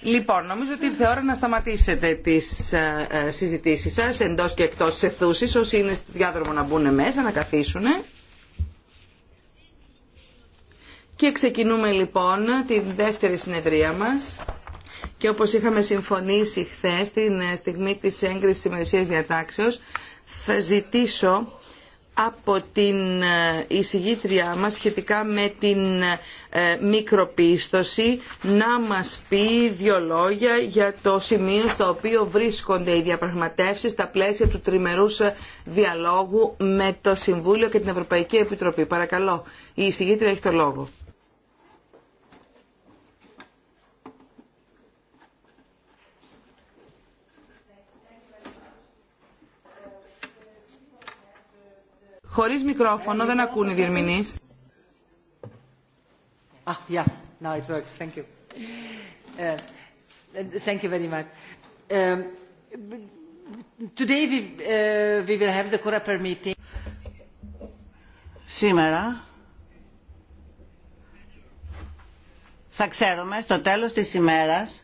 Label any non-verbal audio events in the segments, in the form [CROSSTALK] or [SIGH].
Λοιπόν, νομίζω ότι ήρθε ώρα να σταματήσετε τις ε, ε, συζητήσει σα εντό και εκτό τη αιθούση. Όσοι είναι στη διάδρομο να μπουν μέσα, να καθίσουν. Και ξεκινούμε λοιπόν τη δεύτερη συνεδρία μας. Και όπως είχαμε συμφωνήσει χθες, την ε, στιγμή της έγκριση της ημερησίας διατάξεως, θα ζητήσω από την ε, εισηγήτριά μας σχετικά με την ε, μικροπίστοση να μας πει δύο λόγια για το σημείο στο οποίο βρίσκονται οι διαπραγματεύσεις στα πλαίσια του τριμερούς ε, διαλόγου με το Συμβούλιο και την Ευρωπαϊκή Επιτροπή. Παρακαλώ, η εισηγήτρια έχει το λόγο. Χωρίς μικρόφωνο, δεν ακούν οι διερμηνείς. Ah, yeah. Now it works. Thank you. thank you very much. today we, we will have the Coreper meeting. Σήμερα θα ξέρουμε στο τέλος της ημέρας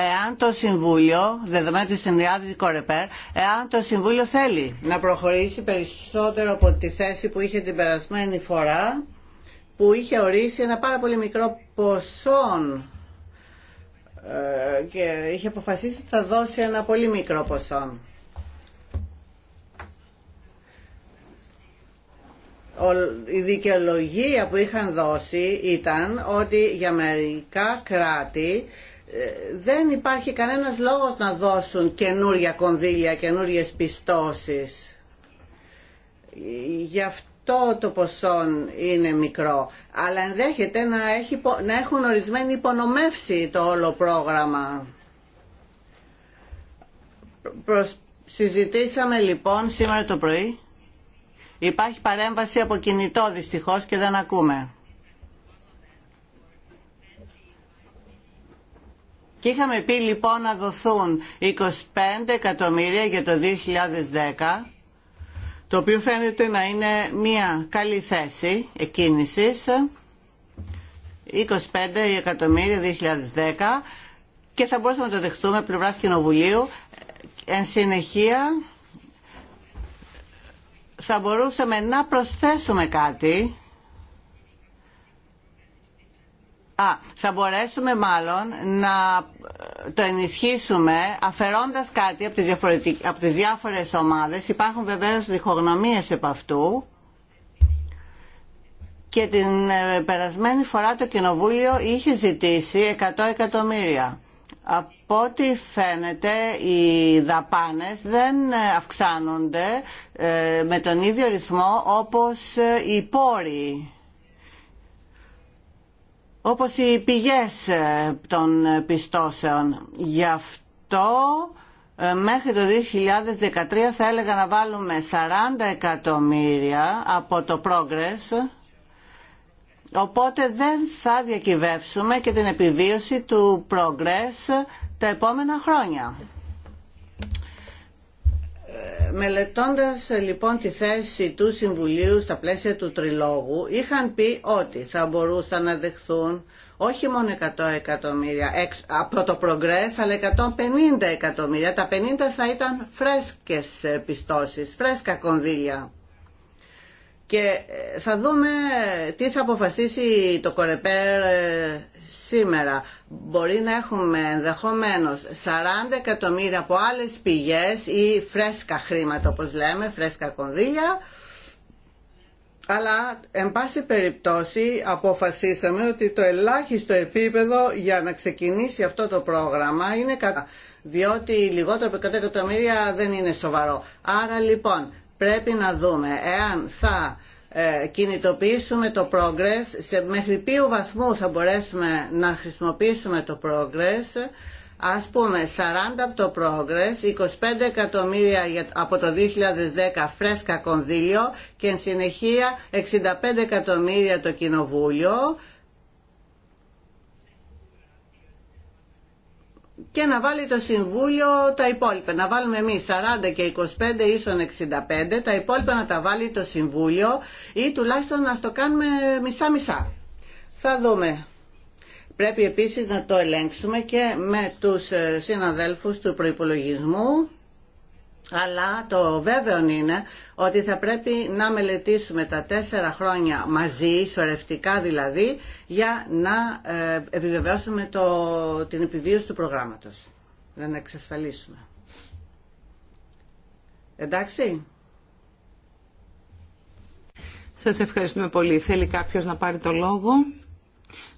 εάν το Συμβούλιο, δεδομένου τη συνδυάδη Κορεπέρ, εάν το Συμβούλιο θέλει να προχωρήσει περισσότερο από τη θέση που είχε την περασμένη φορά, που είχε ορίσει ένα πάρα πολύ μικρό ποσό ε, και είχε αποφασίσει ότι θα δώσει ένα πολύ μικρό ποσό. η δικαιολογία που είχαν δώσει ήταν ότι για μερικά κράτη ε, δεν υπάρχει κανένας λόγος να δώσουν καινούρια κονδύλια, καινούριε πιστώσεις. Γι' αυτό το ποσό είναι μικρό. Αλλά ενδέχεται να, έχει, να έχουν ορισμένη υπονομεύσει το όλο πρόγραμμα. Συζητήσαμε λοιπόν σήμερα το πρωί. Υπάρχει παρέμβαση από κινητό δυστυχώς και δεν ακούμε. Και είχαμε πει λοιπόν να δοθούν 25 εκατομμύρια για το 2010 το οποίο φαίνεται να είναι μια καλή θέση εκκίνησης 25 εκατομμύρια 2010 και θα μπορούσαμε να το δεχτούμε πλευρά Κοινοβουλίου εν συνεχεία θα μπορούσαμε να προσθέσουμε κάτι Α, θα μπορέσουμε μάλλον να το ενισχύσουμε αφαιρώντας κάτι από τις, διαφορετικ... από τις διάφορες ομάδες. Υπάρχουν βεβαίως διχογνωμίες επ' αυτού. Και την ε, περασμένη φορά το Κοινοβούλιο είχε ζητήσει 100 εκατομμύρια. Από ό,τι φαίνεται οι δαπάνες δεν ε, αυξάνονται ε, με τον ίδιο ρυθμό όπως οι πόροι όπως οι πηγές ε, των πιστώσεων. Γι' αυτό ε, μέχρι το 2013 θα έλεγα να βάλουμε 40 εκατομμύρια από το Progress οπότε δεν θα διακυβεύσουμε και την επιβίωση του Progress τα επόμενα χρόνια μελετώντας ε, λοιπόν τη θέση του Συμβουλίου στα πλαίσια του Τριλόγου είχαν πει ότι θα μπορούσαν να δεχθούν όχι μόνο 100 εκατομμύρια από το Progress αλλά 150 εκατομμύρια τα 50 θα ήταν φρέσκες ε, πιστώσεις, φρέσκα κονδύλια και ε, θα δούμε τι θα αποφασίσει το Κορεπέρ σήμερα. Μπορεί να έχουμε ενδεχομένως 40 εκατομμύρια από άλλες πηγές ή φρέσκα χρήματα όπως λέμε, φρέσκα κονδύλια. Αλλά, εν πάση περιπτώσει, αποφασίσαμε ότι το ελάχιστο επίπεδο για να ξεκινήσει αυτό το πρόγραμμα είναι κατά. Διότι λιγότερο από 100 εκατομμύρια δεν είναι σοβαρό. Άρα, λοιπόν, πρέπει να δούμε εάν θα ε, κινητοποιήσουμε το progress, μέχρι ποιου βαθμού θα μπορέσουμε να χρησιμοποιήσουμε το progress, ας πούμε 40 από το progress, 25 εκατομμύρια από το 2010 φρέσκα κονδύλιο και εν συνεχεία 65 εκατομμύρια το κοινοβούλιο, και να βάλει το Συμβούλιο τα υπόλοιπα. Να βάλουμε εμείς 40 και 25 ίσον 65, τα υπόλοιπα να τα βάλει το Συμβούλιο ή τουλάχιστον να το κάνουμε μισά-μισά. Θα δούμε. Πρέπει επίσης να το ελέγξουμε και με τους ε, συναδέλφους του προϋπολογισμού αλλά το βέβαιο είναι ότι θα πρέπει να μελετήσουμε τα τέσσερα χρόνια μαζί, ισορρευτικά δηλαδή, για να ε, επιβεβαιώσουμε το, την επιβίωση του προγράμματος, δεν να εξασφαλίσουμε. Εντάξει. Σας ευχαριστούμε πολύ. Θέλει κάποιος να πάρει το λόγο.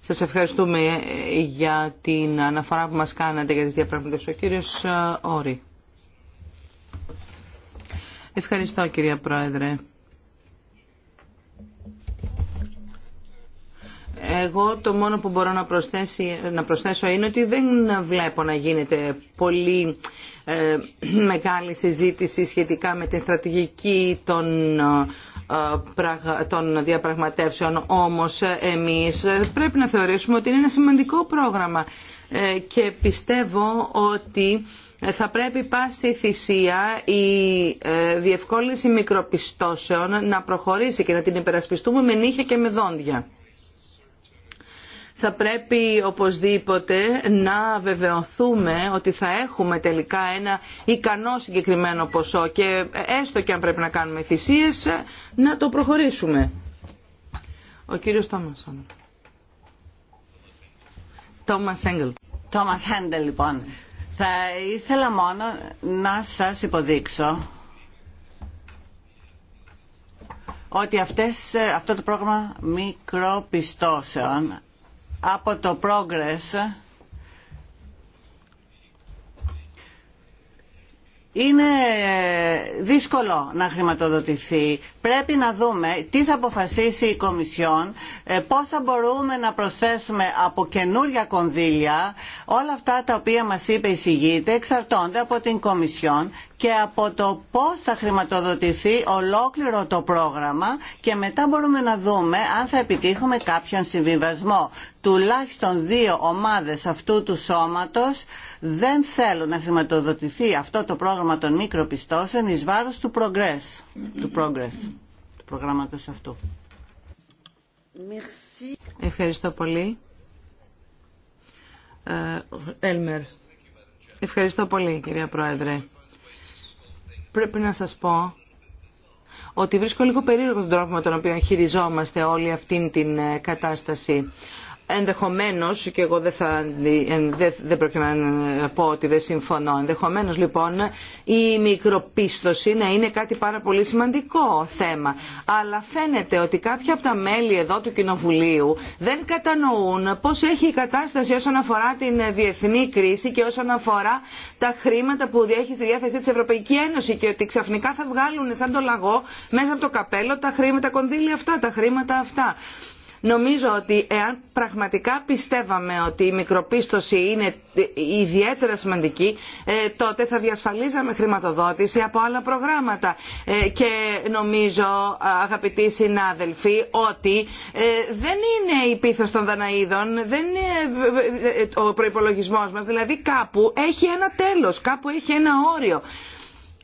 Σας ευχαριστούμε για την αναφορά που μας κάνατε για τις διαπραγματεύσεις. Ο κύριος ε, Όρη. Ευχαριστώ κυρία Πρόεδρε. Εγώ το μόνο που μπορώ να, προσθέσει, να προσθέσω είναι ότι δεν βλέπω να γίνεται πολύ ε, μεγάλη συζήτηση σχετικά με την στρατηγική ε, των, διαπραγματεύσεων. Όμως εμείς πρέπει να θεωρήσουμε ότι είναι ένα σημαντικό πρόγραμμα ε, και πιστεύω ότι ε, θα πρέπει πάση θυσία η ε, διευκόλυνση μικροπιστώσεων να προχωρήσει και να την υπερασπιστούμε με νύχια και με δόντια. Θα πρέπει οπωσδήποτε να βεβαιωθούμε ότι θα έχουμε τελικά ένα ικανό συγκεκριμένο ποσό και ε, έστω και αν πρέπει να κάνουμε θυσίες να το προχωρήσουμε. Ο κύριος Τόμας Τόμας λοιπόν. Θα ήθελα μόνο να σας υποδείξω ότι αυτές, αυτό το πρόγραμμα μικροπιστώσεων από το Progress είναι δύσκολο να χρηματοδοτηθεί πρέπει να δούμε τι θα αποφασίσει η Κομισιόν, ε, θα μπορούμε να προσθέσουμε από καινούρια κονδύλια. Όλα αυτά τα οποία μας είπε η εξαρτώνται από την Κομισιόν και από το πώς θα χρηματοδοτηθεί ολόκληρο το πρόγραμμα και μετά μπορούμε να δούμε αν θα επιτύχουμε κάποιον συμβιβασμό. Τουλάχιστον δύο ομάδες αυτού του σώματος δεν θέλουν να χρηματοδοτηθεί αυτό το πρόγραμμα των μικροπιστώσεων εις βάρος του Progress του Progress, του προγράμματος αυτού. Ευχαριστώ πολύ. Ε, Έλμερ. Ευχαριστώ πολύ, κυρία Πρόεδρε. Πρέπει να σας πω ότι βρίσκω λίγο περίεργο τον τρόπο με τον οποίο χειριζόμαστε όλη αυτή την ε, κατάσταση ενδεχομένως, και εγώ δεν, θα, δεν, πρόκειται να πω ότι δεν συμφωνώ, ενδεχομένως λοιπόν η μικροπίστοση να είναι κάτι πάρα πολύ σημαντικό θέμα. Αλλά φαίνεται ότι κάποια από τα μέλη εδώ του Κοινοβουλίου δεν κατανοούν πώς έχει η κατάσταση όσον αφορά την διεθνή κρίση και όσον αφορά τα χρήματα που έχει στη διάθεσή της Ευρωπαϊκή Ένωση και ότι ξαφνικά θα βγάλουν σαν το λαγό μέσα από το καπέλο τα χρήματα, κονδύλια αυτά, τα χρήματα αυτά. Νομίζω ότι εάν πραγματικά πιστεύαμε ότι η μικροπίστωση είναι ιδιαίτερα σημαντική, ε, τότε θα διασφαλίζαμε χρηματοδότηση από άλλα προγράμματα. Ε, και νομίζω, αγαπητοί συνάδελφοι, ότι ε, δεν είναι η πίθος των Δαναίδων, δεν είναι ο προϋπολογισμός μας, δηλαδή κάπου έχει ένα τέλος, κάπου έχει ένα όριο.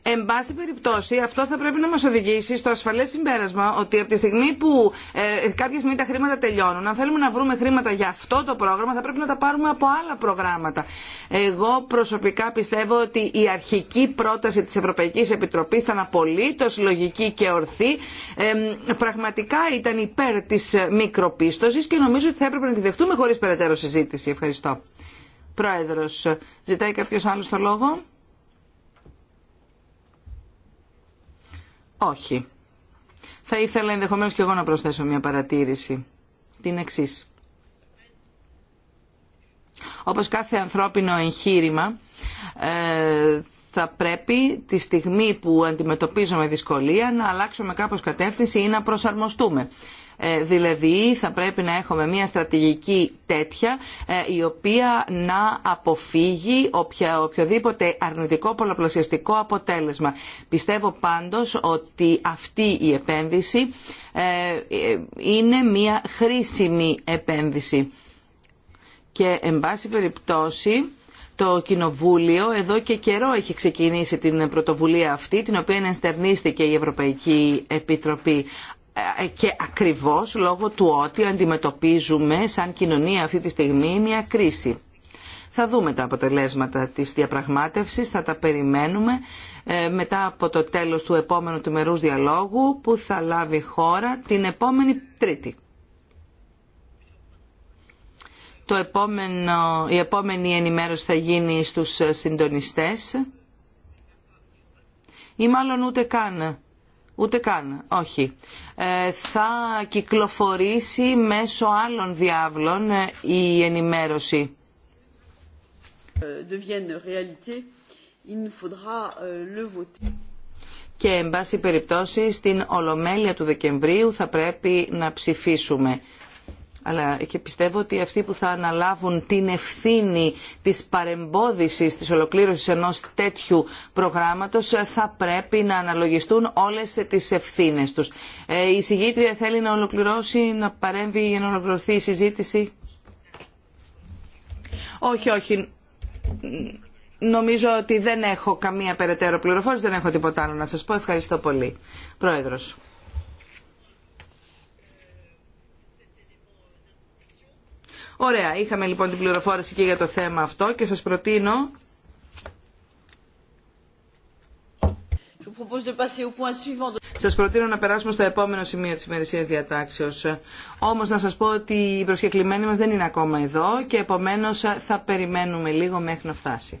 Εν πάση περιπτώσει, αυτό θα πρέπει να μα οδηγήσει στο ασφαλέ συμπέρασμα ότι από τη στιγμή που ε, κάποια στιγμή τα χρήματα τελειώνουν, αν θέλουμε να βρούμε χρήματα για αυτό το πρόγραμμα, θα πρέπει να τα πάρουμε από άλλα προγράμματα. Εγώ προσωπικά πιστεύω ότι η αρχική πρόταση τη Ευρωπαϊκή Επιτροπή ήταν απολύτω λογική και ορθή. Ε, πραγματικά ήταν υπέρ τη μικροπίστωση και νομίζω ότι θα έπρεπε να τη δεχτούμε χωρί περαιτέρω συζήτηση. Ευχαριστώ. Πρόεδρο, ζητάει κάποιο άλλο το λόγο. Όχι. Θα ήθελα ενδεχομένως και εγώ να προσθέσω μια παρατήρηση. Την εξή. Όπως κάθε ανθρώπινο εγχείρημα, ε, θα πρέπει τη στιγμή που αντιμετωπίζουμε δυσκολία να αλλάξουμε κάπως κατεύθυνση ή να προσαρμοστούμε. Ε, δηλαδή θα πρέπει να έχουμε μια στρατηγική τέτοια ε, η οποία να αποφύγει οποια, οποιοδήποτε αρνητικό πολλαπλασιαστικό αποτέλεσμα. Πιστεύω πάντως ότι αυτή η επένδυση ε, είναι μια χρήσιμη επένδυση. Και εν πάση περιπτώσει το Κοινοβούλιο εδώ και καιρό έχει ξεκινήσει την πρωτοβουλία αυτή, την οποία ενστερνίστηκε η Ευρωπαϊκή Επιτροπή και ακριβώς λόγω του ότι αντιμετωπίζουμε σαν κοινωνία αυτή τη στιγμή μια κρίση. Θα δούμε τα αποτελέσματα της διαπραγμάτευσης, θα τα περιμένουμε ε, μετά από το τέλος του επόμενου τιμερούς διαλόγου που θα λάβει χώρα την επόμενη Τρίτη. Το επόμενο, η επόμενη ενημέρωση θα γίνει στους συντονιστές ή μάλλον ούτε καν Ούτε καν, όχι. Ε, θα κυκλοφορήσει μέσω άλλων διάβλων ε, η ενημέρωση. Ε, ε, Και, εν πάση περιπτώσει, στην Ολομέλεια του Δεκεμβρίου θα πρέπει να ψηφίσουμε αλλά και πιστεύω ότι αυτοί που θα αναλάβουν την ευθύνη της παρεμπόδισης της ολοκλήρωσης ενός τέτοιου προγράμματος ε, θα πρέπει να αναλογιστούν όλες τις ευθύνες τους. Ε, η συγγήτρια θέλει να ολοκληρώσει, να παρέμβει για να ολοκληρωθεί η συζήτηση. Όχι, όχι. Νομίζω ότι δεν έχω καμία περαιτέρω πληροφόρηση, δεν έχω τίποτα άλλο να σας πω. Ευχαριστώ πολύ. Πρόεδρος. Ωραία, είχαμε λοιπόν την πληροφόρηση και για το θέμα αυτό και σας προτείνω... Σας προτείνω να περάσουμε στο επόμενο σημείο της ημερησίας διατάξεως. Όμως να σας πω ότι η προσκεκλημένη μας δεν είναι ακόμα εδώ και επομένως θα περιμένουμε λίγο μέχρι να φτάσει.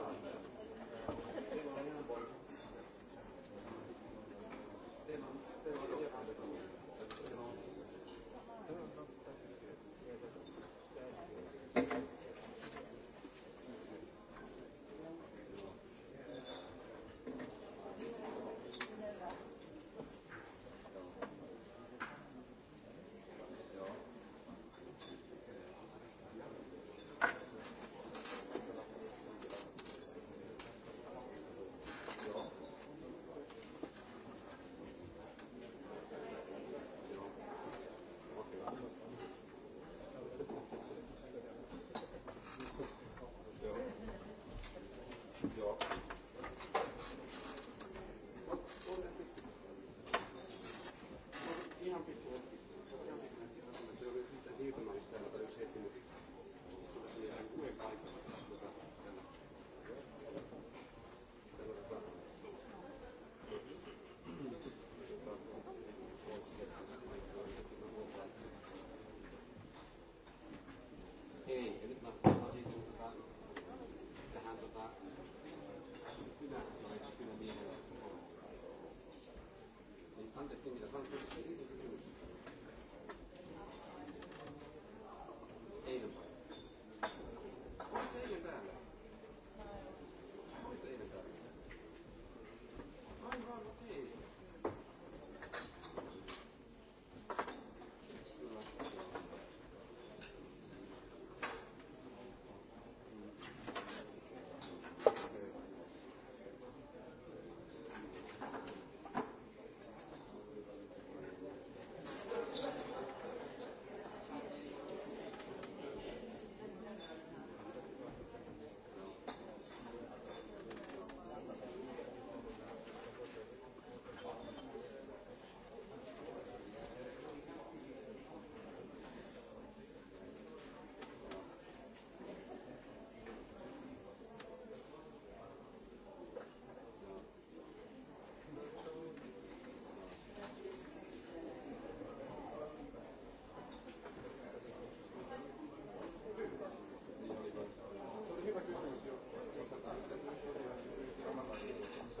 York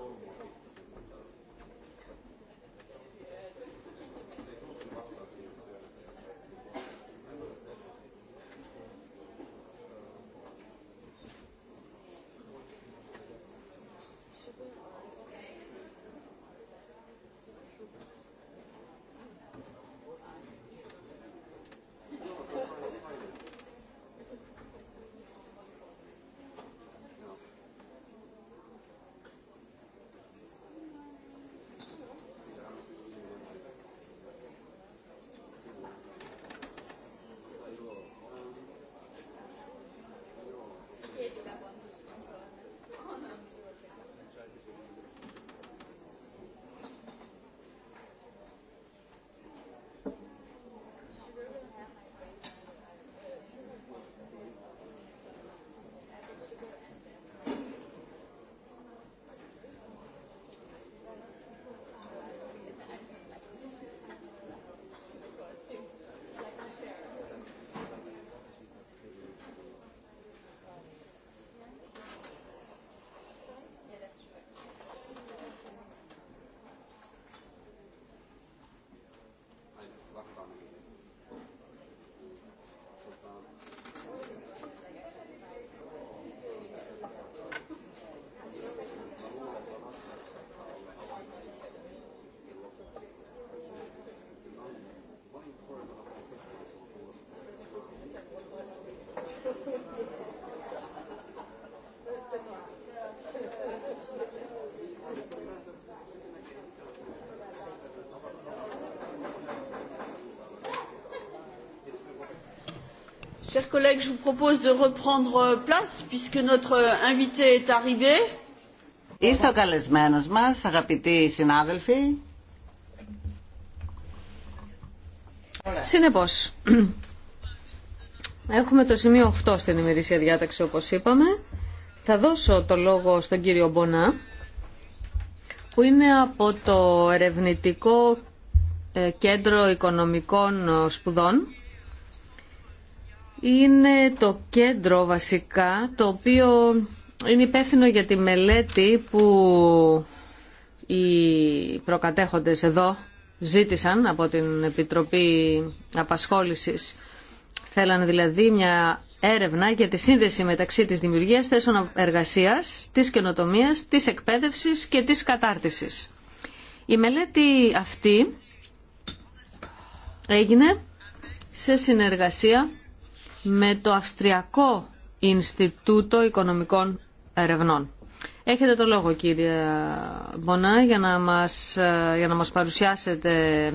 AUTHORWAVE chers collègues je vous propose de reprendre euh, place puisque notre euh, invité est arrivé. Ήρθε ο καλεσμένος μας, αγαπητοί συνάδελφοι. Συνεπώς, έχουμε το σημείο 8 στην ημερήσια διάταξη όπως είπαμε. Θα δώσω το λόγο στον κύριο Μπονά, που είναι από το Ερευνητικό ε, Κέντρο Οικονομικών ε, Σπουδών είναι το κέντρο βασικά το οποίο είναι υπεύθυνο για τη μελέτη που οι προκατέχοντες εδώ ζήτησαν από την Επιτροπή Απασχόλησης. Θέλανε δηλαδή μια έρευνα για τη σύνδεση μεταξύ της δημιουργίας θέσεων εργασίας, της καινοτομίας, της εκπαίδευσης και της κατάρτισης. Η μελέτη αυτή έγινε σε συνεργασία με το Αυστριακό Ινστιτούτο Οικονομικών Ερευνών. Έχετε το λόγο κύριε Μπονά για να μας, για να μας παρουσιάσετε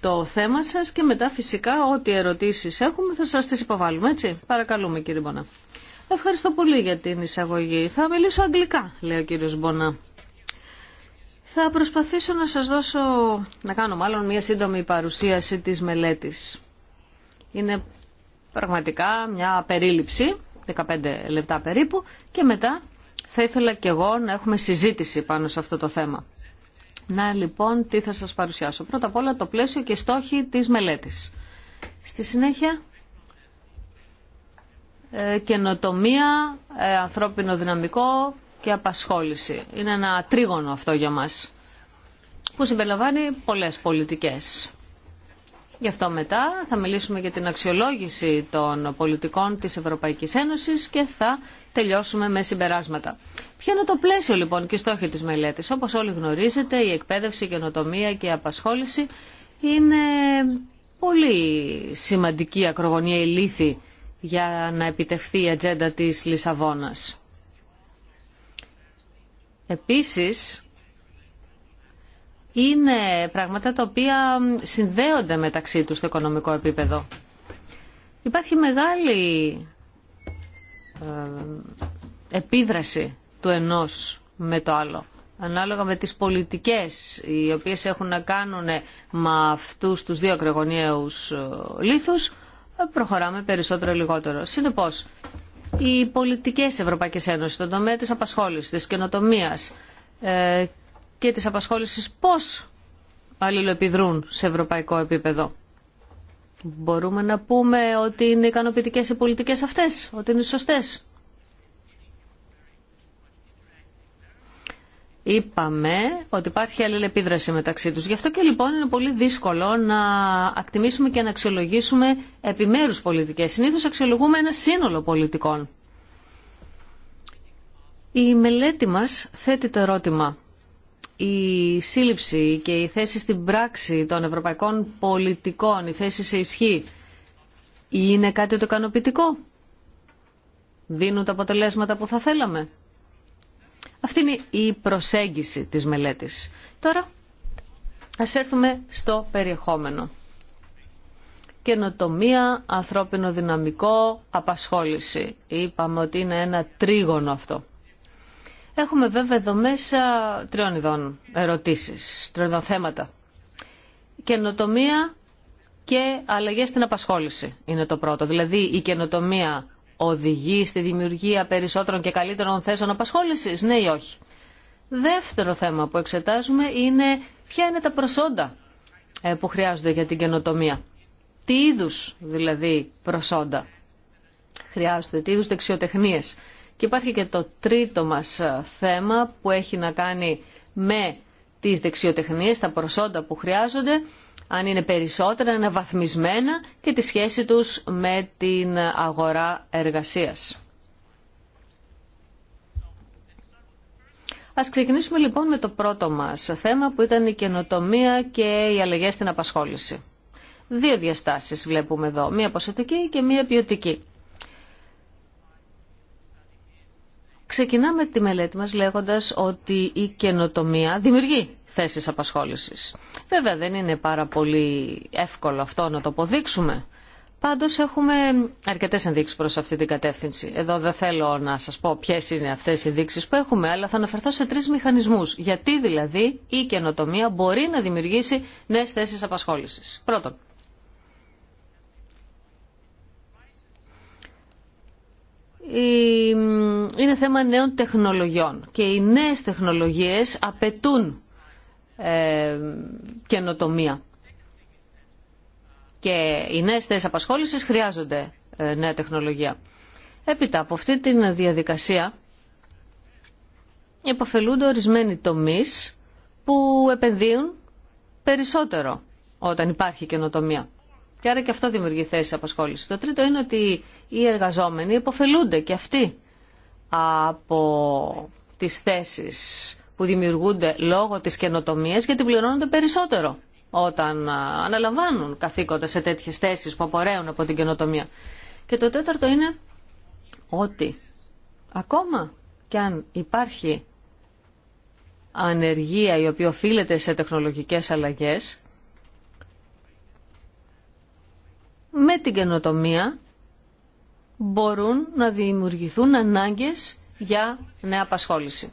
το θέμα σας και μετά φυσικά ό,τι ερωτήσεις έχουμε θα σας τις υποβάλουμε, έτσι. Παρακαλούμε κύριε Μπονά. Ευχαριστώ πολύ για την εισαγωγή. Θα μιλήσω αγγλικά, λέει ο κύριος Μπονά. Θα προσπαθήσω να σας δώσω, να κάνω μάλλον μια σύντομη παρουσίαση της μελέτης. Είναι πραγματικά μια περίληψη, 15 λεπτά περίπου, και μετά θα ήθελα και εγώ να έχουμε συζήτηση πάνω σε αυτό το θέμα. Να λοιπόν τι θα σας παρουσιάσω. Πρώτα απ' όλα το πλαίσιο και στόχοι της μελέτης. Στη συνέχεια ε, καινοτομία, ε, ανθρώπινο δυναμικό και απασχόληση. Είναι ένα τρίγωνο αυτό για μας που συμπεριλαμβάνει πολλές πολιτικές. Γι' αυτό μετά θα μιλήσουμε για την αξιολόγηση των πολιτικών της Ευρωπαϊκής Ένωσης και θα τελειώσουμε με συμπεράσματα. Ποιο είναι το πλαίσιο λοιπόν και οι στόχοι της μελέτης. Όπως όλοι γνωρίζετε, η εκπαίδευση, η καινοτομία και η απασχόληση είναι πολύ σημαντική ακρογωνία ηλίθη για να επιτευχθεί η ατζέντα της Λισαβόνας. Επίσης, είναι πράγματα τα οποία συνδέονται μεταξύ τους στο οικονομικό επίπεδο. Υπάρχει μεγάλη ε, επίδραση του ενός με το άλλο. Ανάλογα με τις πολιτικές οι οποίες έχουν να κάνουν με αυτούς τους δύο ακρογωνιαίους ε, λίθους, ε, προχωράμε περισσότερο ή λιγότερο. Συνεπώς, οι πολιτικές Ευρωπαϊκής Ένωσης στον τομέα της απασχόλησης, της καινοτομίας και της απασχόλησης πώς αλληλοεπιδρούν σε ευρωπαϊκό επίπεδο. Μπορούμε να πούμε ότι είναι ικανοποιητικέ οι πολιτικές αυτές, ότι είναι σωστές. Είπαμε ότι υπάρχει αλληλεπίδραση μεταξύ τους. Γι' αυτό και λοιπόν είναι πολύ δύσκολο να ακτιμήσουμε και να αξιολογήσουμε επιμέρους πολιτικές. Συνήθως αξιολογούμε ένα σύνολο πολιτικών. Η μελέτη μας θέτει το ερώτημα η σύλληψη και η θέση στην πράξη των ευρωπαϊκών πολιτικών, η θέση σε ισχύ, είναι κάτι το ικανοποιητικό. Δίνουν τα αποτελέσματα που θα θέλαμε. Αυτή είναι η προσέγγιση της μελέτης. Τώρα ας έρθουμε στο περιεχόμενο. Καινοτομία, ανθρώπινο δυναμικό, απασχόληση. Είπαμε ότι είναι ένα τρίγωνο αυτό. Έχουμε βέβαια εδώ μέσα τριών ειδών ερωτήσεις, τριών ειδών θέματα. Καινοτομία και αλλαγές στην απασχόληση είναι το πρώτο. Δηλαδή η καινοτομία οδηγεί στη δημιουργία περισσότερων και καλύτερων θέσεων απασχόλησης, ναι ή όχι. Δεύτερο θέμα που εξετάζουμε είναι ποια είναι τα προσόντα ε, που χρειάζονται για την καινοτομία. Τι είδους δηλαδή προσόντα χρειάζονται, τι είδους και υπάρχει και το τρίτο μας ε, θέμα που έχει να κάνει με τις δεξιοτεχνίες, τα προσόντα που χρειάζονται, αν είναι περισσότερα, αναβαθμισμένα και τη σχέση τους με την αγορά εργασίας. Ας ξεκινήσουμε λοιπόν με το πρώτο μας θέμα που ήταν η καινοτομία και οι αλλαγές στην απασχόληση. Δύο διαστάσεις βλέπουμε εδώ, μία ποσοτική και μία ποιοτική. Ξεκινάμε τη μελέτη μας λέγοντας ότι η καινοτομία δημιουργεί θέσεις απασχόλησης. Βέβαια δεν είναι πάρα πολύ εύκολο αυτό να το αποδείξουμε. Πάντως έχουμε αρκετές ενδείξεις προς αυτή την κατεύθυνση. Εδώ δεν θέλω να σας πω ποιες είναι αυτές οι ενδείξεις που έχουμε, αλλά θα αναφερθώ σε τρεις μηχανισμούς. Γιατί δηλαδή η καινοτομία μπορεί να δημιουργήσει νέες θέσεις απασχόλησης. Πρώτον, είναι θέμα νέων τεχνολογιών και οι νέες τεχνολογίες απαιτούν ε, καινοτομία. Και οι νέες θέσεις απασχόλησης χρειάζονται ε, νέα τεχνολογία. Έπειτα από αυτή τη διαδικασία υποφελούνται ορισμένοι τομείς που επενδύουν περισσότερο όταν υπάρχει καινοτομία. Και άρα και αυτό δημιουργεί θέσει απασχόληση. Το τρίτο είναι ότι οι εργαζόμενοι υποφελούνται και αυτοί από τις θέσεις που δημιουργούνται λόγω της καινοτομία γιατί πληρώνονται περισσότερο όταν αναλαμβάνουν καθήκοντα σε τέτοιες θέσεις που απορρέουν από την καινοτομία. Και το τέταρτο είναι ότι ακόμα κι αν υπάρχει ανεργία η οποία οφείλεται σε τεχνολογικές αλλαγές, με την καινοτομία μπορούν να δημιουργηθούν ανάγκες για νέα απασχόληση.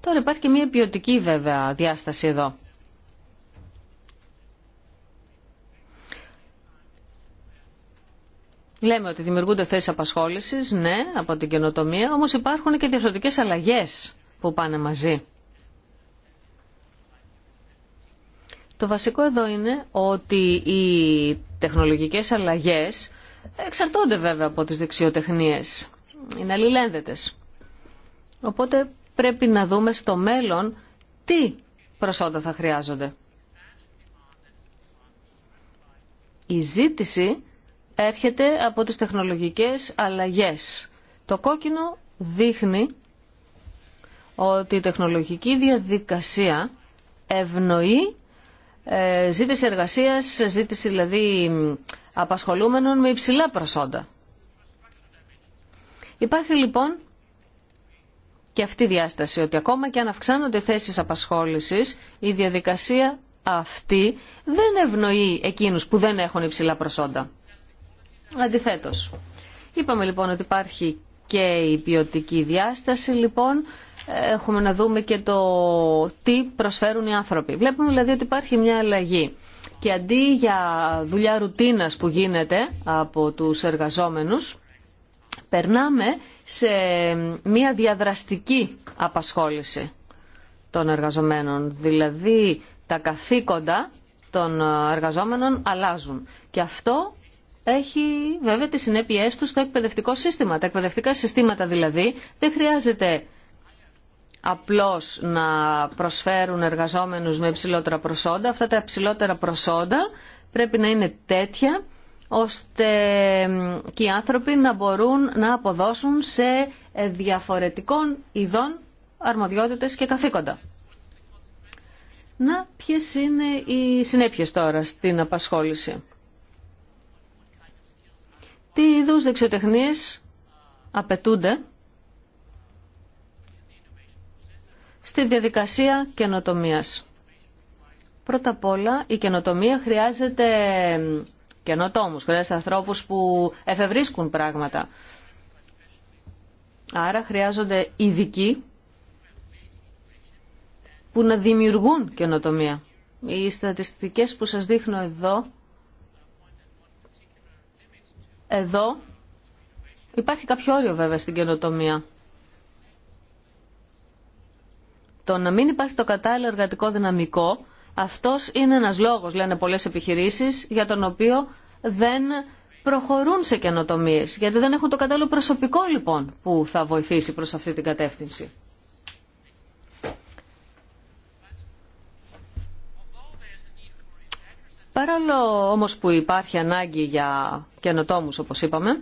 Τώρα υπάρχει και μια ποιοτική βέβαια διάσταση εδώ. Λέμε ότι δημιουργούνται θέσεις απασχόληση, ναι, από την καινοτομία, όμως υπάρχουν και διαφορετικέ αλλαγές που πάνε μαζί. Το βασικό εδώ είναι ότι η τεχνολογικές αλλαγές εξαρτώνται βέβαια από τις δεξιοτεχνίες. Είναι αλληλένδετες. Οπότε πρέπει να δούμε στο μέλλον τι προσόντα θα χρειάζονται. Η ζήτηση έρχεται από τις τεχνολογικές αλλαγές. Το κόκκινο δείχνει ότι η τεχνολογική διαδικασία ευνοεί ε, ζήτηση εργασίας, ζήτηση δηλαδή απασχολούμενων με υψηλά προσόντα. Υπάρχει λοιπόν και αυτή η διάσταση ότι ακόμα και αν αυξάνονται θέσεις απασχόλησης, η διαδικασία αυτή δεν ευνοεί εκείνους που δεν έχουν υψηλά προσόντα. Αντιθέτως, είπαμε λοιπόν ότι υπάρχει και η ποιοτική διάσταση λοιπόν έχουμε να δούμε και το τι προσφέρουν οι άνθρωποι. Βλέπουμε δηλαδή ότι υπάρχει μια αλλαγή. Και αντί για δουλειά ρουτίνας που γίνεται από τους εργαζόμενους, περνάμε σε μια διαδραστική απασχόληση των εργαζομένων. Δηλαδή τα καθήκοντα των εργαζόμενων αλλάζουν. Και αυτό έχει βέβαια τις συνέπειές του στο εκπαιδευτικό σύστημα. Τα εκπαιδευτικά συστήματα δηλαδή δεν χρειάζεται απλώς να προσφέρουν εργαζόμενους με υψηλότερα προσόντα. Αυτά τα υψηλότερα προσόντα πρέπει να είναι τέτοια ώστε και οι άνθρωποι να μπορούν να αποδώσουν σε ε, διαφορετικών ειδών αρμοδιότητες και καθήκοντα. Να, ποιες είναι οι συνέπειες τώρα στην απασχόληση. Τι είδους δεξιοτεχνίες απαιτούνται στη διαδικασία καινοτομίας. Πρώτα απ' όλα η καινοτομία χρειάζεται καινοτόμους, χρειάζεται ανθρώπους που εφευρίσκουν πράγματα. Άρα χρειάζονται ειδικοί που να δημιουργούν καινοτομία. Οι στατιστικές που σας δείχνω εδώ, εδώ υπάρχει κάποιο όριο βέβαια στην καινοτομία. Το να μην υπάρχει το κατάλληλο εργατικό δυναμικό, αυτός είναι ένας λόγος, λένε πολλές επιχειρήσεις, για τον οποίο δεν προχωρούν σε καινοτομίε, γιατί δεν έχουν το κατάλληλο προσωπικό λοιπόν που θα βοηθήσει προς αυτή την κατεύθυνση. Παρόλο όμως που υπάρχει ανάγκη για καινοτόμους όπως είπαμε,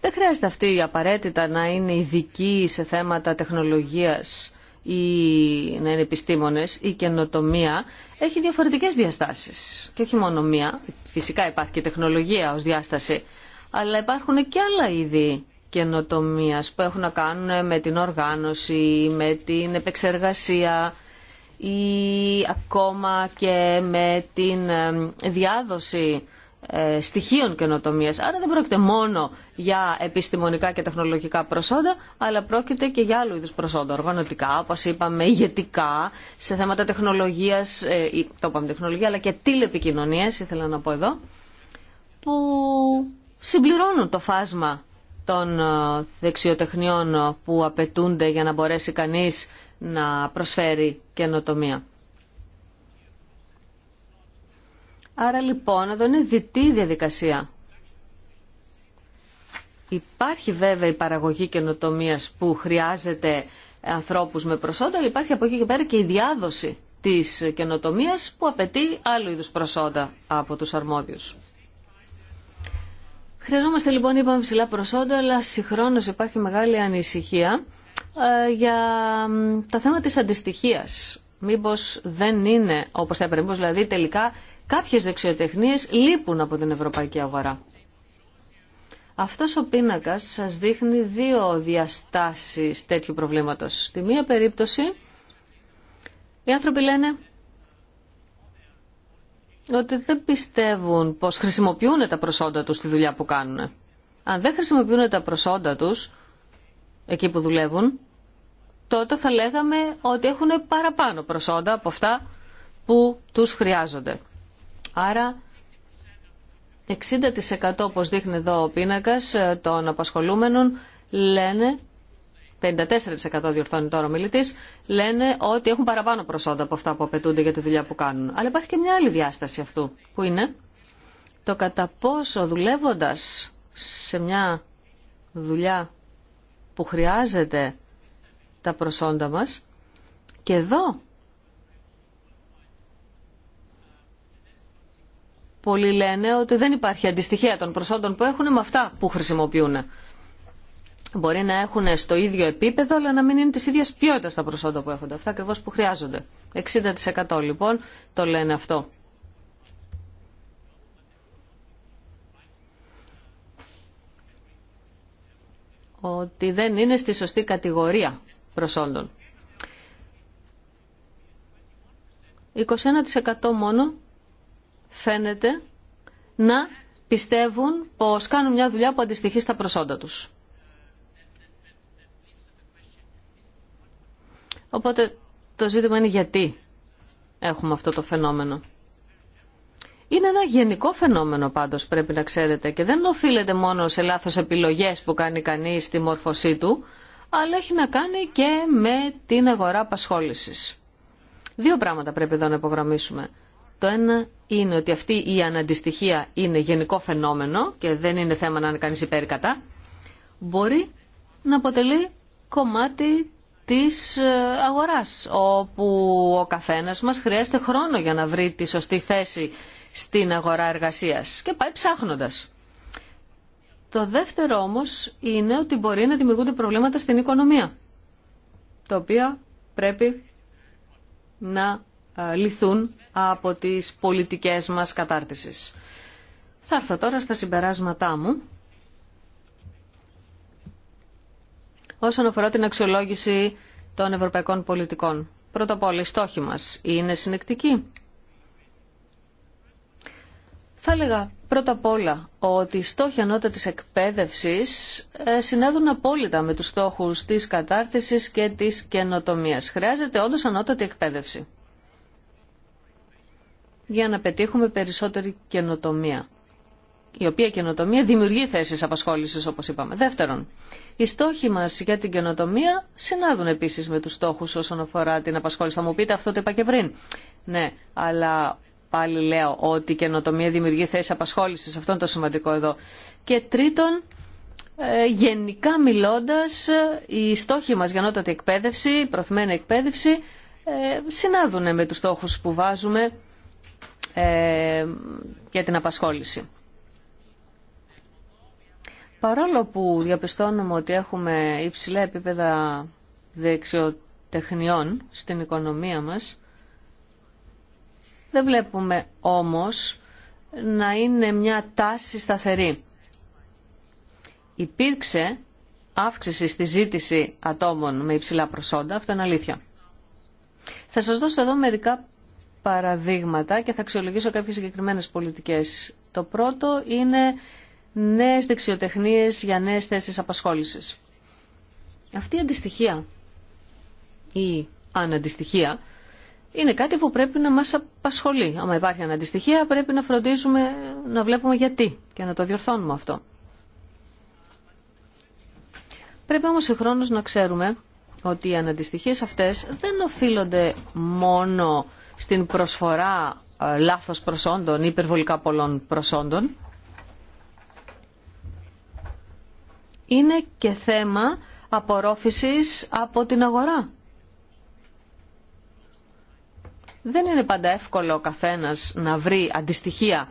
δεν χρειάζεται αυτή απαραίτητα να είναι ειδική σε θέματα τεχνολογίας ή να είναι επιστήμονες ή καινοτομία. Έχει διαφορετικές διαστάσεις και όχι μόνο μία. Φυσικά υπάρχει και τεχνολογία ως διάσταση, αλλά υπάρχουν και άλλα είδη καινοτομίας που έχουν να κάνουν με την οργάνωση, με την επεξεργασία ή ακόμα και με την διάδοση ε, στοιχείων καινοτομίας. Άρα δεν πρόκειται μόνο για επιστημονικά και τεχνολογικά προσόντα, αλλά πρόκειται και για άλλου είδους προσόντα, οργανωτικά, όπως είπαμε, ηγετικά, σε θέματα τεχνολογίας, ε, το είπαμε τεχνολογία, αλλά και τηλεπικοινωνίες, ήθελα να πω εδώ, που συμπληρώνουν το φάσμα των ε, δεξιοτεχνιών που απαιτούνται για να μπορέσει κανείς να προσφέρει καινοτομία. Άρα λοιπόν εδώ είναι διτή διαδικασία. Υπάρχει βέβαια η παραγωγή καινοτομία που χρειάζεται ανθρώπους με προσόντα, αλλά υπάρχει από εκεί και πέρα και η διάδοση της καινοτομία που απαιτεί άλλου είδους προσόντα από τους αρμόδιους. Χρειαζόμαστε λοιπόν, είπαμε, ψηλά προσόντα, αλλά συγχρόνως υπάρχει μεγάλη ανησυχία ε, για τα θέματα της αντιστοιχίας. Μήπως δεν είναι όπως θα έπρεπε, δηλαδή τελικά Κάποιες δεξιοτεχνίες λείπουν από την ευρωπαϊκή αγορά. Αυτός ο πίνακας σας δείχνει δύο διαστάσεις τέτοιου προβλήματος. Στη μία περίπτωση οι άνθρωποι λένε ότι δεν πιστεύουν πως χρησιμοποιούν τα προσόντα τους στη δουλειά που κάνουν. Αν δεν χρησιμοποιούν τα προσόντα τους εκεί που δουλεύουν, τότε θα λέγαμε ότι έχουν παραπάνω προσόντα από αυτά που τους χρειάζονται. Άρα 60% όπως δείχνει εδώ ο πίνακας ε, των απασχολούμενων λένε 54% διορθώνει τώρα ο μιλητής, λένε ότι έχουν παραπάνω προσόντα από αυτά που απαιτούνται για τη δουλειά που κάνουν. Αλλά υπάρχει και μια άλλη διάσταση αυτού, που είναι το κατά πόσο δουλεύοντας σε μια δουλειά που χρειάζεται τα προσόντα μας, και εδώ Πολλοί λένε ότι δεν υπάρχει αντιστοιχεία των προσόντων που έχουν με αυτά που χρησιμοποιούν. Μπορεί να έχουν στο ίδιο επίπεδο, αλλά να μην είναι τη ίδια ποιότητα τα προσόντα που έχουν. Αυτά ακριβώ που χρειάζονται. 60% λοιπόν το λένε αυτό. ότι δεν είναι στη σωστή κατηγορία προσόντων. 21% μόνο φαίνεται να πιστεύουν πως κάνουν μια δουλειά που αντιστοιχεί στα προσόντα τους. Οπότε το ζήτημα είναι γιατί έχουμε αυτό το φαινόμενο. Είναι ένα γενικό φαινόμενο πάντως πρέπει να ξέρετε και δεν οφείλεται μόνο σε λάθος επιλογές που κάνει κανείς στη μόρφωσή του, αλλά έχει να κάνει και με την αγορά απασχόλησης. Δύο πράγματα πρέπει εδώ να υπογραμμίσουμε. Το ένα είναι ότι αυτή η αναντιστοιχία είναι γενικό φαινόμενο και δεν είναι θέμα να είναι κανείς υπέρ κατά. Μπορεί να αποτελεί κομμάτι της ε, αγοράς, όπου ο καθένας μας χρειάζεται χρόνο για να βρει τη σωστή θέση στην αγορά εργασίας και πάει ψάχνοντας. Το δεύτερο όμως είναι ότι μπορεί να δημιουργούνται προβλήματα στην οικονομία, τα οποία πρέπει να ε, λυθούν από τις πολιτικές μας κατάρτισης. Θα έρθω τώρα στα συμπεράσματά μου. Όσον αφορά την αξιολόγηση των ευρωπαϊκών πολιτικών. Πρώτα απ' όλα, οι στόχοι μας είναι συνεκτικοί. Θα έλεγα πρώτα απ' όλα ότι οι στόχοι ανώτατης εκπαίδευσης ε, συνέδουν απόλυτα με τους στόχους της κατάρτισης και της καινοτομίας. Χρειάζεται όντως ανώτατη εκπαίδευση για να πετύχουμε περισσότερη καινοτομία. Η οποία καινοτομία δημιουργεί θέσει απασχόληση, όπω είπαμε. Δεύτερον, οι στόχοι μα για την καινοτομία συνάδουν επίση με του στόχου όσον αφορά την απασχόληση. Θα μου πείτε αυτό το είπα και πριν. Ναι, αλλά πάλι λέω ότι η καινοτομία δημιουργεί θέσει απασχόληση. Αυτό είναι το σημαντικό εδώ. Και τρίτον, ε, γενικά μιλώντα οι στόχοι μα για νότατη εκπαίδευση, προθυμένη εκπαίδευση, ε, συνάδουν με του στόχου που βάζουμε ε, για την απασχόληση. Παρόλο που διαπιστώνουμε ότι έχουμε υψηλά επίπεδα δεξιοτεχνιών στην οικονομία μας, δεν βλέπουμε όμως να είναι μια τάση σταθερή. Υπήρξε αύξηση στη ζήτηση ατόμων με υψηλά προσόντα, αυτό είναι αλήθεια. Θα σας δώσω εδώ μερικά παραδείγματα και θα αξιολογήσω κάποιες συγκεκριμένες πολιτικές. Το πρώτο είναι νέες δεξιοτεχνίες για νέες θέσεις απασχόλησης. Αυτή η αντιστοιχία ή αναντιστοιχία είναι κάτι που πρέπει να μας απασχολεί. Αν υπάρχει αναντιστοιχία πρέπει να φροντίζουμε να βλέπουμε γιατί και να το διορθώνουμε αυτό. Πρέπει όμως χρόνος να ξέρουμε ότι οι αναντιστοιχίες αυτές δεν οφείλονται μόνο στην προσφορά ε, λάθος προσόντων, υπερβολικά πολλών προσόντων. Είναι και θέμα απορρόφησης από την αγορά. Δεν είναι πάντα εύκολο ο καθένας να βρει αντιστοιχεία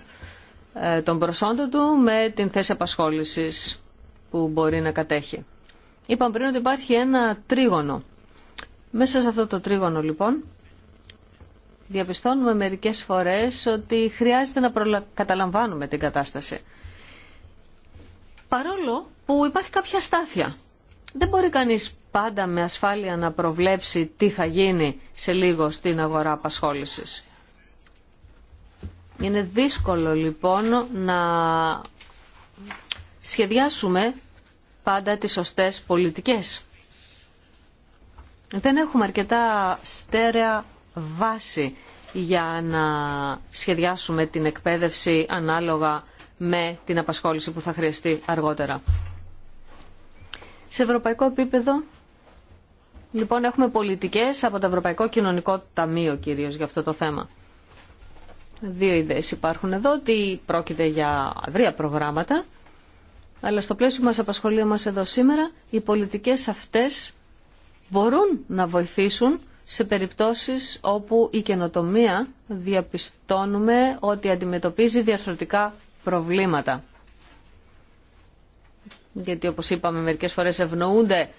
ε, των προσόντων του με την θέση απασχόλησης που μπορεί να κατέχει. Είπαμε πριν ότι υπάρχει ένα τρίγωνο. Μέσα σε αυτό το τρίγωνο λοιπόν διαπιστώνουμε μερικές φορές ότι χρειάζεται να προλα... καταλαμβάνουμε την κατάσταση. Παρόλο που υπάρχει κάποια στάθεια. Δεν μπορεί κανείς πάντα με ασφάλεια να προβλέψει τι θα γίνει σε λίγο στην αγορά απασχόλησης. Είναι δύσκολο λοιπόν να σχεδιάσουμε πάντα τις σωστές πολιτικές. Δεν έχουμε αρκετά στέρεα βάση για να σχεδιάσουμε την εκπαίδευση ανάλογα με την απασχόληση που θα χρειαστεί αργότερα. Σε ευρωπαϊκό επίπεδο, λοιπόν, έχουμε πολιτικές από το Ευρωπαϊκό Κοινωνικό Ταμείο κυρίως για αυτό το θέμα. Δύο ιδέες υπάρχουν εδώ, ότι πρόκειται για αυρία προγράμματα, αλλά στο πλαίσιο μας απασχολεί μας εδώ σήμερα, οι πολιτικές αυτές μπορούν να βοηθήσουν σε περιπτώσεις όπου η καινοτομία διαπιστώνουμε ότι αντιμετωπίζει διαρθρωτικά προβλήματα. Γιατί όπως είπαμε μερικές φορές ευνοούνται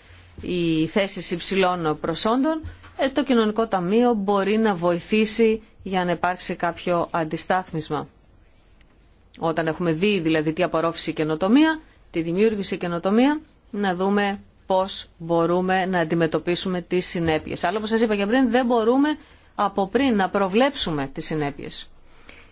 οι θέσεις υψηλών προσόντων, ε, το κοινωνικό ταμείο μπορεί να βοηθήσει για να υπάρξει κάποιο αντιστάθμισμα. Όταν έχουμε δει δηλαδή τι απορρόφησε η καινοτομία, τη δημιούργησε η καινοτομία, να δούμε πώς μπορούμε να αντιμετωπίσουμε τις συνέπειες. Αλλά όπως σας είπα και πριν δεν μπορούμε από πριν να προβλέψουμε τις συνέπειες.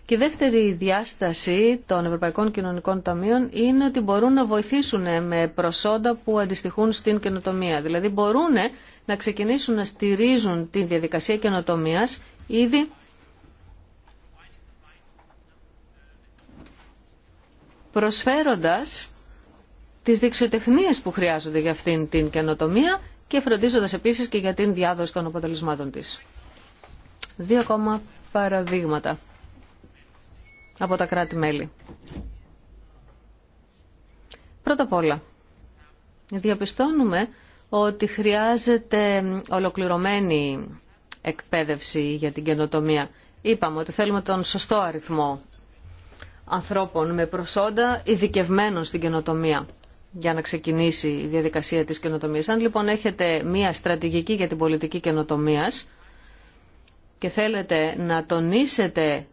Και η δεύτερη διάσταση των Ευρωπαϊκών Κοινωνικών Ταμείων είναι ότι μπορούν να βοηθήσουν με προσόντα που αντιστοιχούν στην καινοτομία. Δηλαδή μπορούν να ξεκινήσουν να στηρίζουν τη διαδικασία καινοτομία ήδη προσφέροντας τις δεξιοτεχνίες που χρειάζονται για αυτήν την καινοτομία και φροντίζοντας επίσης και για την διάδοση των αποτελεσμάτων της. Δύο ακόμα παραδείγματα από τα κράτη-μέλη. Πρώτα απ' όλα, διαπιστώνουμε ότι χρειάζεται ολοκληρωμένη εκπαίδευση για την καινοτομία. Είπαμε ότι θέλουμε τον σωστό αριθμό ανθρώπων με προσόντα ειδικευμένων στην καινοτομία για να ξεκινήσει η διαδικασία της καινοτομίας. Αν λοιπόν έχετε μία στρατηγική για την πολιτική καινοτομίας και θέλετε να τονίσετε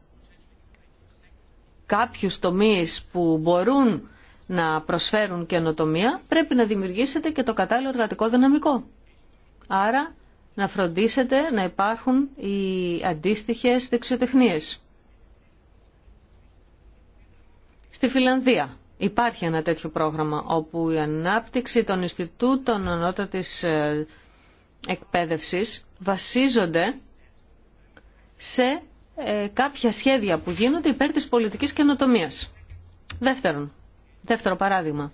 κάποιους τομείς που μπορούν να προσφέρουν καινοτομία, πρέπει να δημιουργήσετε και το κατάλληλο εργατικό δυναμικό. Άρα να φροντίσετε να υπάρχουν οι αντίστοιχες δεξιοτεχνίες. Στη Φιλανδία Υπάρχει ένα τέτοιο πρόγραμμα όπου η ανάπτυξη των Ινστιτούτων Ανώτατης ε, Εκπαίδευσης βασίζονται σε ε, κάποια σχέδια που γίνονται υπέρ της πολιτικής καινοτομίας. Δεύτερον, δεύτερο παράδειγμα.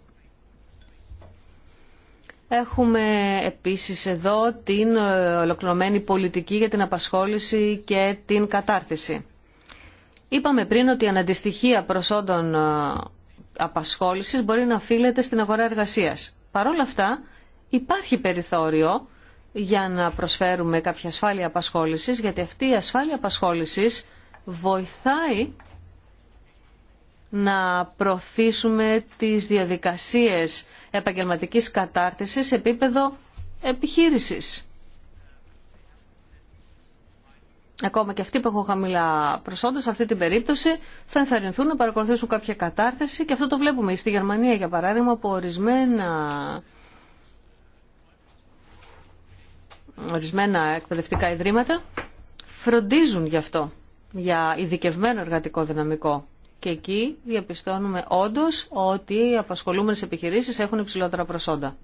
Έχουμε επίσης εδώ την ε, ολοκληρωμένη πολιτική για την απασχόληση και την κατάρτιση. Είπαμε πριν ότι η αναντιστοιχεία προσόντων απασχόλησης μπορεί να οφείλεται στην αγορά εργασίας. Παρ' όλα αυτά υπάρχει περιθώριο για να προσφέρουμε κάποια ασφάλεια απασχόλησης, γιατί αυτή η ασφάλεια απασχόλησης βοηθάει να προωθήσουμε τις διαδικασίες επαγγελματικής κατάρτισης σε επίπεδο επιχείρησης ακόμα και αυτοί που έχουν χαμηλά προσόντα, σε αυτή την περίπτωση θα ενθαρρυνθούν να παρακολουθήσουν κάποια κατάρθεση και αυτό το βλέπουμε στη Γερμανία, για παράδειγμα, που ορισμένα, ορισμένα εκπαιδευτικά ιδρύματα φροντίζουν γι' αυτό, για ειδικευμένο εργατικό δυναμικό. Και εκεί διαπιστώνουμε όντως ότι οι απασχολούμενες επιχειρήσεις έχουν υψηλότερα προσόντα.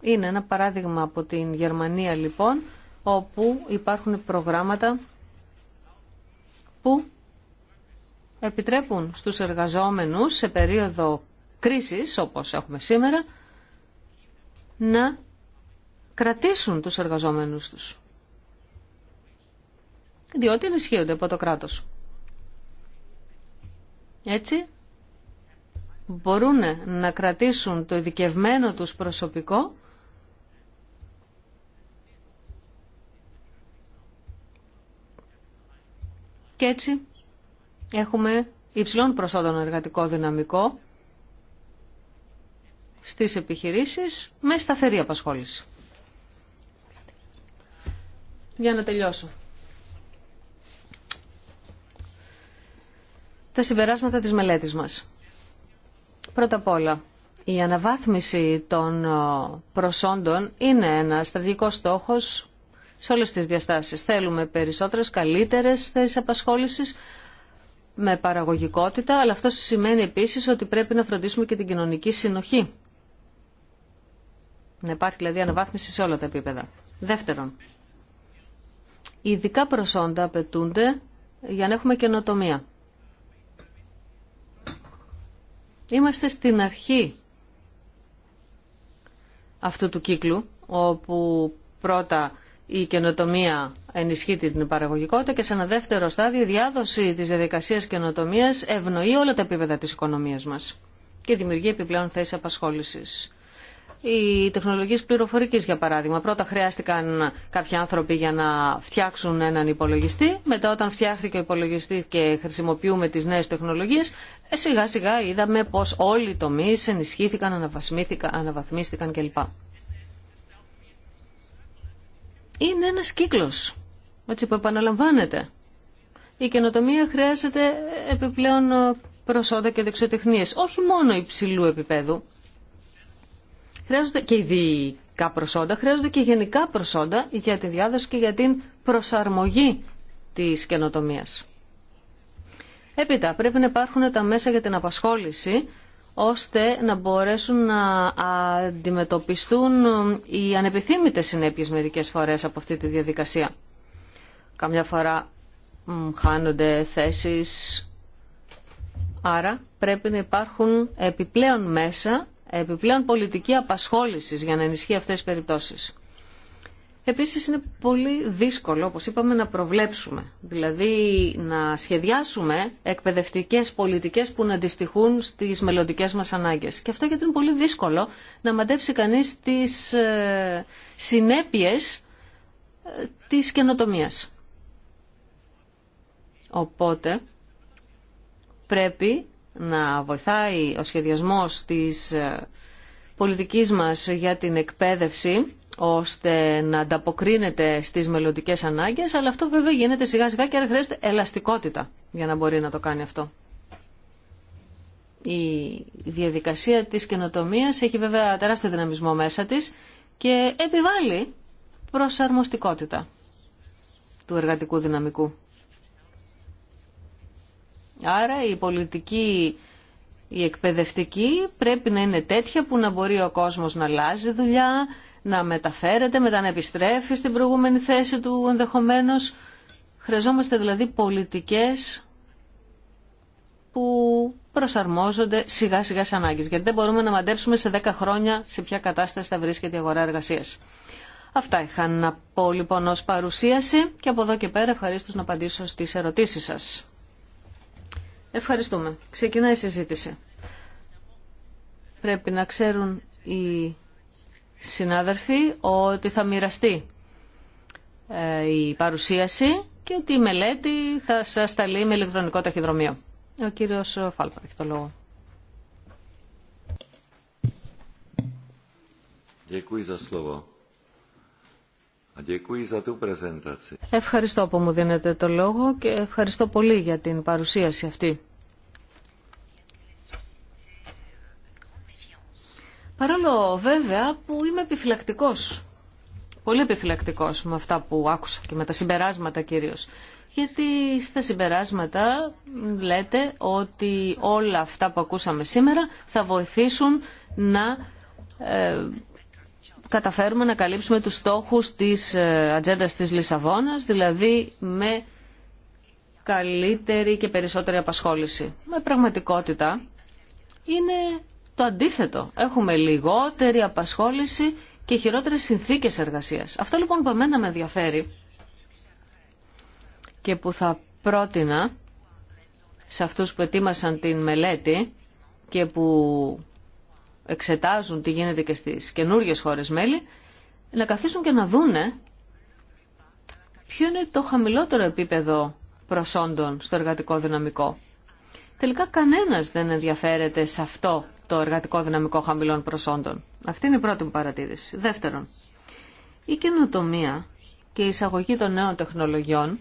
Είναι ένα παράδειγμα από την Γερμανία λοιπόν, όπου υπάρχουν προγράμματα που επιτρέπουν στους εργαζόμενους σε περίοδο κρίσης, όπως έχουμε σήμερα, να κρατήσουν τους εργαζόμενους τους. Διότι ενισχύονται από το κράτος. Έτσι, μπορούν να κρατήσουν το ειδικευμένο τους προσωπικό Και έτσι έχουμε υψηλών προσόντων εργατικό δυναμικό στις επιχειρήσεις με σταθερή απασχόληση. Για να τελειώσω. Τα συμπεράσματα της μελέτης μας. Πρώτα απ' όλα, η αναβάθμιση των ε, προσόντων είναι ένα στρατηγικό στόχος σε όλες τις διαστάσεις. Θέλουμε περισσότερες, καλύτερες θέσεις απασχόλησης με παραγωγικότητα, αλλά αυτό σημαίνει επίσης ότι πρέπει να φροντίσουμε και την κοινωνική συνοχή. Να υπάρχει δηλαδή αναβάθμιση σε όλα τα επίπεδα. Δεύτερον, ειδικά προσόντα απαιτούνται για να έχουμε καινοτομία. Είμαστε στην αρχή αυτού του κύκλου, όπου πρώτα η καινοτομία ενισχύει την παραγωγικότητα και σε ένα δεύτερο στάδιο η διάδοση της διαδικασίας καινοτομίας ευνοεί όλα τα επίπεδα της οικονομίας μας και δημιουργεί επιπλέον θέσεις απασχόλησης. Οι τεχνολογίες πληροφορικής, για παράδειγμα, πρώτα χρειάστηκαν κάποιοι άνθρωποι για να φτιάξουν έναν υπολογιστή, μετά όταν φτιάχτηκε ο υπολογιστής και χρησιμοποιούμε τις νέες τεχνολογίες, ε, σιγά σιγά είδαμε πως όλοι οι τομείς ενισχύθηκαν, αναβαθμίστηκαν κλπ είναι ένας κύκλος, έτσι που επαναλαμβάνεται. Η καινοτομία χρειάζεται επιπλέον ε, προσόντα και δεξιοτεχνίες, όχι μόνο υψηλού επίπεδου. Χρειάζονται και ειδικά προσόντα, χρειάζονται και γενικά προσόντα για τη διάδοση και για την προσαρμογή της καινοτομίας. Έπειτα πρέπει να υπάρχουν τα μέσα για την απασχόληση ώστε να μπορέσουν να αντιμετωπιστούν οι ανεπιθύμητες συνέπειες μερικές φορές από αυτή τη διαδικασία. Καμιά φορά χάνονται θέσεις, άρα πρέπει να υπάρχουν επιπλέον μέσα, επιπλέον πολιτική απασχόλησης για να ενισχύει αυτές τις περιπτώσεις. Επίσης είναι πολύ δύσκολο, όπω είπαμε, να προβλέψουμε, δηλαδή να σχεδιάσουμε εκπαιδευτικέ πολιτικές που να αντιστοιχούν στις μελλοντικέ μα ανάγκε. Και αυτό γιατί είναι πολύ δύσκολο να μαντέψει κανείς τις ε, συνέπειες ε, της καινοτομίας. Οπότε πρέπει να βοηθάει ο σχεδιασμός της ε, πολιτικής μας για την εκπαίδευση ώστε να ανταποκρίνεται στις μελλοντικέ ανάγκες, αλλά αυτό βέβαια γίνεται σιγά σιγά και χρειάζεται ελαστικότητα για να μπορεί να το κάνει αυτό. Η διαδικασία της καινοτομία έχει βέβαια τεράστιο δυναμισμό μέσα της και επιβάλλει προσαρμοστικότητα του εργατικού δυναμικού. Άρα η πολιτική, η εκπαιδευτική πρέπει να είναι τέτοια που να μπορεί ο κόσμος να αλλάζει δουλειά, να μεταφέρεται, μετά να επιστρέφει στην προηγούμενη θέση του ενδεχομένως. Χρειαζόμαστε δηλαδή πολιτικές που προσαρμόζονται σιγά σιγά σε ανάγκες, γιατί δεν μπορούμε να μαντέψουμε σε 10 χρόνια σε ποια κατάσταση θα βρίσκεται η αγορά εργασίας. Αυτά είχα να πω λοιπόν ως παρουσίαση και από εδώ και πέρα ευχαρίστω να απαντήσω στις ερωτήσεις σας. Ευχαριστούμε. Ξεκινάει η συζήτηση. Πρέπει να ξέρουν οι συνάδελφοι ότι θα μοιραστεί ε, η παρουσίαση και ότι η μελέτη θα σας ταλεί με ηλεκτρονικό ταχυδρομείο. Ο κύριος Φάλπα έχει το λόγο. Ευχαριστώ που μου δίνετε το λόγο και ευχαριστώ πολύ για την παρουσίαση αυτή. Παρόλο βέβαια που είμαι επιφυλακτικός, πολύ επιφυλακτικός με αυτά που άκουσα και με τα συμπεράσματα κυρίως. Γιατί στα συμπεράσματα λέτε ότι όλα αυτά που ακούσαμε σήμερα θα βοηθήσουν να ε, καταφέρουμε να καλύψουμε τους στόχους της ε, ατζέντα της Λισαβόνας, δηλαδή με καλύτερη και περισσότερη απασχόληση. Με πραγματικότητα είναι το αντίθετο. Έχουμε λιγότερη απασχόληση και χειρότερες συνθήκες εργασίας. Αυτό λοιπόν που εμένα με ενδιαφέρει και που θα πρότεινα σε αυτούς που ετοίμασαν την μελέτη και που εξετάζουν τι γίνεται και στις καινούριες χώρες μέλη, να καθίσουν και να δούνε ποιο είναι το χαμηλότερο επίπεδο προσόντων στο εργατικό δυναμικό. Τελικά κανένας δεν ενδιαφέρεται σε αυτό το εργατικό δυναμικό χαμηλών προσόντων. Αυτή είναι η πρώτη μου παρατήρηση. Δεύτερον, η καινοτομία και η εισαγωγή των νέων τεχνολογιών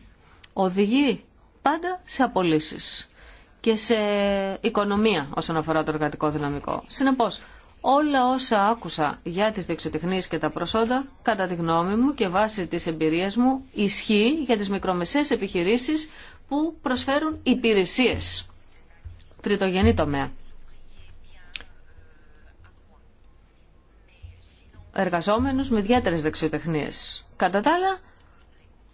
οδηγεί πάντα σε απολύσεις και σε οικονομία όσον αφορά το εργατικό δυναμικό. Συνεπώ, όλα όσα άκουσα για τις δεξιοτεχνίες και τα προσόντα, κατά τη γνώμη μου και βάσει της εμπειρία μου, ισχύει για τι μικρομεσαίες επιχειρήσει που προσφέρουν υπηρεσίε Τριτογενή τομέα. εργαζόμενους με ιδιαίτερε δεξιοτεχνίες. Κατά τα άλλα,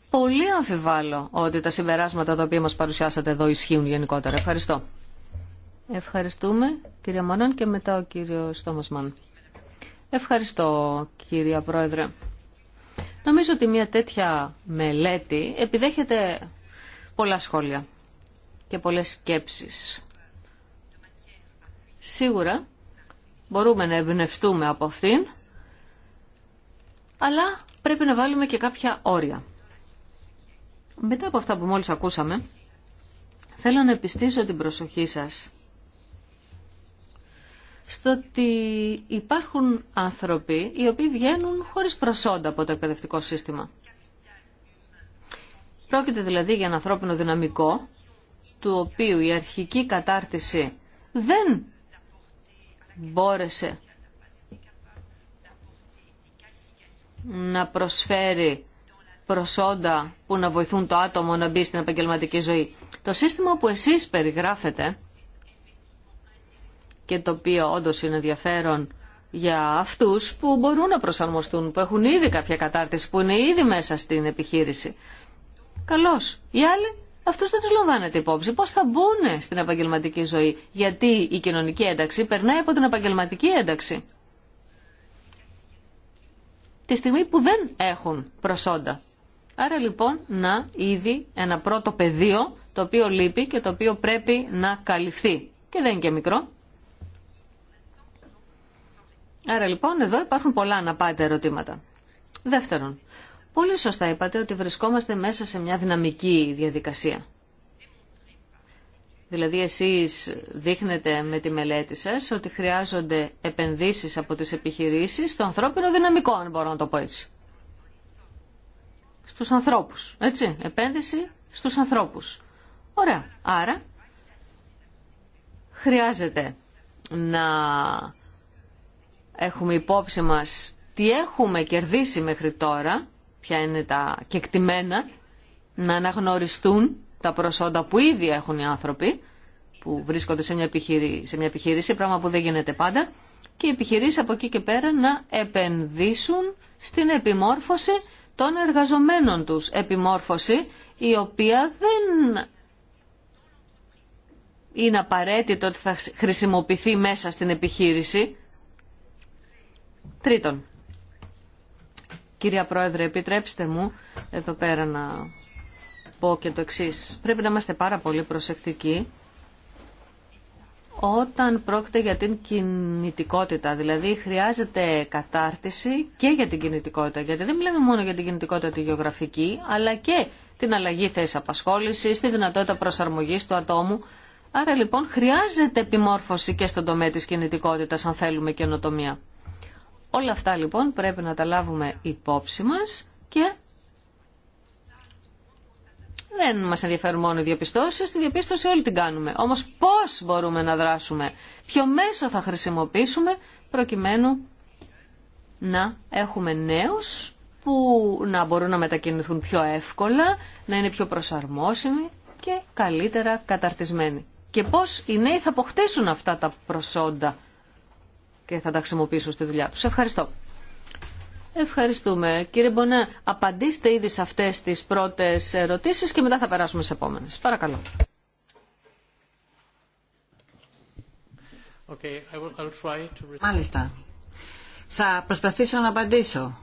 πολύ αμφιβάλλω ότι τα συμπεράσματα τα οποία μας παρουσιάσατε εδώ ισχύουν γενικότερα. Ευχαριστώ. Ευχαριστούμε κυρία Μανών και μετά ο κύριο Στόμασμαν. Ευχαριστώ κύριε Πρόεδρε. Νομίζω ότι μια τέτοια μελέτη επιδέχεται πολλά σχόλια και πολλές σκέψεις. Σίγουρα μπορούμε να εμπνευστούμε από αυτήν αλλά πρέπει να βάλουμε και κάποια όρια. Μετά από αυτά που μόλις ακούσαμε, θέλω να επιστήσω την προσοχή σας στο ότι υπάρχουν άνθρωποι οι οποίοι βγαίνουν χωρίς προσόντα από το εκπαιδευτικό σύστημα. Πρόκειται δηλαδή για ένα ανθρώπινο δυναμικό, του οποίου η αρχική κατάρτιση δεν μπόρεσε να προσφέρει προσόντα που να βοηθούν το άτομο να μπει στην επαγγελματική ζωή. Το σύστημα που εσείς περιγράφετε και το οποίο όντω είναι ενδιαφέρον για αυτούς που μπορούν να προσαρμοστούν, που έχουν ήδη κάποια κατάρτιση, που είναι ήδη μέσα στην επιχείρηση. Καλώς. Οι άλλοι αυτούς δεν τους λαμβάνετε υπόψη. Πώς θα μπουν στην επαγγελματική ζωή, γιατί η κοινωνική ένταξη περνάει από την επαγγελματική ένταξη τη στιγμή που δεν έχουν προσόντα. Άρα λοιπόν να ήδη ένα πρώτο πεδίο το οποίο λείπει και το οποίο πρέπει να καλυφθεί. Και δεν είναι και μικρό. Άρα λοιπόν εδώ υπάρχουν πολλά να ερωτήματα. Δεύτερον, πολύ σωστά είπατε ότι βρισκόμαστε μέσα σε μια δυναμική διαδικασία. Δηλαδή εσείς δείχνετε με τη μελέτη σας ότι χρειάζονται επενδύσεις από τις επιχειρήσεις στο ανθρώπινο δυναμικό, αν μπορώ να το πω έτσι. Στους ανθρώπους, έτσι. Επένδυση στους ανθρώπους. Ωραία. Άρα χρειάζεται να έχουμε υπόψη μας τι έχουμε κερδίσει μέχρι τώρα, ποια είναι τα κεκτημένα, να αναγνωριστούν τα προσόντα που ήδη έχουν οι άνθρωποι που βρίσκονται σε μια, επιχείρηση, πράγμα που δεν γίνεται πάντα, και οι επιχειρήσει από εκεί και πέρα να επενδύσουν στην επιμόρφωση των εργαζομένων τους. Επιμόρφωση η οποία δεν είναι απαραίτητο ότι θα χρησιμοποιηθεί μέσα στην επιχείρηση. Τρίτον, κυρία Πρόεδρε, επιτρέψτε μου εδώ πέρα να πω και το εξή. Πρέπει να είμαστε πάρα πολύ προσεκτικοί όταν πρόκειται για την κινητικότητα. Δηλαδή χρειάζεται κατάρτιση και για την κινητικότητα. Γιατί δεν μιλάμε μόνο για την κινητικότητα τη γεωγραφική, αλλά και την αλλαγή θέση απασχόληση, τη δυνατότητα προσαρμογή του ατόμου. Άρα λοιπόν χρειάζεται επιμόρφωση και στον τομέα της κινητικότητας αν θέλουμε καινοτομία. Όλα αυτά λοιπόν πρέπει να τα λάβουμε υπόψη μας και δεν μα ενδιαφέρουν μόνο οι διαπιστώσει, τη διαπίστωση όλη την κάνουμε. Όμω πώς μπορούμε να δράσουμε, ποιο μέσο θα χρησιμοποιήσουμε προκειμένου να έχουμε νέους που να μπορούν να μετακινηθούν πιο εύκολα, να είναι πιο προσαρμόσιμοι και καλύτερα καταρτισμένοι. Και πώς οι νέοι θα αποκτήσουν αυτά τα προσόντα και θα τα χρησιμοποιήσουν στη δουλειά τους. Ευχαριστώ. Ευχαριστούμε. Κύριε Μπονέ, απαντήστε ήδη σε αυτές τις πρώτες ερωτήσεις και μετά θα περάσουμε σε επόμενες. Παρακαλώ. Okay, I will, try to... Μάλιστα. Θα προσπαθήσω να απαντήσω.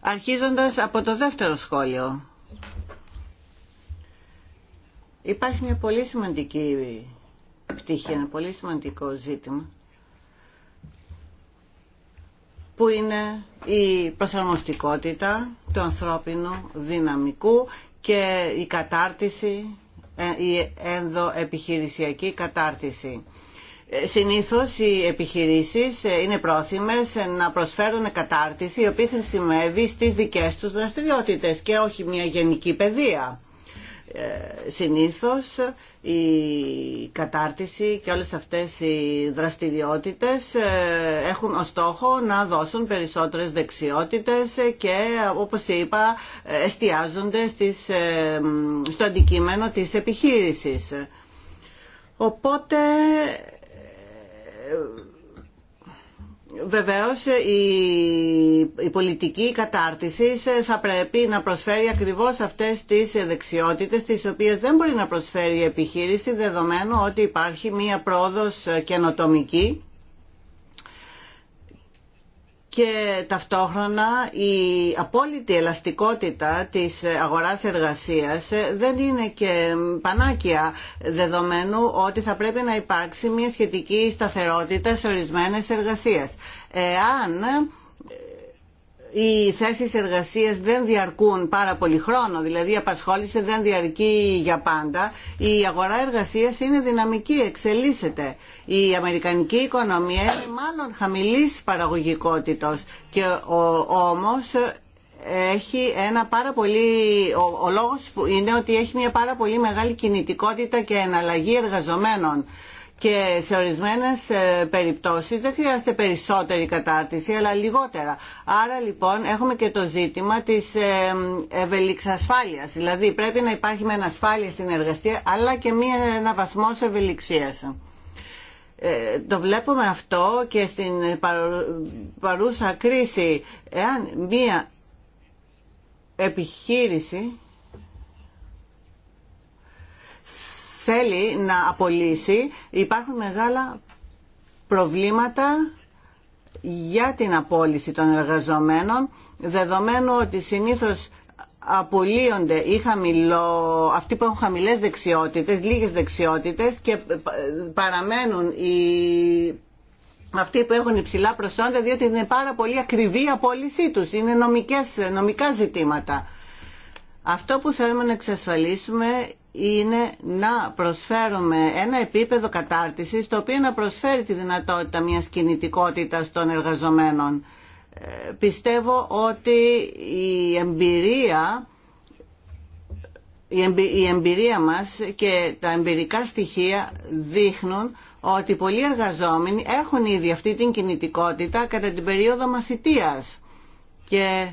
Αρχίζοντας από το δεύτερο σχόλιο. Υπάρχει μια πολύ σημαντική πτυχή, ένα πολύ σημαντικό ζήτημα που είναι η προσαρμοστικότητα του ανθρώπινου δυναμικού και η κατάρτιση, ε, η ενδοεπιχειρησιακή κατάρτιση. Ε, συνήθως οι επιχειρήσεις ε, είναι πρόθυμες να προσφέρουν κατάρτιση η οποία χρησιμεύει στις δικές τους δραστηριότητες και όχι μια γενική παιδεία. Συνήθως η κατάρτιση και όλες αυτές οι δραστηριότητες ε, έχουν ως στόχο να δώσουν περισσότερες δεξιότητες και όπως είπα εστιάζονται στις, ε, στο αντικείμενο της επιχείρησης. Οπότε ε, Βεβαίως η, πολιτική κατάρτιση θα πρέπει να προσφέρει ακριβώς αυτές τις δεξιότητες τις οποίες δεν μπορεί να προσφέρει η επιχείρηση δεδομένου ότι υπάρχει μία πρόοδος καινοτομική και ταυτόχρονα η απόλυτη ελαστικότητα της αγοράς εργασίας δεν είναι και πανάκια δεδομένου ότι θα πρέπει να υπάρξει μια σχετική σταθερότητα σε ορισμένες εργασίες. Εάν οι θέσει εργασία δεν διαρκούν πάρα πολύ χρόνο, δηλαδή η απασχόληση δεν διαρκεί για πάντα. Η αγορά εργασία είναι δυναμική, εξελίσσεται. Η αμερικανική οικονομία είναι μάλλον χαμηλή παραγωγικότητα και όμω όμως έχει ένα πάρα πολύ, ο, ο λόγος είναι ότι έχει μια πάρα πολύ μεγάλη κινητικότητα και εναλλαγή εργαζομένων και σε ορισμένες ε, περιπτώσεις δεν χρειάζεται περισσότερη κατάρτιση αλλά λιγότερα. Άρα λοιπόν έχουμε και το ζήτημα της ε, ευελιξασφάλειας. Δηλαδή πρέπει να υπάρχει με ασφάλεια στην εργασία αλλά και μία, ένα βαθμό ευελιξίας. Ε, το βλέπουμε αυτό και στην παρούσα κρίση. Εάν μία επιχείρηση θέλει να απολύσει υπάρχουν μεγάλα προβλήματα για την απόλυση των εργαζομένων δεδομένου ότι συνήθως απολύονται ή χαμηλό, αυτοί που έχουν χαμηλές δεξιότητες, λίγες δεξιότητες και παραμένουν οι αυτοί που έχουν υψηλά προσόντα διότι είναι πάρα πολύ ακριβή η απόλυσή τους. Είναι νομικές, νομικά ζητήματα. Αυτό που θέλουμε να εξασφαλίσουμε είναι να προσφέρουμε ένα επίπεδο κατάρτισης το οποίο να προσφέρει τη δυνατότητα μιας κινητικότητας των εργαζομένων. Ε, πιστεύω ότι η εμπειρία, η εμπειρία μας και τα εμπειρικά στοιχεία δείχνουν ότι πολλοί εργαζόμενοι έχουν ήδη αυτή την κινητικότητα κατά την περίοδο μαθητείας και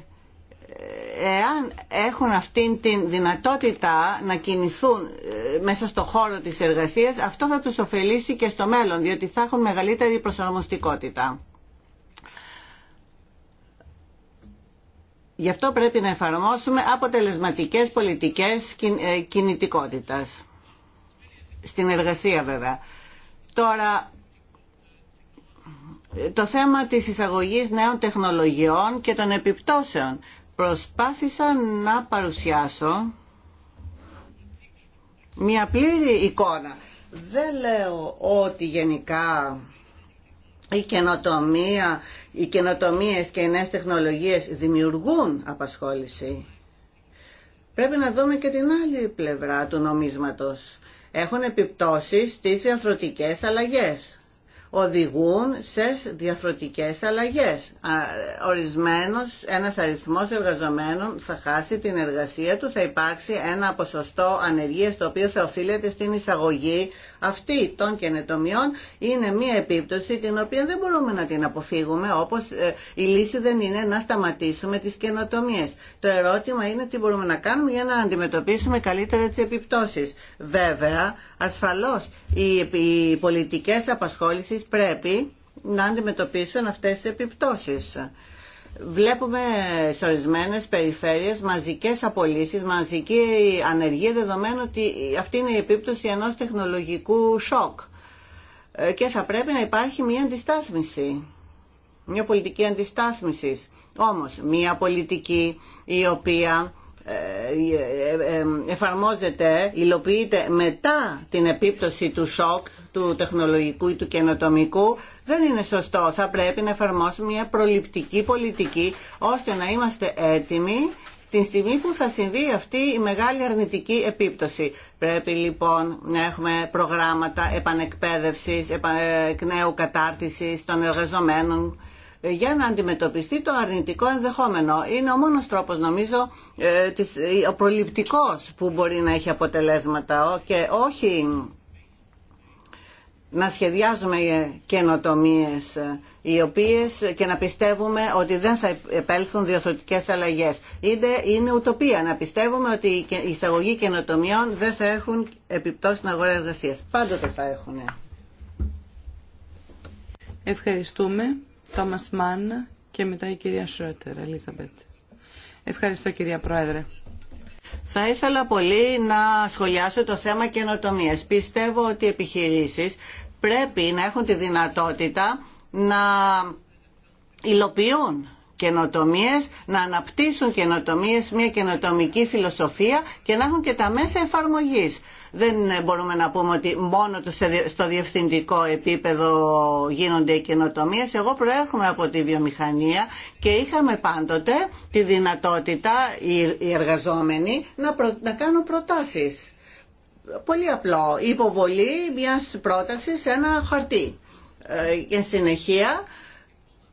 εάν έχουν αυτήν την δυνατότητα να κινηθούν ε, μέσα στο χώρο της εργασίας, αυτό θα τους ωφελήσει και στο μέλλον, διότι θα έχουν μεγαλύτερη προσαρμοστικότητα. Γι' αυτό πρέπει να εφαρμόσουμε αποτελεσματικές πολιτικές ε, κινητικότητας. Στην εργασία βέβαια. Τώρα, ε, το θέμα της εισαγωγής νέων τεχνολογιών και των επιπτώσεων προσπάθησα να παρουσιάσω μια πλήρη εικόνα. Δεν λέω ότι γενικά η καινοτομία, οι καινοτομίες και οι νέες τεχνολογίες δημιουργούν απασχόληση. Πρέπει να δούμε και την άλλη πλευρά του νομίσματος. Έχουν επιπτώσεις στις ανθρωτικές αλλαγές οδηγούν σε διαφορετικές αλλαγές. Ορισμένος, ένας αριθμός εργαζομένων θα χάσει την εργασία του, θα υπάρξει ένα ποσοστό ανεργίας το οποίο θα οφείλεται στην εισαγωγή αυτή των καινοτομιών είναι μια επίπτωση την οποία δεν μπορούμε να την αποφύγουμε όπως ε, η λύση δεν είναι να σταματήσουμε τις καινοτομίες. Το ερώτημα είναι τι μπορούμε να κάνουμε για να αντιμετωπίσουμε καλύτερα τις επιπτώσεις. Βέβαια, ασφαλώς οι πολιτικές απασχόλησης πρέπει να αντιμετωπίσουν αυτές τις επιπτώσεις. Βλέπουμε σε ορισμένε περιφέρειες μαζικές απολύσεις, μαζική ανεργία δεδομένου ότι αυτή είναι η επίπτωση ενός τεχνολογικού σοκ ε, και θα πρέπει να υπάρχει μια αντιστάσμιση, μια πολιτική αντιστάσμισης. Όμως μια πολιτική η οποία ε, ε, ε, εφαρμόζεται, υλοποιείται μετά την επίπτωση του σοκ, του τεχνολογικού ή του καινοτομικού, δεν είναι σωστό. Θα πρέπει να εφαρμόσουμε μια προληπτική πολιτική, ώστε να είμαστε έτοιμοι την στιγμή που θα συμβεί αυτή η μεγάλη αρνητική επίπτωση. Πρέπει λοιπόν να έχουμε προγράμματα επανεκπαίδευσης, εκ νέου κατάρτισης των εργαζομένων για να αντιμετωπιστεί το αρνητικό ενδεχόμενο. Είναι ο μόνος τρόπος νομίζω ε, ε, ο προληπτικός που μπορεί να έχει αποτελέσματα και όχι να σχεδιάζουμε ε, καινοτομίες οι οποίες και να πιστεύουμε ότι δεν θα επέλθουν διορθωτικές αλλαγές. Είτε είναι ουτοπία να πιστεύουμε ότι η εισαγωγή καινοτομιών δεν θα έχουν επιπτώσει στην αγορά εργασίας. Πάντοτε θα έχουν. Ευχαριστούμε. Τόμας Μάν και μετά η κυρία Σρότερ, Ελίζαμπετ. Ευχαριστώ κυρία Πρόεδρε. Θα ήθελα πολύ να σχολιάσω το θέμα καινοτομία. Πιστεύω ότι οι επιχειρήσεις πρέπει να έχουν τη δυνατότητα να υλοποιούν καινοτομίε, να αναπτύσσουν καινοτομίε, μια καινοτομική φιλοσοφία και να έχουν και τα μέσα εφαρμογής. Δεν μπορούμε να πούμε ότι μόνο στο διευθυντικό επίπεδο γίνονται οι καινοτομίε. Εγώ προέρχομαι από τη βιομηχανία και είχαμε πάντοτε τη δυνατότητα οι εργαζόμενοι να κάνουν προτάσεις. Πολύ απλό. Υποβολή μιας πρότασης σε ένα χαρτί. Για ε, συνεχεία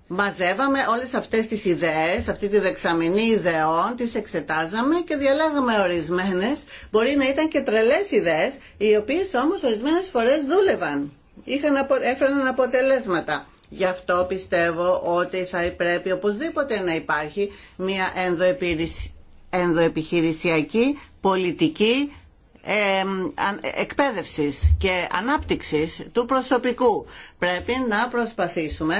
μαζεύαμε όλες αυτές τις ιδέες, αυτή τη δεξαμενή ιδεών, τις εξετάζαμε και διαλέγαμε ορισμένες. Μπορεί να ήταν και τρελές ιδέες, οι οποίες όμως ορισμένες φορές δούλευαν, είχαν, έφεραν αποτελέσματα. Γι' αυτό πιστεύω ότι θα πρέπει οπωσδήποτε να υπάρχει μια ενδοεπιχειρησιακή πολιτική εκπαίδευσης και ανάπτυξης του προσωπικού. Πρέπει να προσπαθήσουμε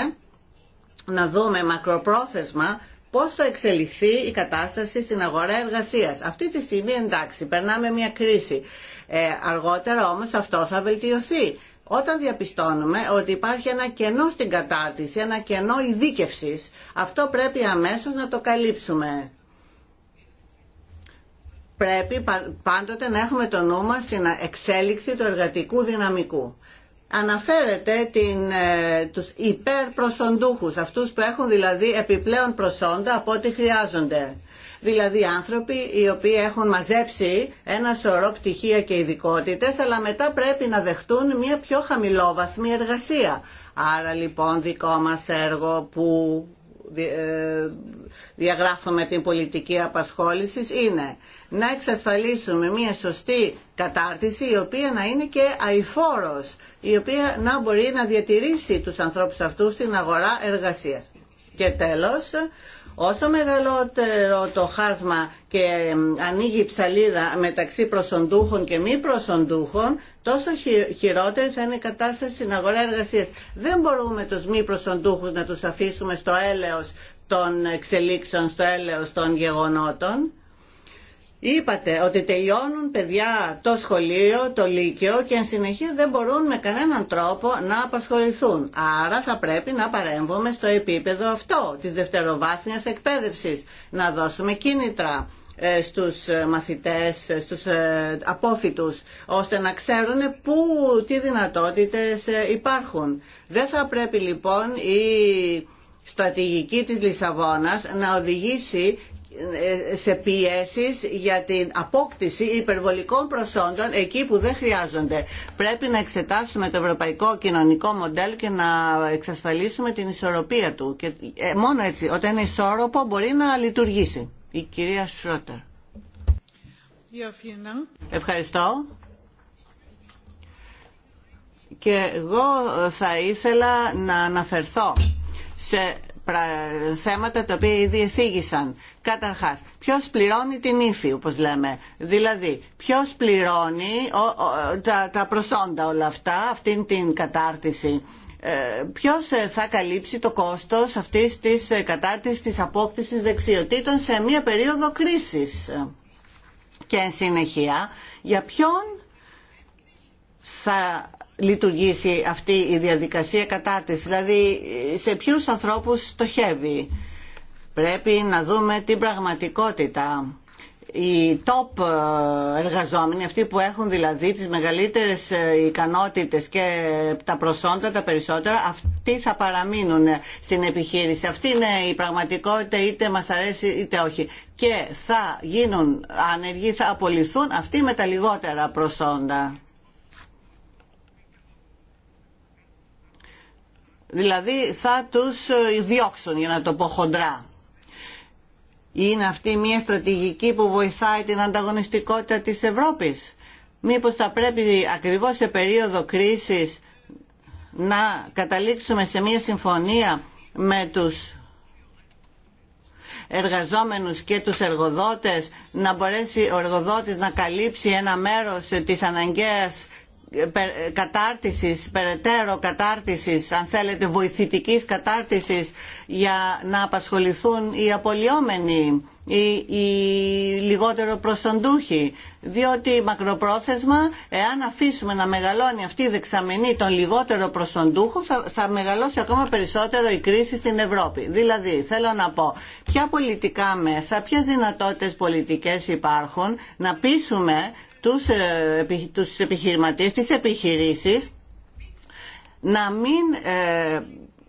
να δούμε μακροπρόθεσμα πώς θα εξελιχθεί η κατάσταση στην αγορά εργασίας. Αυτή τη στιγμή εντάξει, περνάμε μια κρίση. Ε, αργότερα όμως αυτό θα βελτιωθεί. Όταν διαπιστώνουμε ότι υπάρχει ένα κενό στην κατάρτιση, ένα κενό ειδίκευση, αυτό πρέπει αμέσως να το καλύψουμε. Πρέπει πάντοτε να έχουμε το νου μας στην εξέλιξη του εργατικού δυναμικού αναφέρεται την, ε, τους υπερπροσοντούχους, αυτούς που έχουν δηλαδή επιπλέον προσόντα από ό,τι χρειάζονται. Δηλαδή άνθρωποι οι οποίοι έχουν μαζέψει ένα σωρό πτυχία και ειδικότητε, αλλά μετά πρέπει να δεχτούν μια πιο χαμηλόβαθμη εργασία. Άρα λοιπόν δικό μας έργο που ε, διαγράφουμε την πολιτική απασχόλησης είναι να εξασφαλίσουμε μια σωστή κατάρτιση η οποία να είναι και αηφόρος, η οποία να μπορεί να διατηρήσει τους ανθρώπους αυτούς στην αγορά εργασίας. Και τέλος, Όσο μεγαλότερο το χάσμα και ανοίγει η ψαλίδα μεταξύ προσοντούχων και μη προσοντούχων, τόσο χειρότερη θα είναι η κατάσταση στην αγορά εργασία. Δεν μπορούμε τους μη προσοντούχους να του αφήσουμε στο έλεος των εξελίξεων, στο έλεος των γεγονότων. Είπατε ότι τελειώνουν παιδιά το σχολείο, το λύκειο και εν συνεχεία δεν μπορούν με κανέναν τρόπο να απασχοληθούν. Άρα θα πρέπει να παρέμβουμε στο επίπεδο αυτό της δευτεροβάθμιας εκπαίδευσης, να δώσουμε κίνητρα ε, στους ε, μαθητές, ε, στους απόφοιτους, ώστε να ξέρουν πού, τι δυνατότητες υπάρχουν. Δεν θα πρέπει λοιπόν η στρατηγική της Λισαβόνας να οδηγήσει σε πιέσει για την απόκτηση υπερβολικών προσόντων εκεί που δεν χρειάζονται. Πρέπει να εξετάσουμε το ευρωπαϊκό κοινωνικό μοντέλο και να εξασφαλίσουμε την ισορροπία του. Και ε, μόνο έτσι, όταν είναι ισόρροπο, μπορεί να λειτουργήσει. Η κυρία Σρότερ. Ευχαριστώ. Και εγώ θα ήθελα να αναφερθώ σε θέματα τα οποία ήδη εισήγησαν. Καταρχάς, ποιος πληρώνει την ύφη, όπως λέμε. Δηλαδή, ποιος πληρώνει τα, τα προσόντα όλα αυτά, αυτήν την κατάρτιση. Ε, ποιος ε, θα καλύψει το κόστος αυτής της ε, κατάρτισης της απόκτησης δεξιοτήτων σε μία περίοδο κρίσης. Και εν συνεχεία, για ποιον θα λειτουργήσει αυτή η διαδικασία κατάρτισης, δηλαδή σε ποιους ανθρώπους στοχεύει Πρέπει να δούμε την πραγματικότητα. Οι top ε, εργαζόμενοι, αυτοί που έχουν δηλαδή τις μεγαλύτερες ε, ικανότητες και τα προσόντα τα περισσότερα, αυτοί θα παραμείνουν στην επιχείρηση. Αυτή είναι η πραγματικότητα, είτε μας αρέσει είτε όχι. Και θα γίνουν άνεργοι, θα απολυθούν αυτοί με τα λιγότερα προσόντα. Δηλαδή θα τους ε, διώξουν, για να το πω χοντρά. Είναι αυτή μια στρατηγική που βοηθάει την ανταγωνιστικότητα της Ευρώπης. Μήπως θα πρέπει ακριβώς σε περίοδο κρίσης να καταλήξουμε σε μια συμφωνία με τους εργαζόμενους και τους εργοδότες να μπορέσει ο εργοδότης να καλύψει ένα μέρος της αναγκαίας κατάρτισης, περαιτέρω κατάρτισης, αν θέλετε βοηθητικής κατάρτισης για να απασχοληθούν οι απολυόμενοι οι, οι λιγότερο προσοντούχοι διότι μακροπρόθεσμα εάν αφήσουμε να μεγαλώνει αυτή η δεξαμενή των λιγότερο προσοντούχων θα, θα μεγαλώσει ακόμα περισσότερο η κρίση στην Ευρώπη. Δηλαδή θέλω να πω ποια πολιτικά μέσα, ποιες δυνατότητες πολιτικές υπάρχουν να πείσουμε τους, ε, τους επιχειρηματίες, τις επιχειρήσεις να μην ε,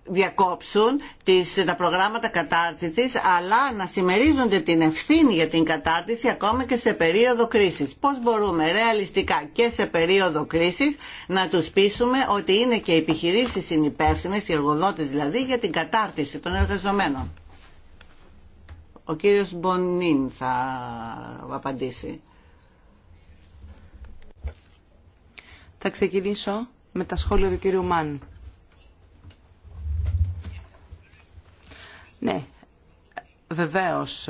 διακόψουν τις, τα προγράμματα κατάρτισης αλλά να συμμερίζονται την ευθύνη για την κατάρτιση ακόμα και σε περίοδο κρίσης. Πώς μπορούμε ρεαλιστικά και σε περίοδο κρίσης να τους πείσουμε ότι είναι και οι επιχειρήσεις συνυπεύθυνες, οι εργοδότες δηλαδή, για την κατάρτιση των εργαζομένων. Ο κύριος Μπονίν θα απαντήσει. Θα ξεκινήσω με τα σχόλια του κύριου Μάν. Ναι, βεβαίως.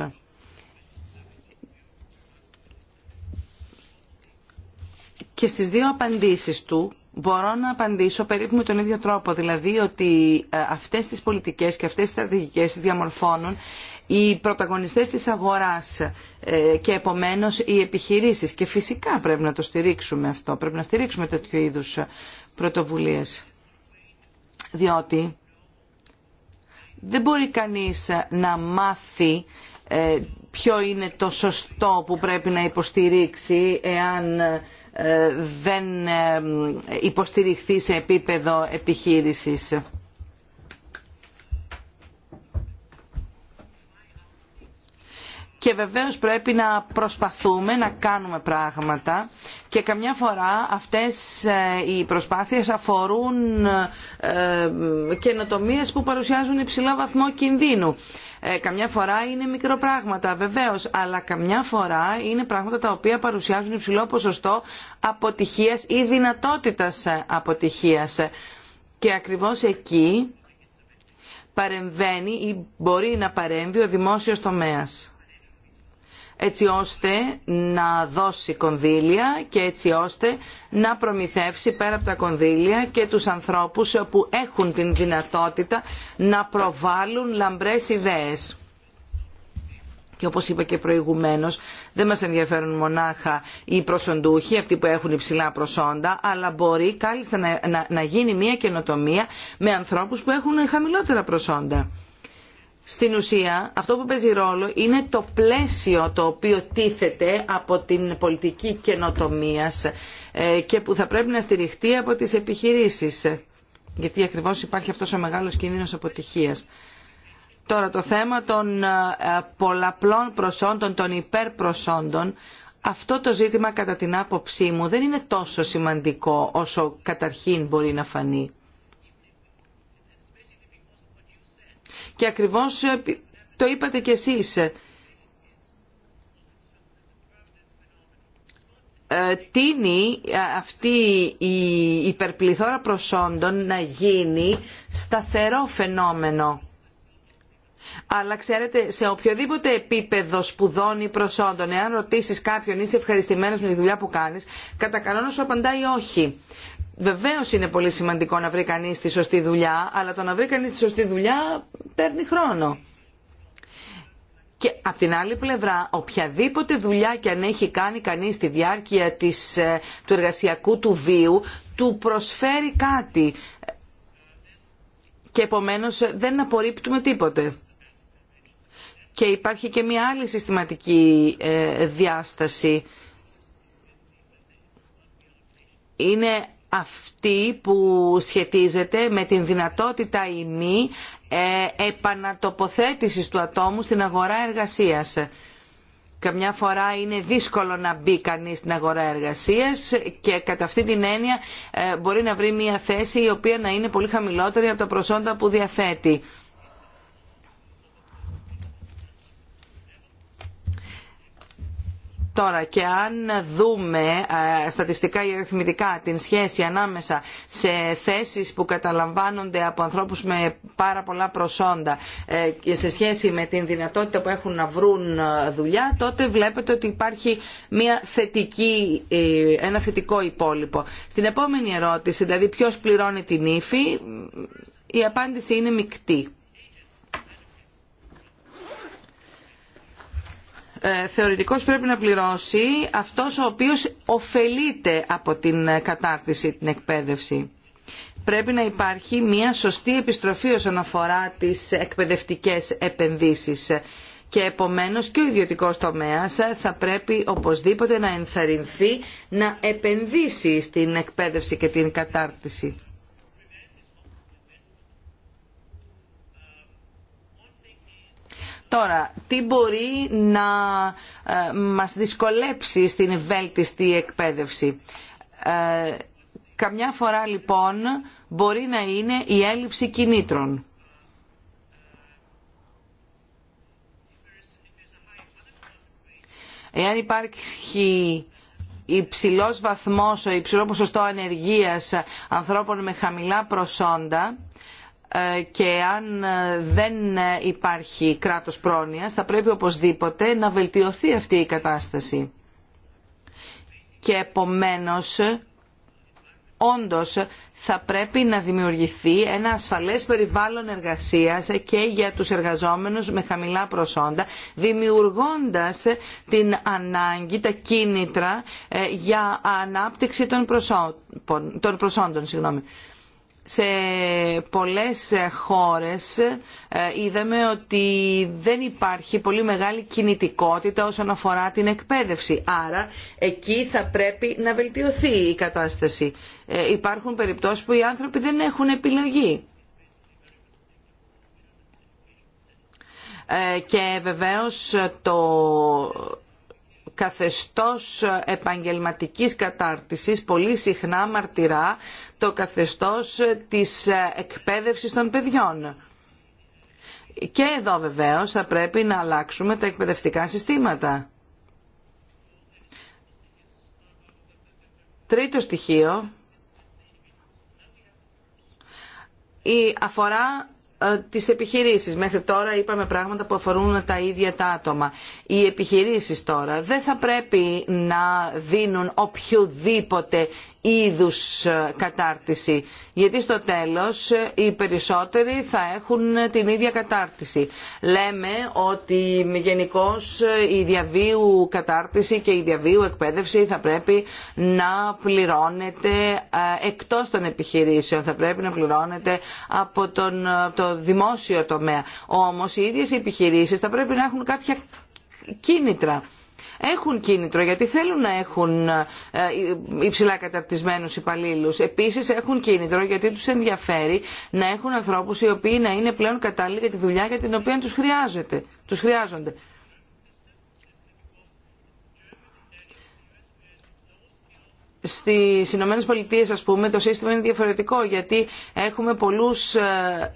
Και στις δύο απαντήσεις του μπορώ να απαντήσω περίπου με τον ίδιο τρόπο. Δηλαδή ότι ε, αυτές τις πολιτικές και αυτές τις στρατηγικές διαμορφώνουν οι πρωταγωνιστές της αγοράς ε, και επομένως οι επιχειρήσεις. Και φυσικά πρέπει να το στηρίξουμε αυτό, πρέπει να στηρίξουμε τέτοιου είδους πρωτοβουλίες. Διότι δεν μπορεί κανείς να μάθει ε, ποιο είναι το σωστό που πρέπει να υποστηρίξει εάν ε, δεν υποστηριχθεί σε επίπεδο επιχείρησης. και βεβαίως πρέπει να προσπαθούμε να κάνουμε πράγματα και καμιά φορά αυτές ε, οι προσπάθειες αφορούν ε, καινοτομίε που παρουσιάζουν υψηλό βαθμό κινδύνου. Ε, καμιά φορά είναι μικροπράγματα βεβαίως, αλλά καμιά φορά είναι πράγματα τα οποία παρουσιάζουν υψηλό ποσοστό αποτυχίας ή δυνατότητας αποτυχίας. Και ακριβώς εκεί παρεμβαίνει ή μπορεί να παρέμβει ο δημόσιος τομέας έτσι ώστε να δώσει κονδύλια και έτσι ώστε να προμηθεύσει πέρα από τα κονδύλια και τους ανθρώπους που έχουν την δυνατότητα να προβάλλουν λαμπρές ιδέες. Και όπως είπα και προηγουμένως, δεν μας ενδιαφέρουν μονάχα οι προσοντούχοι, αυτοί που έχουν υψηλά προσόντα, αλλά μπορεί κάλλιστα να, γίνει μια καινοτομία με ανθρώπους που έχουν χαμηλότερα προσόντα στην ουσία αυτό που παίζει ρόλο είναι το πλαίσιο το οποίο τίθεται από την πολιτική καινοτομία ε, και που θα πρέπει να στηριχτεί από τις επιχειρήσεις. Γιατί ακριβώς υπάρχει αυτός ο μεγάλος κίνδυνος αποτυχίας. Τώρα το θέμα των ε, πολλαπλών προσόντων, των υπερπροσόντων, αυτό το ζήτημα κατά την άποψή μου δεν είναι τόσο σημαντικό όσο καταρχήν μπορεί να φανεί. Και ακριβώς ε, το είπατε κι εσείς. Ε, τίνει ε, αυτή η υπερπληθώρα προσόντων να γίνει σταθερό φαινόμενο. Αλλά ξέρετε, σε οποιοδήποτε επίπεδο σπουδών ή προσόντων, εάν ρωτήσει κάποιον είσαι ευχαριστημένο με τη δουλειά που κάνει, κατά κανόνα σου απαντάει όχι. Βεβαίω είναι πολύ σημαντικό να βρει κανεί τη σωστή δουλειά, αλλά το να βρει κανεί τη σωστή δουλειά παίρνει χρόνο. Και από την άλλη πλευρά, οποιαδήποτε δουλειά και αν έχει κάνει κανείς στη διάρκεια της, ε, του εργασιακού του βίου, του προσφέρει κάτι. Και επομένως ε, δεν απορρίπτουμε τίποτε. Και υπάρχει και μια άλλη συστηματική ε, διάσταση. Είναι αυτή που σχετίζεται με την δυνατότητα ή μη ε, επανατοποθέτησης του ατόμου στην αγορά εργασίας. Καμιά φορά είναι δύσκολο να μπει κανεί στην αγορά εργασίας και κατά αυτή την έννοια ε, μπορεί να βρει μια θέση η οποία να είναι πολύ χαμηλότερη από τα προσόντα που διαθέτει. Τώρα και αν δούμε ε, στατιστικά ή αριθμητικά την σχέση ανάμεσα σε θέσεις που καταλαμβάνονται από ανθρώπους με πάρα πολλά προσόντα ε, και σε σχέση με την δυνατότητα που έχουν να βρουν ε, δουλειά, τότε βλέπετε ότι υπάρχει μια θετική, ένα θετικό υπόλοιπο. Στην επόμενη ερώτηση, δηλαδή ποιος πληρώνει την ύφη, η απάντηση είναι μεικτή. Ε, θεωρητικός πρέπει να πληρώσει αυτός ο οποίος ωφελείται από την ε, κατάρτιση, την εκπαίδευση. Πρέπει να υπάρχει μια σωστή επιστροφή όσον αφορά τις εκπαιδευτικές επενδύσεις και επομένως και ο ιδιωτικός τομέας θα πρέπει οπωσδήποτε να ενθαρρυνθεί να επενδύσει στην εκπαίδευση και την κατάρτιση. Τώρα, τι μπορεί να ε, μας δυσκολέψει στην ευέλτιστη εκπαίδευση. Ε, καμιά φορά λοιπόν μπορεί να είναι η έλλειψη κινήτρων. Εάν υπάρχει υψηλός βαθμός, υψηλό ποσοστό ανεργίας ανθρώπων με χαμηλά προσόντα, ε, και αν ε, δεν υπάρχει κράτος πρόνοιας θα πρέπει οπωσδήποτε να βελτιωθεί αυτή η κατάσταση. Και επομένως όντως θα πρέπει να δημιουργηθεί ένα ασφαλές περιβάλλον εργασίας και για τους εργαζόμενους με χαμηλά προσόντα, δημιουργώντας την ανάγκη, τα κίνητρα ε, για ανάπτυξη των, προσόντων, προσόντων σε πολλές χώρες ε, είδαμε ότι δεν υπάρχει πολύ μεγάλη κινητικότητα όσον αφορά την εκπαίδευση. Άρα εκεί θα πρέπει να βελτιωθεί η κατάσταση. Ε, υπάρχουν περιπτώσεις που οι άνθρωποι δεν έχουν επιλογή. Ε, και βεβαίως το καθεστώς επαγγελματικής κατάρτισης πολύ συχνά μαρτυρά το καθεστώς της εκπαίδευσης των παιδιών. Και εδώ βεβαίως θα πρέπει να αλλάξουμε τα εκπαιδευτικά συστήματα. Τρίτο στοιχείο η αφορά ε, τις επιχειρήσεις. Μέχρι τώρα είπαμε πράγματα που αφορούν τα ίδια τα άτομα. Οι επιχειρήσεις τώρα δεν θα πρέπει να δίνουν οποιοδήποτε ίδους ε, κατάρτιση. Γιατί στο τέλος ε, οι περισσότεροι θα έχουν ε, την ίδια κατάρτιση. Λέμε ότι γενικώ η διαβίου κατάρτιση και η διαβίου εκπαίδευση θα πρέπει να πληρώνεται εκτός των επιχειρήσεων, θα πρέπει να πληρώνεται από τον, το δημόσιο τομέα. Όμως οι ίδιες οι επιχειρήσεις θα πρέπει να έχουν κάποια κίνητρα έχουν κίνητρο γιατί θέλουν να έχουν ε, υψηλά καταρτισμένους υπαλλήλου. Επίσης έχουν κίνητρο γιατί τους ενδιαφέρει να έχουν ανθρώπους οι οποίοι να είναι πλέον κατάλληλοι για τη δουλειά για την οποία τους, χρειάζεται, τους χρειάζονται. Στι Ηνωμένε Πολιτείε, ας πούμε, το σύστημα είναι διαφορετικό γιατί έχουμε πολλού. Ε,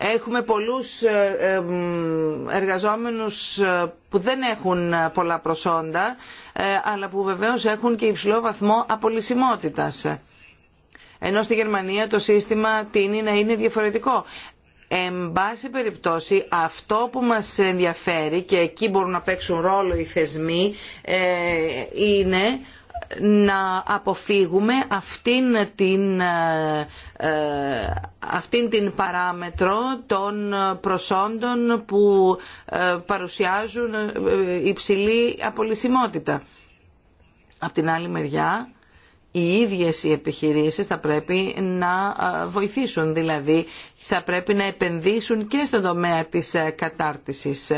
Έχουμε πολλούς ε, ε, εργαζόμενους ε, που δεν έχουν πολλά προσόντα, αλλά που βεβαίως έχουν και υψηλό βαθμό απολυσιμότητας. Ενώ στη Γερμανία το σύστημα τίνει να είναι διαφορετικό. Εν πάση περιπτώσει, αυτό που μας ενδιαφέρει και εκεί μπορούν να παίξουν ρόλο οι θεσμοί είναι να αποφύγουμε αυτήν την, ε, ε, αυτήν την παράμετρο των προσόντων που ε, παρουσιάζουν υψηλή απολυσιμότητα. Απ' την άλλη μεριά, οι ίδιες οι επιχειρήσεις θα πρέπει να βοηθήσουν, δηλαδή θα πρέπει να επενδύσουν και στον τομέα της κατάρτισης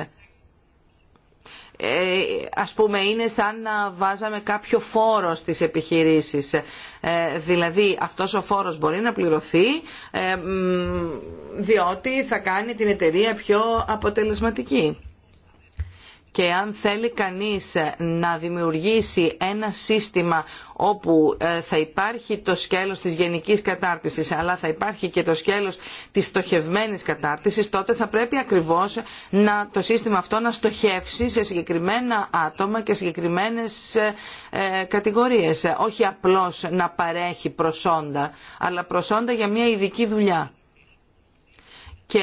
ε, ας πούμε είναι σαν να βάζαμε κάποιο φόρο στις επιχειρήσεις. Ε, δηλαδή αυτός ο φόρος μπορεί να πληρωθεί ε, διότι θα κάνει την εταιρεία πιο αποτελεσματική και αν θέλει κανείς να δημιουργήσει ένα σύστημα όπου ε, θα υπάρχει το σκέλος της γενικής κατάρτισης αλλά θα υπάρχει και το σκέλος της στοχευμένης κατάρτισης τότε θα πρέπει ακριβώς να, το σύστημα αυτό να στοχεύσει σε συγκεκριμένα άτομα και συγκεκριμένες ε, ε κατηγορίες όχι απλώς να παρέχει προσόντα αλλά προσόντα για μια ειδική δουλειά και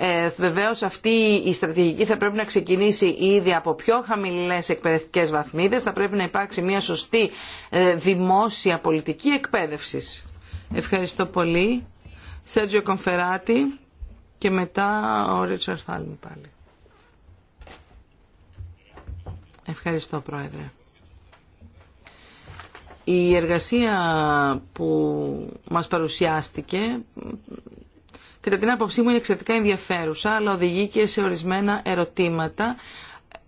ε, βεβαίως αυτή η στρατηγική θα πρέπει να ξεκινήσει ήδη από πιο χαμηλές εκπαιδευτικές βαθμίδες. Θα πρέπει να υπάρξει μια σωστή ε, δημόσια πολιτική εκπαίδευσης. Ευχαριστώ πολύ. Σέργιο Κομφεράτη και μετά ο Ρίτσαρ πάλι. Ευχαριστώ Πρόεδρε. Η εργασία που μας παρουσιάστηκε κατά την άποψή μου είναι εξαιρετικά ενδιαφέρουσα, αλλά οδηγεί και σε ορισμένα ερωτήματα,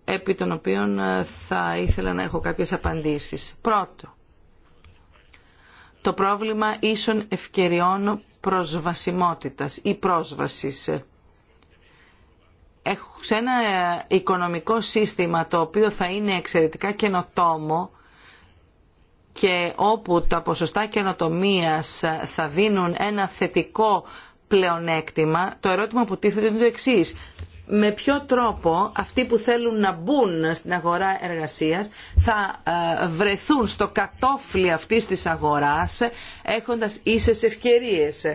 επί των οποίων ε, θα ήθελα να έχω κάποιες απαντήσεις. Πρώτο, το πρόβλημα ίσων ευκαιριών προσβασιμότητας ή πρόσβασης. Έχω σε ένα ε, οικονομικό σύστημα το οποίο θα είναι εξαιρετικά καινοτόμο, και όπου τα ποσοστά καινοτομία ε, θα δίνουν ένα θετικό το ερώτημα που τίθεται είναι το εξής με ποιο τρόπο αυτοί που θέλουν να μπουν στην αγορά εργασίας θα ε, βρεθούν στο κατόφλι αυτής της αγοράς έχοντας ίσες ευκαιρίες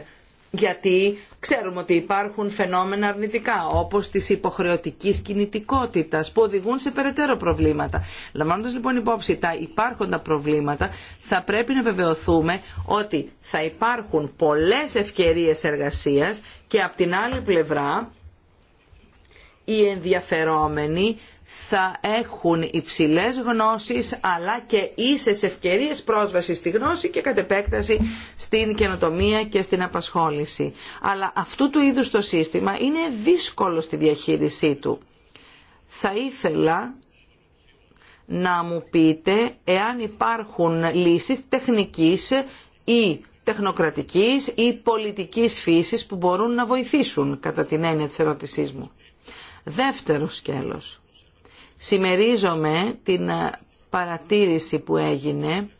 γιατί ξέρουμε ότι υπάρχουν φαινόμενα αρνητικά όπως της υποχρεωτικής κινητικότητας που οδηγούν σε περαιτέρω προβλήματα. Λαμβάνοντας λοιπόν υπόψη τα υπάρχοντα προβλήματα θα πρέπει να βεβαιωθούμε ότι θα υπάρχουν πολλές ευκαιρίες εργασίας και από την άλλη πλευρά οι ενδιαφερόμενοι θα έχουν υψηλές γνώσεις αλλά και ίσες ευκαιρίες πρόσβασης στη γνώση και κατ' επέκταση στην καινοτομία και στην απασχόληση. Αλλά αυτού του είδους το σύστημα είναι δύσκολο στη διαχείρισή του. Θα ήθελα να μου πείτε εάν υπάρχουν λύσεις τεχνικής ή τεχνοκρατικής ή πολιτικής φύσης που μπορούν να βοηθήσουν κατά την έννοια της ερώτησής μου. Δεύτερο σκέλος Σημερίζομαι την ε, παρατήρηση που έγινε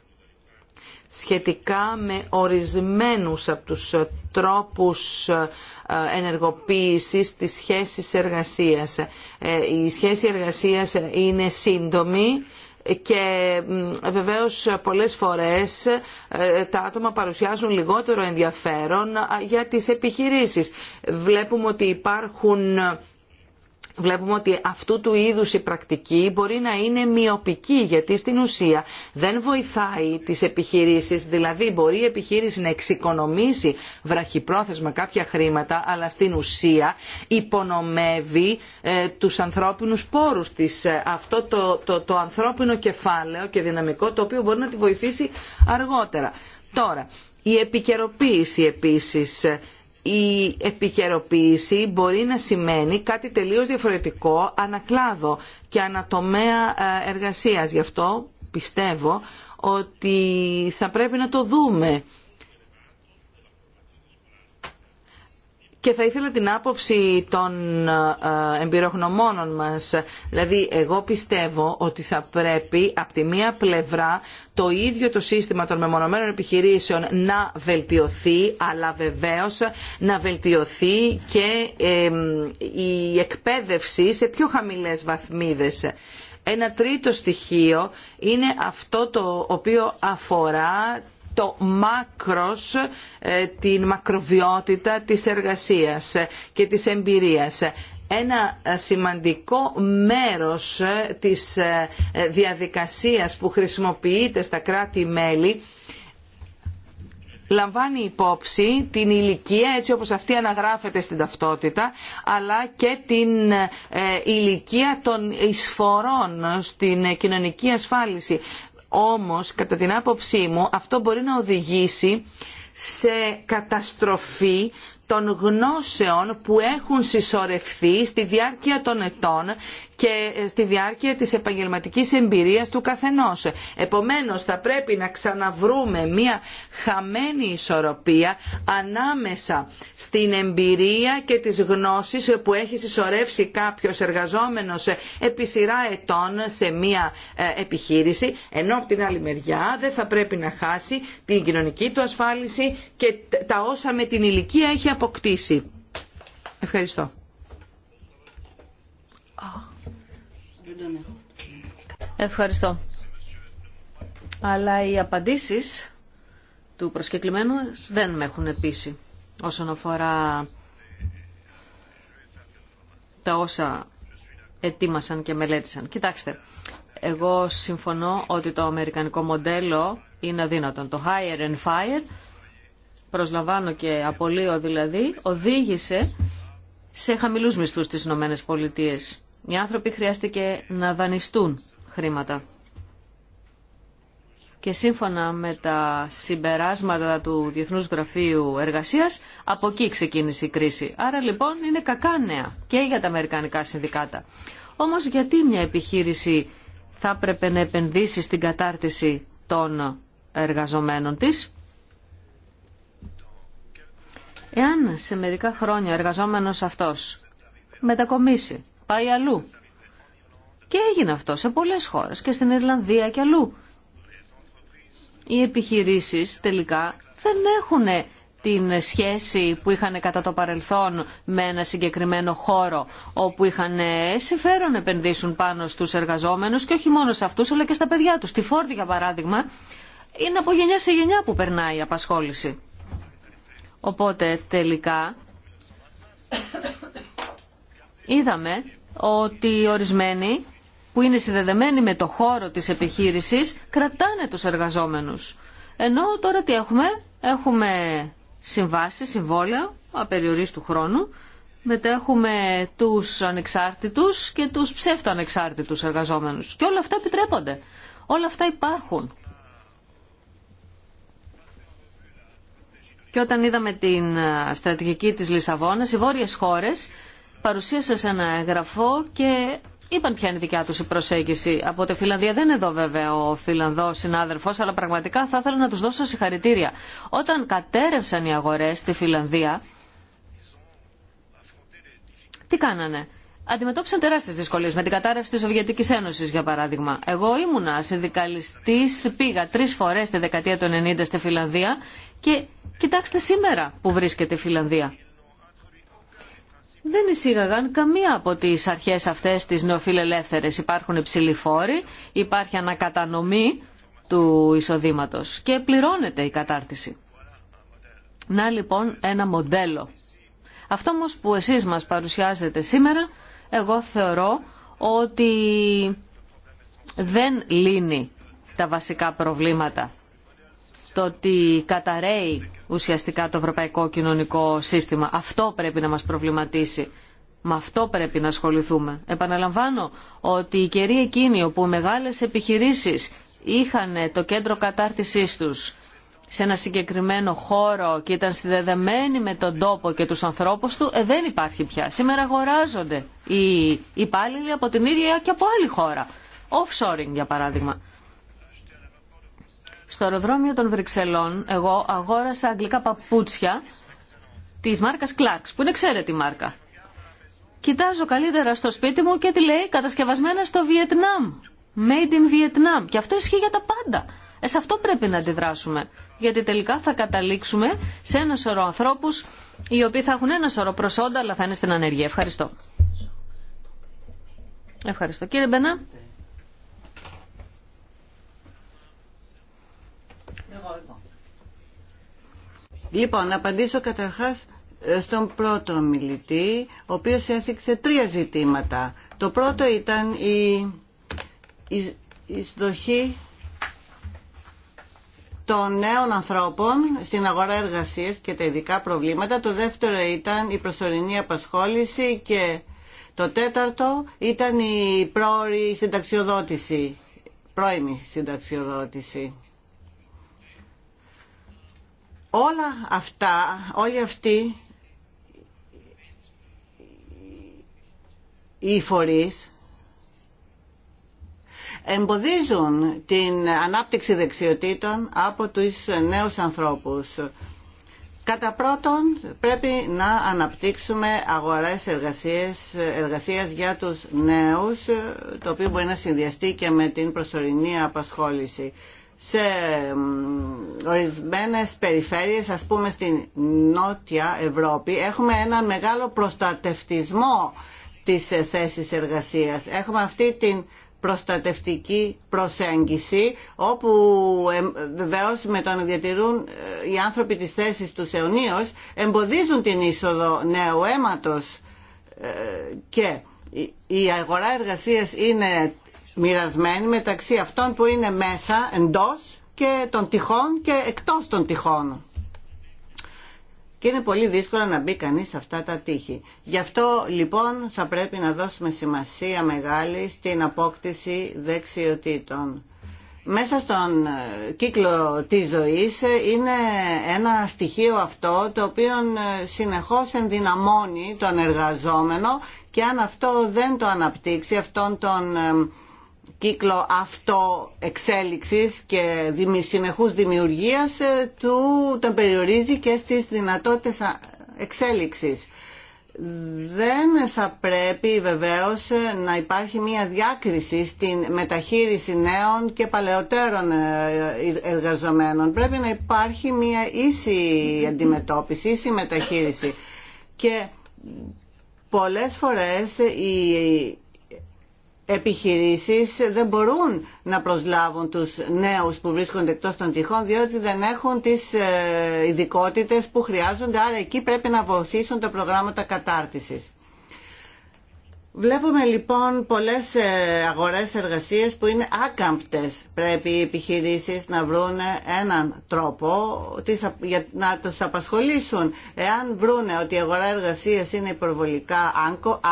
σχετικά με ορισμένους από τους ε, τρόπους ε, ενεργοποίησης της σχέσης εργασίας. Η σχέση εργασίας είναι σύντομη και βεβαίως πολλές φορές τα άτομα παρουσιάζουν λιγότερο ενδιαφέρον για τις επιχειρήσεις. Βλέπουμε ότι υπάρχουν Βλέπουμε ότι αυτού του είδους η πρακτική μπορεί να είναι μειοπική γιατί στην ουσία δεν βοηθάει τις επιχειρήσεις, δηλαδή μπορεί η επιχείρηση να εξοικονομήσει βραχυπρόθεσμα κάποια χρήματα αλλά στην ουσία υπονομεύει ε, τους ανθρώπινους πόρους της. Ε, αυτό το, το, το ανθρώπινο κεφάλαιο και δυναμικό το οποίο μπορεί να τη βοηθήσει αργότερα. Τώρα, η επικαιροποίηση επίσης ε, η επικαιροποίηση μπορεί να σημαίνει κάτι τελείως διαφορετικό ανακλάδο και ανατομέα ε, εργασίας. Γι' αυτό πιστεύω ότι θα πρέπει να το δούμε και θα ήθελα την άποψη των ε, εμπειρογνωμόνων μας. Δηλαδή, εγώ πιστεύω ότι θα πρέπει από τη μία πλευρά το ίδιο το σύστημα των μεμονωμένων επιχειρήσεων να βελτιωθεί, αλλά βεβαίως να βελτιωθεί και η εκπαίδευση σε πιο χαμηλές βαθμίδες. Ένα τρίτο στοιχείο είναι αυτό το οποίο αφορά το μάκρος, ε, την μακροβιότητα της εργασίας και της εμπειρίας. Ένα ε, σημαντικό μέρος ε, της διαδικασίας που χρησιμοποιείται στα κράτη-μέλη λαμβάνει υπόψη την ηλικία έτσι όπως αυτή αναγράφεται στην ταυτότητα αλλά και την ηλικία των εισφορών στην κοινωνική ασφάλιση. Όμως, κατά την άποψή μου, αυτό μπορεί να οδηγήσει σε καταστροφή των γνώσεων που έχουν συσσωρευθεί στη διάρκεια των ετών και ε, στη διάρκεια της επαγγελματικής εμπειρίας του καθενός. Επομένως θα πρέπει να ξαναβρούμε μια χαμένη ισορροπία ανάμεσα στην εμπειρία και τις γνώσεις που έχει συσσωρεύσει κάποιος εργαζόμενος επί σειρά ετών σε μια ε, επιχείρηση, ενώ από την άλλη μεριά δεν θα πρέπει να χάσει την κοινωνική του ασφάλιση και τα όσα με την ηλικία έχει αποκτήσει. Ευχαριστώ. Ευχαριστώ. Αλλά οι απαντήσεις του προσκεκλημένου δεν με έχουν πείσει όσον αφορά τα όσα ετοίμασαν και μελέτησαν. Κοιτάξτε, εγώ συμφωνώ ότι το αμερικανικό μοντέλο είναι αδύνατο. Το Higher and fire, προσλαμβάνω και απολύω δηλαδή, οδήγησε σε χαμηλούς μισθούς στις ΗΠΑ. Οι άνθρωποι χρειάστηκε να δανειστούν χρήματα. Και σύμφωνα με τα συμπεράσματα του Διεθνούς Γραφείου Εργασίας, από εκεί ξεκίνησε η κρίση. Άρα λοιπόν είναι κακά νέα και για τα Αμερικανικά Συνδικάτα. Όμως γιατί μια επιχείρηση θα έπρεπε να επενδύσει στην κατάρτιση των εργαζομένων της. Εάν σε μερικά χρόνια εργαζόμενος αυτός μετακομίσει πάει αλλού. Και έγινε αυτό σε πολλές χώρες και στην Ιρλανδία και αλλού. Οι επιχειρήσεις τελικά δεν έχουν την σχέση που είχαν κατά το παρελθόν με ένα συγκεκριμένο χώρο όπου είχαν συμφέρον επενδύσουν πάνω στους εργαζόμενους και όχι μόνο σε αυτούς αλλά και στα παιδιά τους. Στη Φόρτη για παράδειγμα είναι από γενιά σε γενιά που περνάει η απασχόληση. Οπότε τελικά είδαμε ότι ορισμένοι που είναι συνδεδεμένοι με το χώρο της επιχείρησης κρατάνε τους εργαζόμενους. Ενώ τώρα τι έχουμε, έχουμε συμβάσεις, συμβόλαια, απεριορίστου χρόνου, μετά έχουμε τους ανεξάρτητους και τους ψεύτο ανεξάρτητους εργαζόμενους. Και όλα αυτά επιτρέπονται. Όλα αυτά υπάρχουν. Και όταν είδαμε την ε, στρατηγική της Λισαβόνας, οι βόρειες χώρες παρουσίασε σε ένα έγγραφο και είπαν ποια είναι η δικιά τους η προσέγγιση. Από τη Φιλανδία δεν είναι εδώ βέβαια ο φιλανδό συνάδελφος, αλλά πραγματικά θα ήθελα να τους δώσω συγχαρητήρια. Όταν κατέρευσαν οι αγορές στη Φιλανδία, τι κάνανε. Αντιμετώπισαν τεράστιε δυσκολίε με την κατάρρευση τη Σοβιετική Ένωση, για παράδειγμα. Εγώ ήμουνα συνδικαλιστή, πήγα τρει φορέ τη δεκαετία των 90 στη Φιλανδία και κοιτάξτε σήμερα που βρίσκεται η Φιλανδία δεν εισήγαγαν καμία από τις αρχές αυτές τις νεοφιλελεύθερες. Υπάρχουν υψηλοί φόροι, υπάρχει ανακατανομή του εισοδήματος και πληρώνεται η κατάρτιση. Να λοιπόν ένα μοντέλο. Αυτό όμω που εσείς μας παρουσιάζετε σήμερα, εγώ θεωρώ ότι δεν λύνει τα βασικά προβλήματα. Το ότι καταραίει ουσιαστικά το ευρωπαϊκό κοινωνικό σύστημα. Αυτό πρέπει να μας προβληματίσει. Με αυτό πρέπει να ασχοληθούμε. Επαναλαμβάνω ότι η καιρή εκείνη όπου οι μεγάλες επιχειρήσεις είχαν το κέντρο κατάρτισής τους σε ένα συγκεκριμένο χώρο και ήταν συνδεδεμένοι με τον τόπο και τους ανθρώπους του, ε, δεν υπάρχει πια. Σήμερα αγοράζονται οι υπάλληλοι από την ίδια και από άλλη χώρα. Offshoring για παράδειγμα. Στο αεροδρόμιο των Βρυξελών εγώ αγόρασα αγγλικά παπούτσια της μάρκας Clarks, που είναι εξαίρετη μάρκα. Κοιτάζω καλύτερα στο σπίτι μου και τη λέει κατασκευασμένα στο Βιετνάμ. Made in Vietnam. Και αυτό ισχύει για τα πάντα. Ε, σε αυτό πρέπει να αντιδράσουμε. Γιατί τελικά θα καταλήξουμε σε ένα σωρό ανθρώπους οι οποίοι θα έχουν ένα σωρό προσόντα αλλά θα είναι στην ανεργία. Ευχαριστώ. Ευχαριστώ. Κύριε Μπενά. Λοιπόν, να απαντήσω καταρχάς ε, στον πρώτο μιλητή, ο οποίος έθιξε τρία ζητήματα. Το πρώτο ήταν η εισδοχή των νέων ανθρώπων στην αγορά εργασίας και τα ειδικά προβλήματα. Το δεύτερο ήταν η προσωρινή απασχόληση και το τέταρτο ήταν η πρόορη συνταξιοδότηση, πρώιμη συνταξιοδότηση όλα αυτά, όλοι αυτοί οι φορείς εμποδίζουν την ανάπτυξη δεξιοτήτων από τους νέους ανθρώπους. Κατά πρώτον, πρέπει να αναπτύξουμε αγορές εργασίας, εργασίας για τους νέους, το οποίο μπορεί να συνδυαστεί και με την προσωρινή απασχόληση σε ορισμένες περιφέρειες, ας πούμε στην Νότια Ευρώπη, έχουμε ένα μεγάλο προστατευτισμό της θέση εργασίας. Έχουμε αυτή την προστατευτική προσέγγιση όπου βεβαίω με το να διατηρούν ε, οι άνθρωποι της θέσης του αιωνίως εμποδίζουν την είσοδο νέου αίματος ε, και η αγορά εργασίας είναι μοιρασμένη μεταξύ αυτών που είναι μέσα εντός και των τυχών και εκτός των τυχών. Και είναι πολύ δύσκολο να μπει κανείς σε αυτά τα τείχη. Γι' αυτό λοιπόν θα πρέπει να δώσουμε σημασία μεγάλη στην απόκτηση δεξιοτήτων. Μέσα στον ε, κύκλο της ζωής ε, είναι ένα στοιχείο αυτό το οποίο ε, συνεχώς ενδυναμώνει τον εργαζόμενο και αν αυτό δεν το αναπτύξει αυτόν τον κύκλο αυτό εξέλιξης και συνεχούς δημιουργίας ε, του τον περιορίζει και στις δυνατότητες εξέλιξης. Δεν θα πρέπει βεβαίως ε, να υπάρχει μια διάκριση στην μεταχείριση νέων και παλαιότερων ε, εργαζομένων. Πρέπει να υπάρχει μια ίση αντιμετώπιση, ίση μεταχείριση. Και πολλές φορές η επιχειρήσεις δεν μπορούν να προσλάβουν τους νέους που βρίσκονται εκτός των τυχών διότι δεν έχουν τις ε, ειδικότητε που χρειάζονται άρα εκεί πρέπει να βοηθήσουν τα προγράμματα κατάρτισης. Βλέπουμε λοιπόν πολλές ε, αγορές εργασίες που είναι άκαμπτες. Πρέπει οι επιχειρήσεις να βρουν έναν τρόπο για να τους απασχολήσουν. Εάν βρούνε ότι η αγορά εργασίας είναι υπερβολικά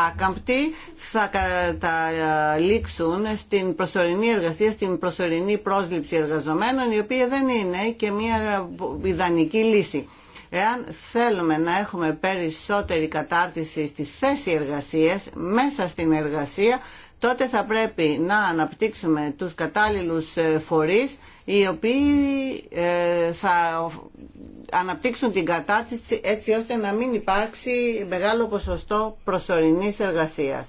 άκαμπτη, θα καταλήξουν στην προσωρινή εργασία, στην προσωρινή πρόσληψη εργαζομένων, η οποία δεν είναι και μια ιδανική λύση. Εάν θέλουμε να έχουμε περισσότερη κατάρτιση στη θέση εργασίας, μέσα στην εργασία, τότε θα πρέπει να αναπτύξουμε τους κατάλληλους ε, φορείς οι οποίοι ε, θα αναπτύξουν την κατάρτιση έτσι ώστε να μην υπάρξει μεγάλο ποσοστό προσωρινής εργασίας.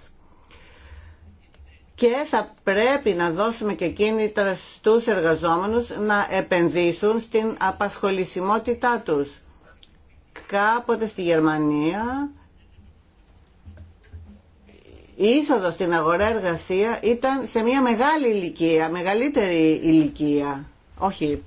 Και θα πρέπει να δώσουμε και κίνητρα τους εργαζόμενους να επενδύσουν στην απασχολησιμότητά τους κάποτε στη Γερμανία η είσοδο στην αγορά εργασία ήταν σε μια μεγάλη ηλικία, μεγαλύτερη ηλικία. Όχι.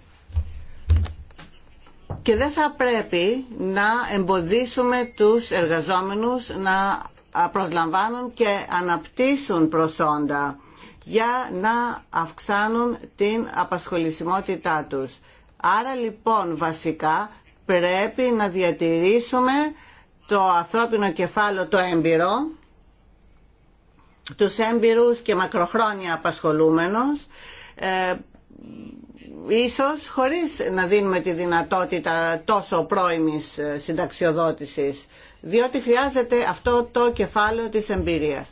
Και δεν θα πρέπει να εμποδίσουμε τους εργαζόμενους να προσλαμβάνουν και αναπτύσσουν προσόντα για να αυξάνουν την απασχολησιμότητά τους. Άρα λοιπόν βασικά πρέπει να διατηρήσουμε το ανθρώπινο κεφάλαιο το έμπειρο, τους έμπειρους και μακροχρόνια απασχολούμενος, ε, ίσως χωρίς να δίνουμε τη δυνατότητα τόσο πρώιμης ε, συνταξιοδότησης, διότι χρειάζεται αυτό το κεφάλαιο της εμπειρίας.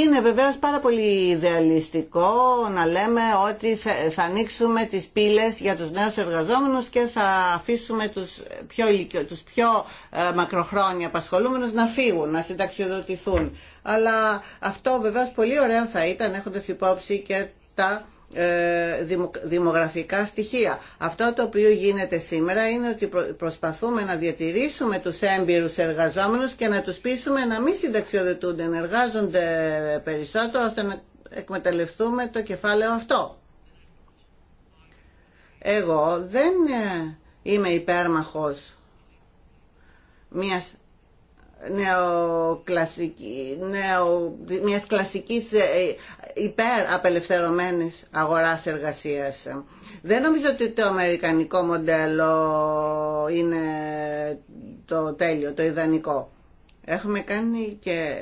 Είναι βεβαίως πάρα πολύ ιδεαλιστικό να λέμε ότι θα ανοίξουμε τις πύλες για τους νέους εργαζόμενους και θα αφήσουμε τους πιο, τους πιο ε, μακροχρόνια απασχολούμενους να φύγουν, να συνταξιοδοτηθούν. Αλλά αυτό βεβαίως πολύ ωραίο θα ήταν έχοντας υπόψη και τα ε, δημογραφικά στοιχεία. Αυτό το οποίο γίνεται σήμερα είναι ότι προσπαθούμε να διατηρήσουμε τους έμπειρους εργαζόμενους και να τους πείσουμε να μην συνταξιοδετούνται, να εργάζονται περισσότερο ώστε να εκμεταλλευτούμε το κεφάλαιο αυτό. Εγώ δεν ε, είμαι υπέρμαχος μιας νεοκλασική, νεο, μιας κλασικής ε, υπέρ απελευθερωμένης αγοράς εργασίας. Δεν νομίζω ότι το αμερικανικό μοντέλο είναι το τέλειο, το ιδανικό. Έχουμε κάνει και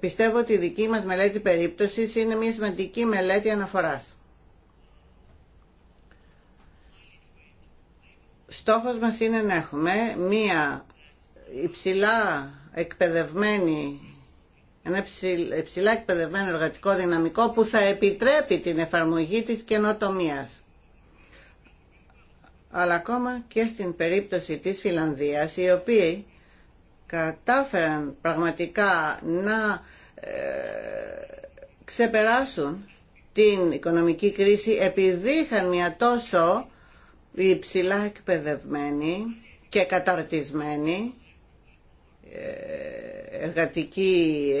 πιστεύω ότι η δική μας μελέτη περίπτωσης είναι μια σημαντική μελέτη αναφοράς. Στόχος μας είναι να έχουμε μία υψηλά εκπαιδευμένη ένα υψηλά εκπαιδευμένο εργατικό δυναμικό που θα επιτρέπει την εφαρμογή της καινοτομίας. Αλλά ακόμα και στην περίπτωση της Φιλανδίας, οι οποίοι κατάφεραν πραγματικά να ε, ξεπεράσουν την οικονομική κρίση επειδή είχαν μια τόσο υψηλά εκπαιδευμένη και καταρτισμένη εργατική,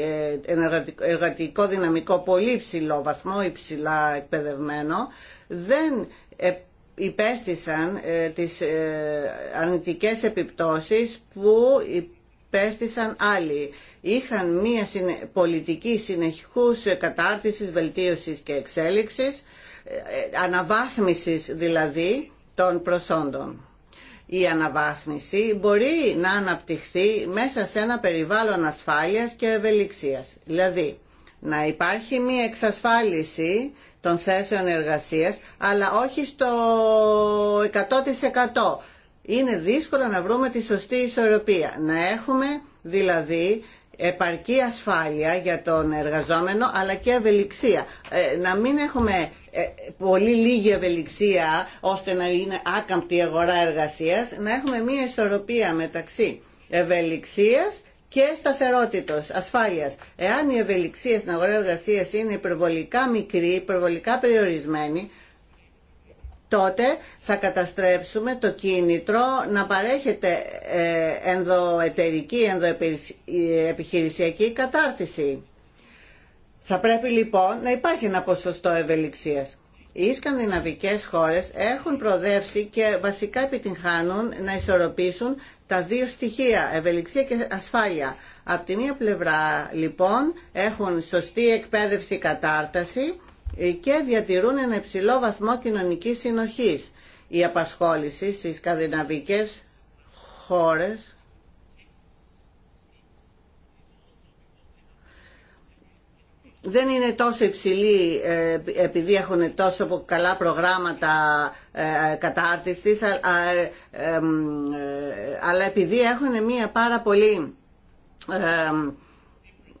ε, εργατικό δυναμικό πολύ ψηλό βαθμό υψηλά εκπαιδευμένο, δεν υπέστησαν ε, τις ε, αρνητικές επιπτώσεις που υπέστησαν άλλοι. Είχαν μία πολιτική συνεχούς κατάρτισης, βελτίωσης και εξέλιξης, αναβάθμισης δηλαδή των προσόντων η αναβάθμιση μπορεί να αναπτυχθεί μέσα σε ένα περιβάλλον ασφάλειας και ευελιξίας. Δηλαδή, να υπάρχει μια εξασφάλιση των θέσεων εργασίας, αλλά όχι στο 100%. Είναι δύσκολο να βρούμε τη σωστή ισορροπία. Να έχουμε δηλαδή επαρκή ασφάλεια για τον εργαζόμενο αλλά και ευελιξία. Ε, να μην έχουμε ε, πολύ λίγη ευελιξία ώστε να είναι άκαμπτη η αγορά εργασίας, να έχουμε μία ισορροπία μεταξύ ευελιξίας και σταθερότητος, ασφάλειας. Εάν η ευελιξία στην αγορά εργασία είναι υπερβολικά μικρή, υπερβολικά περιορισμένη, τότε θα καταστρέψουμε το κίνητρο να παρέχεται ε, ενδοεταιρική, ενδοεπιχειρησιακή κατάρτιση. Θα πρέπει λοιπόν να υπάρχει ένα ποσοστό ευελιξίας. Οι σκανδιναβικές χώρες έχουν προοδεύσει και βασικά επιτυγχάνουν να ισορροπήσουν τα δύο στοιχεία, ευελιξία και ασφάλεια. Από τη μία πλευρά λοιπόν έχουν σωστή εκπαίδευση κατάρταση και διατηρούν ένα υψηλό βαθμό κοινωνικής συνοχής. Η απασχόληση στις σκανδιναβικές χώρες δεν είναι τόσο υψηλή ε, επειδή έχουν τόσο καλά προγράμματα ε, κατάρτισης ε, αλλά επειδή έχουν μία πάρα πολύ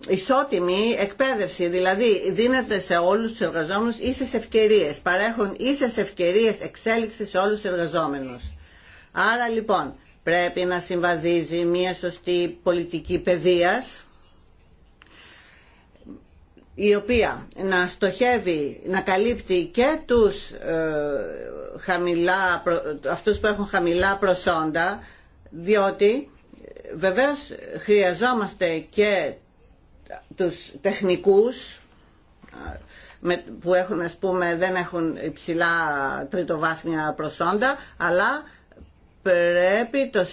ισότιμη εκπαίδευση. Δηλαδή δίνεται σε όλους τους εργαζόμενους ίσες ευκαιρίες. Παρέχουν ίσες ευκαιρίες εξέλιξης σε όλους τους εργαζόμενους. Άρα λοιπόν πρέπει να συμβαδίζει μία σωστή πολιτική παιδείας η οποία να στοχεύει, να καλύπτει και τους ε, χαμηλά, αυτούς που έχουν χαμηλά προσόντα, διότι ε, βεβαίως χρειαζόμαστε και τους τεχνικούς ε, που έχουν, ας πούμε, δεν έχουν υψηλά τριτοβάθμια προσόντα, αλλά πρέπει το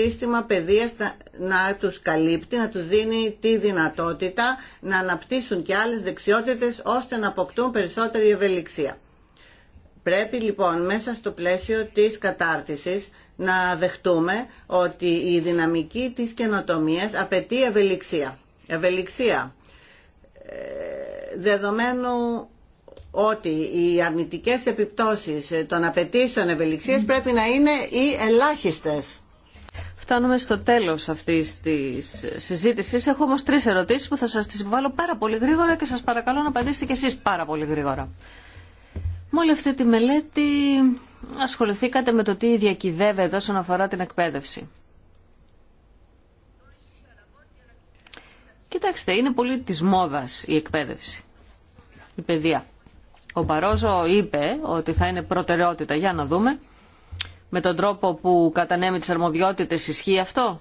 σύστημα παιδείας να, να τους καλύπτει, να τους δίνει τη δυνατότητα να αναπτύσσουν και άλλες δεξιότητες ώστε να αποκτούν περισσότερη ευελιξία. Πρέπει λοιπόν μέσα στο πλαίσιο της κατάρτισης να δεχτούμε ότι η δυναμική της καινοτομίας απαιτεί ευελιξία. Ευελιξία ε, δεδομένου ότι οι αρνητικές επιπτώσεις των απαιτήσεων ευελιξίας πρέπει να είναι οι ελάχιστες. Φτάνουμε στο τέλος αυτής της συζήτησης. Έχω όμως τρεις ερωτήσεις που θα σας τις βάλω πάρα πολύ γρήγορα και σας παρακαλώ να απαντήσετε κι εσείς πάρα πολύ γρήγορα. Με όλη αυτή τη μελέτη ασχοληθήκατε με το τι διακυβεύεται όσον αφορά την εκπαίδευση. Κοιτάξτε, είναι πολύ της μόδας η εκπαίδευση, η παιδεία. Ο Μπαρόζο είπε ότι θα είναι προτεραιότητα, για να δούμε, με τον τρόπο που κατανέμει τις αρμοδιότητες ισχύει αυτό.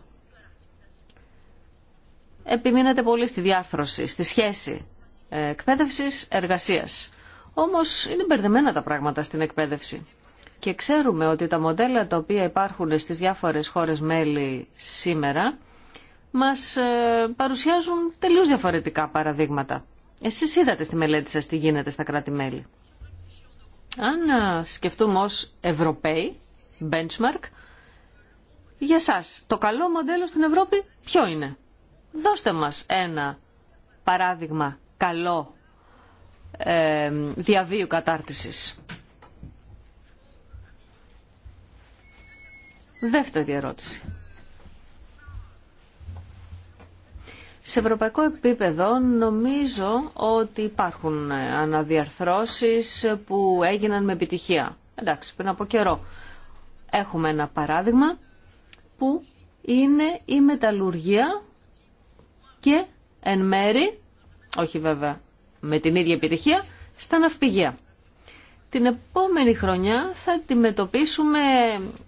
Επιμείνατε πολύ στη διάρθρωση, στη σχέση ε, εκπαίδευσης εργασίας. Όμως είναι μπερδεμένα τα πράγματα στην εκπαίδευση. Και ξέρουμε ότι τα μοντέλα τα οποία υπάρχουν στις διάφορες χώρες μέλη σήμερα μας ε, παρουσιάζουν τελείως διαφορετικά παραδείγματα. Εσείς είδατε στη μελέτη σας τι γίνεται στα κράτη-μέλη. Αν ε, σκεφτούμε ως Ευρωπαίοι, benchmark. Για σας, το καλό μοντέλο στην Ευρώπη ποιο είναι. Δώστε μας ένα παράδειγμα καλό ε, διαβίου κατάρτισης. Δεύτερη ερώτηση. Σε ευρωπαϊκό επίπεδο νομίζω ότι υπάρχουν ε, αναδιαρθρώσεις που έγιναν με επιτυχία. Εντάξει, πριν από καιρό. Έχουμε ένα παράδειγμα που είναι η μεταλλουργία και εν μέρη, όχι βέβαια με την ίδια επιτυχία, στα ναυπηγεία. Την επόμενη χρονιά θα αντιμετωπίσουμε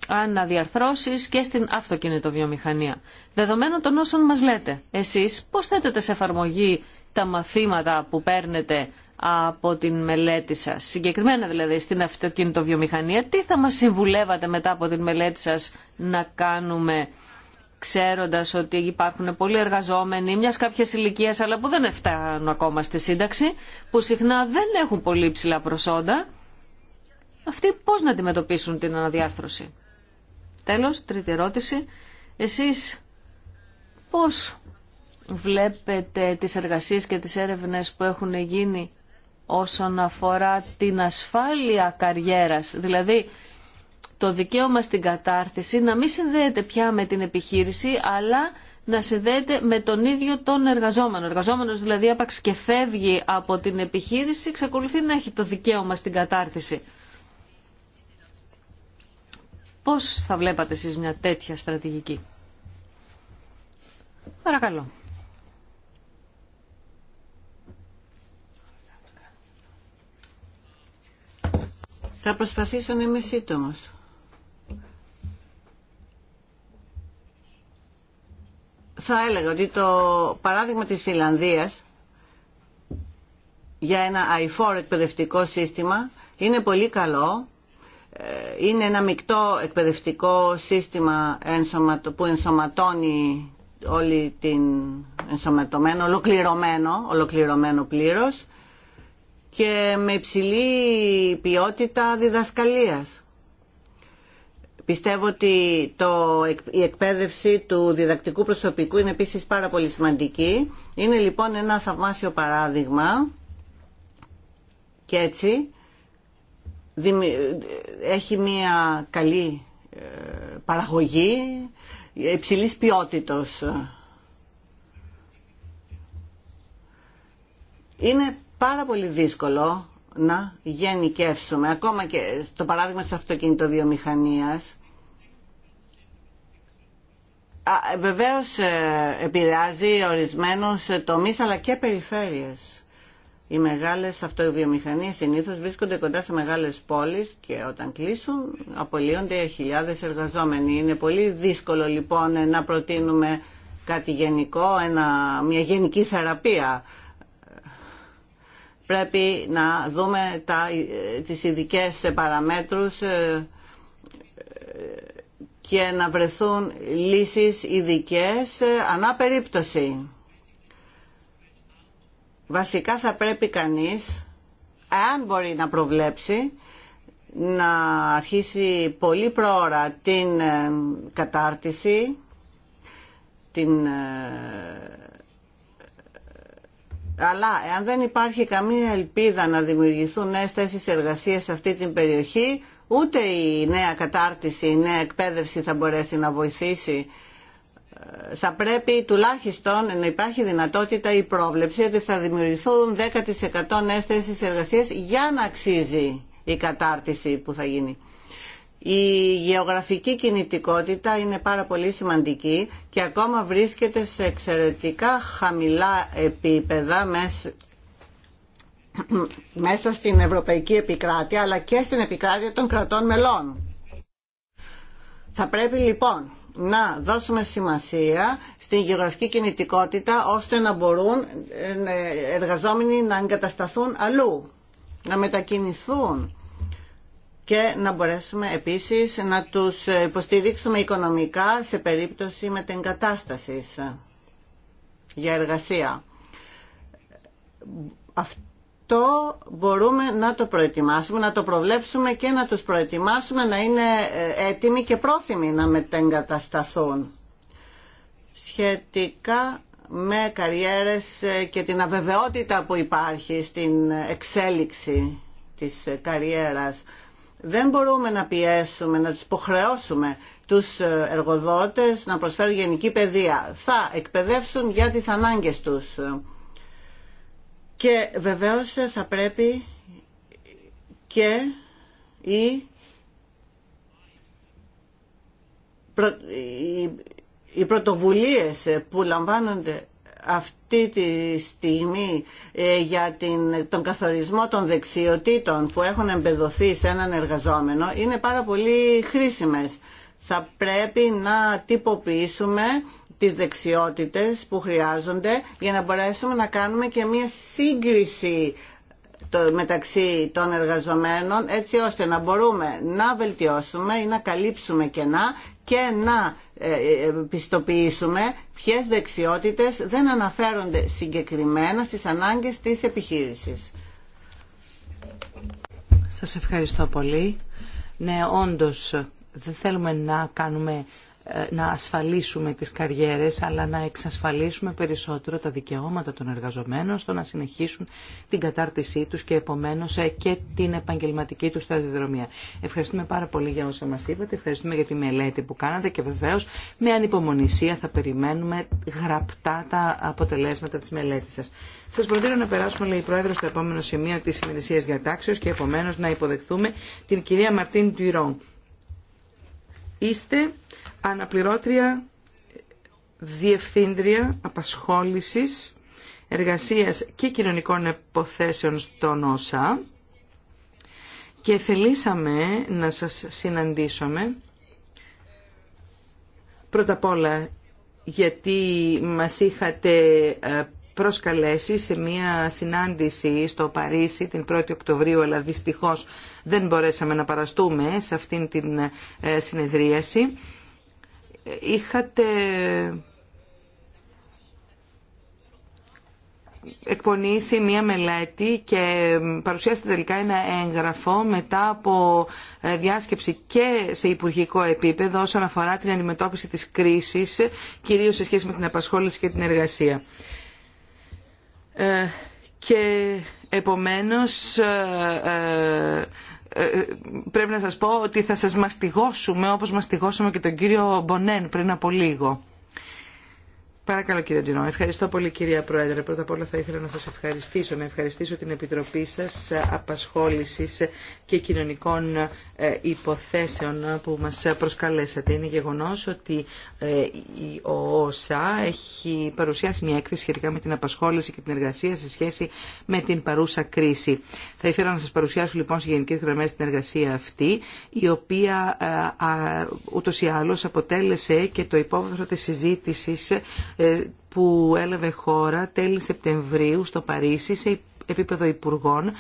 αναδιαρθρώσεις και στην αυτοκινητοβιομηχανία. Δεδομένων των όσων μας λέτε, εσείς πώς θέτετε σε εφαρμογή τα μαθήματα που παίρνετε από την μελέτη σας. Συγκεκριμένα δηλαδή στην αυτοκινητοβιομηχανία, τι θα μας συμβουλεύατε μετά από την μελέτη σας να κάνουμε ξέροντας ότι υπάρχουν πολλοί εργαζόμενοι μια κάποια ηλικία, αλλά που δεν φτάνουν ακόμα στη σύνταξη, που συχνά δεν έχουν πολύ ψηλά προσόντα, αυτοί πώς να αντιμετωπίσουν την αναδιάρθρωση. Τέλος, τρίτη ερώτηση. Εσείς πώς βλέπετε τις εργασίες και τις έρευνες που έχουν γίνει όσον αφορά την ασφάλεια καριέρας, δηλαδή το δικαίωμα στην κατάρτιση να μην συνδέεται πια με την επιχείρηση, αλλά να συνδέεται με τον ίδιο τον εργαζόμενο. Ο εργαζόμενος δηλαδή άπαξ και φεύγει από την επιχείρηση, εξακολουθεί να έχει το δικαίωμα στην κατάρτιση. Πώς θα βλέπατε εσείς μια τέτοια στρατηγική. Παρακαλώ. Θα προσπαθήσω να είμαι σύντομο. Θα έλεγα ότι το παράδειγμα της Φιλανδίας για ένα αηφόρ εκπαιδευτικό σύστημα είναι πολύ καλό. Ε, είναι ένα μεικτό εκπαιδευτικό σύστημα που ενσωματώνει όλη την ενσωματωμένο, ολοκληρωμένο, ολοκληρωμένο πλήρως και με υψηλή ποιότητα διδασκαλίας. Πιστεύω ότι το, η εκπαίδευση του διδακτικού προσωπικού είναι επίσης πάρα πολύ σημαντική. Είναι λοιπόν ένα θαυμάσιο παράδειγμα και έτσι έχει μια καλή ε, παραγωγή υψηλής ποιότητος. Είναι πάρα πολύ δύσκολο να γενικεύσουμε, ακόμα και στο παράδειγμα της αυτοκινητοβιομηχανίας, βεβαίως ε, επηρεάζει ορισμένους τομείς αλλά και περιφέρειες. Οι μεγάλες αυτοβιομηχανίες συνήθως βρίσκονται κοντά σε μεγάλες πόλεις και όταν κλείσουν απολύονται χιλιάδες εργαζόμενοι. Είναι πολύ δύσκολο λοιπόν να προτείνουμε κάτι γενικό, ένα, μια γενική θεραπεία πρέπει να δούμε τα, ε, τις ειδικέ παραμέτρους ε, και να βρεθούν λύσεις ειδικέ ε, ανά περίπτωση. Βασικά θα πρέπει κανείς, αν μπορεί να προβλέψει, να αρχίσει πολύ πρόωρα την κατάρτιση, την αλλά εάν δεν υπάρχει καμία ελπίδα να δημιουργηθούν νέες θέσεις εργασίας σε αυτή την περιοχή, ούτε η νέα κατάρτιση, η νέα εκπαίδευση θα μπορέσει να βοηθήσει. Θα πρέπει τουλάχιστον να υπάρχει δυνατότητα η πρόβλεψη ότι θα δημιουργηθούν 10% νέες θέσεις εργασίας για να αξίζει η κατάρτιση που θα γίνει. Η γεωγραφική κινητικότητα είναι πάρα πολύ σημαντική και ακόμα βρίσκεται σε εξαιρετικά χαμηλά επίπεδα [CLEARS THROAT] μέσα στην Ευρωπαϊκή Επικράτεια αλλά και στην επικράτεια των κρατών μελών. Θα πρέπει λοιπόν να δώσουμε σημασία στην γεωγραφική κινητικότητα ώστε να μπορούν ε, ε, εργαζόμενοι να εγκατασταθούν αλλού, να μετακινηθούν και να μπορέσουμε επίσης να τους υποστηρίξουμε οικονομικά σε περίπτωση κατάσταση για εργασία. Αυτό μπορούμε να το προετοιμάσουμε, να το προβλέψουμε και να τους προετοιμάσουμε να είναι έτοιμοι και πρόθυμοι να μετεγκατασταθούν. Σχετικά με καριέρες και την αβεβαιότητα που υπάρχει στην εξέλιξη της καριέρας δεν μπορούμε να πιέσουμε, να τους υποχρεώσουμε τους ε, εργοδότες να προσφέρουν γενική παιδεία. Θα εκπαιδεύσουν για τις ανάγκες τους. Και βεβαίως ε, θα πρέπει και οι, οι πρωτοβουλίες ε, που λαμβάνονται αυτή τη στιγμή ε, για την, τον καθορισμό των δεξιοτήτων που έχουν εμπεδοθεί σε έναν εργαζόμενο είναι πάρα πολύ χρήσιμες. Θα πρέπει να τυποποιήσουμε τις δεξιότητες που χρειάζονται για να μπορέσουμε να κάνουμε και μία σύγκριση το, μεταξύ των εργαζομένων έτσι ώστε να μπορούμε να βελτιώσουμε ή να καλύψουμε κενά και να ε, ε, πιστοποιήσουμε ποιες δεξιότητες δεν αναφέρονται συγκεκριμένα στις ανάγκες της επιχείρησης. Σας ευχαριστώ πολύ. Ναι, όντως δεν θέλουμε να κάνουμε να ασφαλίσουμε τις καριέρες, αλλά να εξασφαλίσουμε περισσότερο τα δικαιώματα των εργαζομένων στο να συνεχίσουν την κατάρτισή τους και επομένως ε, και την επαγγελματική τους σταδιοδρομία. Ευχαριστούμε πάρα πολύ για όσα μας είπατε, ευχαριστούμε για τη μελέτη που κάνατε και βεβαίως με ανυπομονησία θα περιμένουμε γραπτά τα αποτελέσματα της μελέτης σας. Σα προτείνω να περάσουμε, λέει η Πρόεδρο, στο επόμενο σημείο τη ημερησία διατάξεω και επομένω να υποδεχθούμε την κυρία Μαρτίν Τουιρόν. Είστε αναπληρώτρια διευθύντρια απασχόλησης, εργασίας και κοινωνικών υποθέσεων στον ΩΣΑ και θελήσαμε να σας συναντήσουμε πρώτα απ' όλα γιατί μας είχατε ε, προσκαλέσει σε μια συνάντηση στο Παρίσι την 1η Οκτωβρίου, αλλά δυστυχώς δεν μπορέσαμε να παραστούμε σε αυτήν την ε, συνεδρίαση είχατε εκπονήσει μία μελέτη και παρουσιάσετε τελικά ένα έγγραφο μετά από ε, διάσκεψη και σε υπουργικό επίπεδο όσον αφορά την αντιμετώπιση της κρίσης, κυρίως σε σχέση με την απασχόληση και την εργασία. Ε, και επομένως ε, ε, ε, πρέπει να σας πω ότι θα σας μαστιγώσουμε όπως μαστιγώσαμε και τον κύριο Μπονέν πριν από λίγο. Παρακαλώ κύριε Ντινό. Ευχαριστώ πολύ κυρία Πρόεδρε. Πρώτα απ' όλα θα ήθελα να σας ευχαριστήσω, να ευχαριστήσω την Επιτροπή σας ε, Απασχόλησης ε, και Κοινωνικών ε, Υποθέσεων που μας προσκαλέσατε. Είναι γεγονός ότι ο ΩΣΑ έχει παρουσιάσει μια έκθεση σχετικά με την απασχόληση και την εργασία σε σχέση με την παρούσα κρίση. Θα ήθελα να σας παρουσιάσω λοιπόν σε γενικές γραμμές την εργασία αυτή, η οποία ούτως ή άλλως αποτέλεσε και το υπόβαθρο της συζήτησης ε, που έλαβε χώρα τέλη Σεπτεμβρίου στο Παρίσι σε επίπεδο υπουργών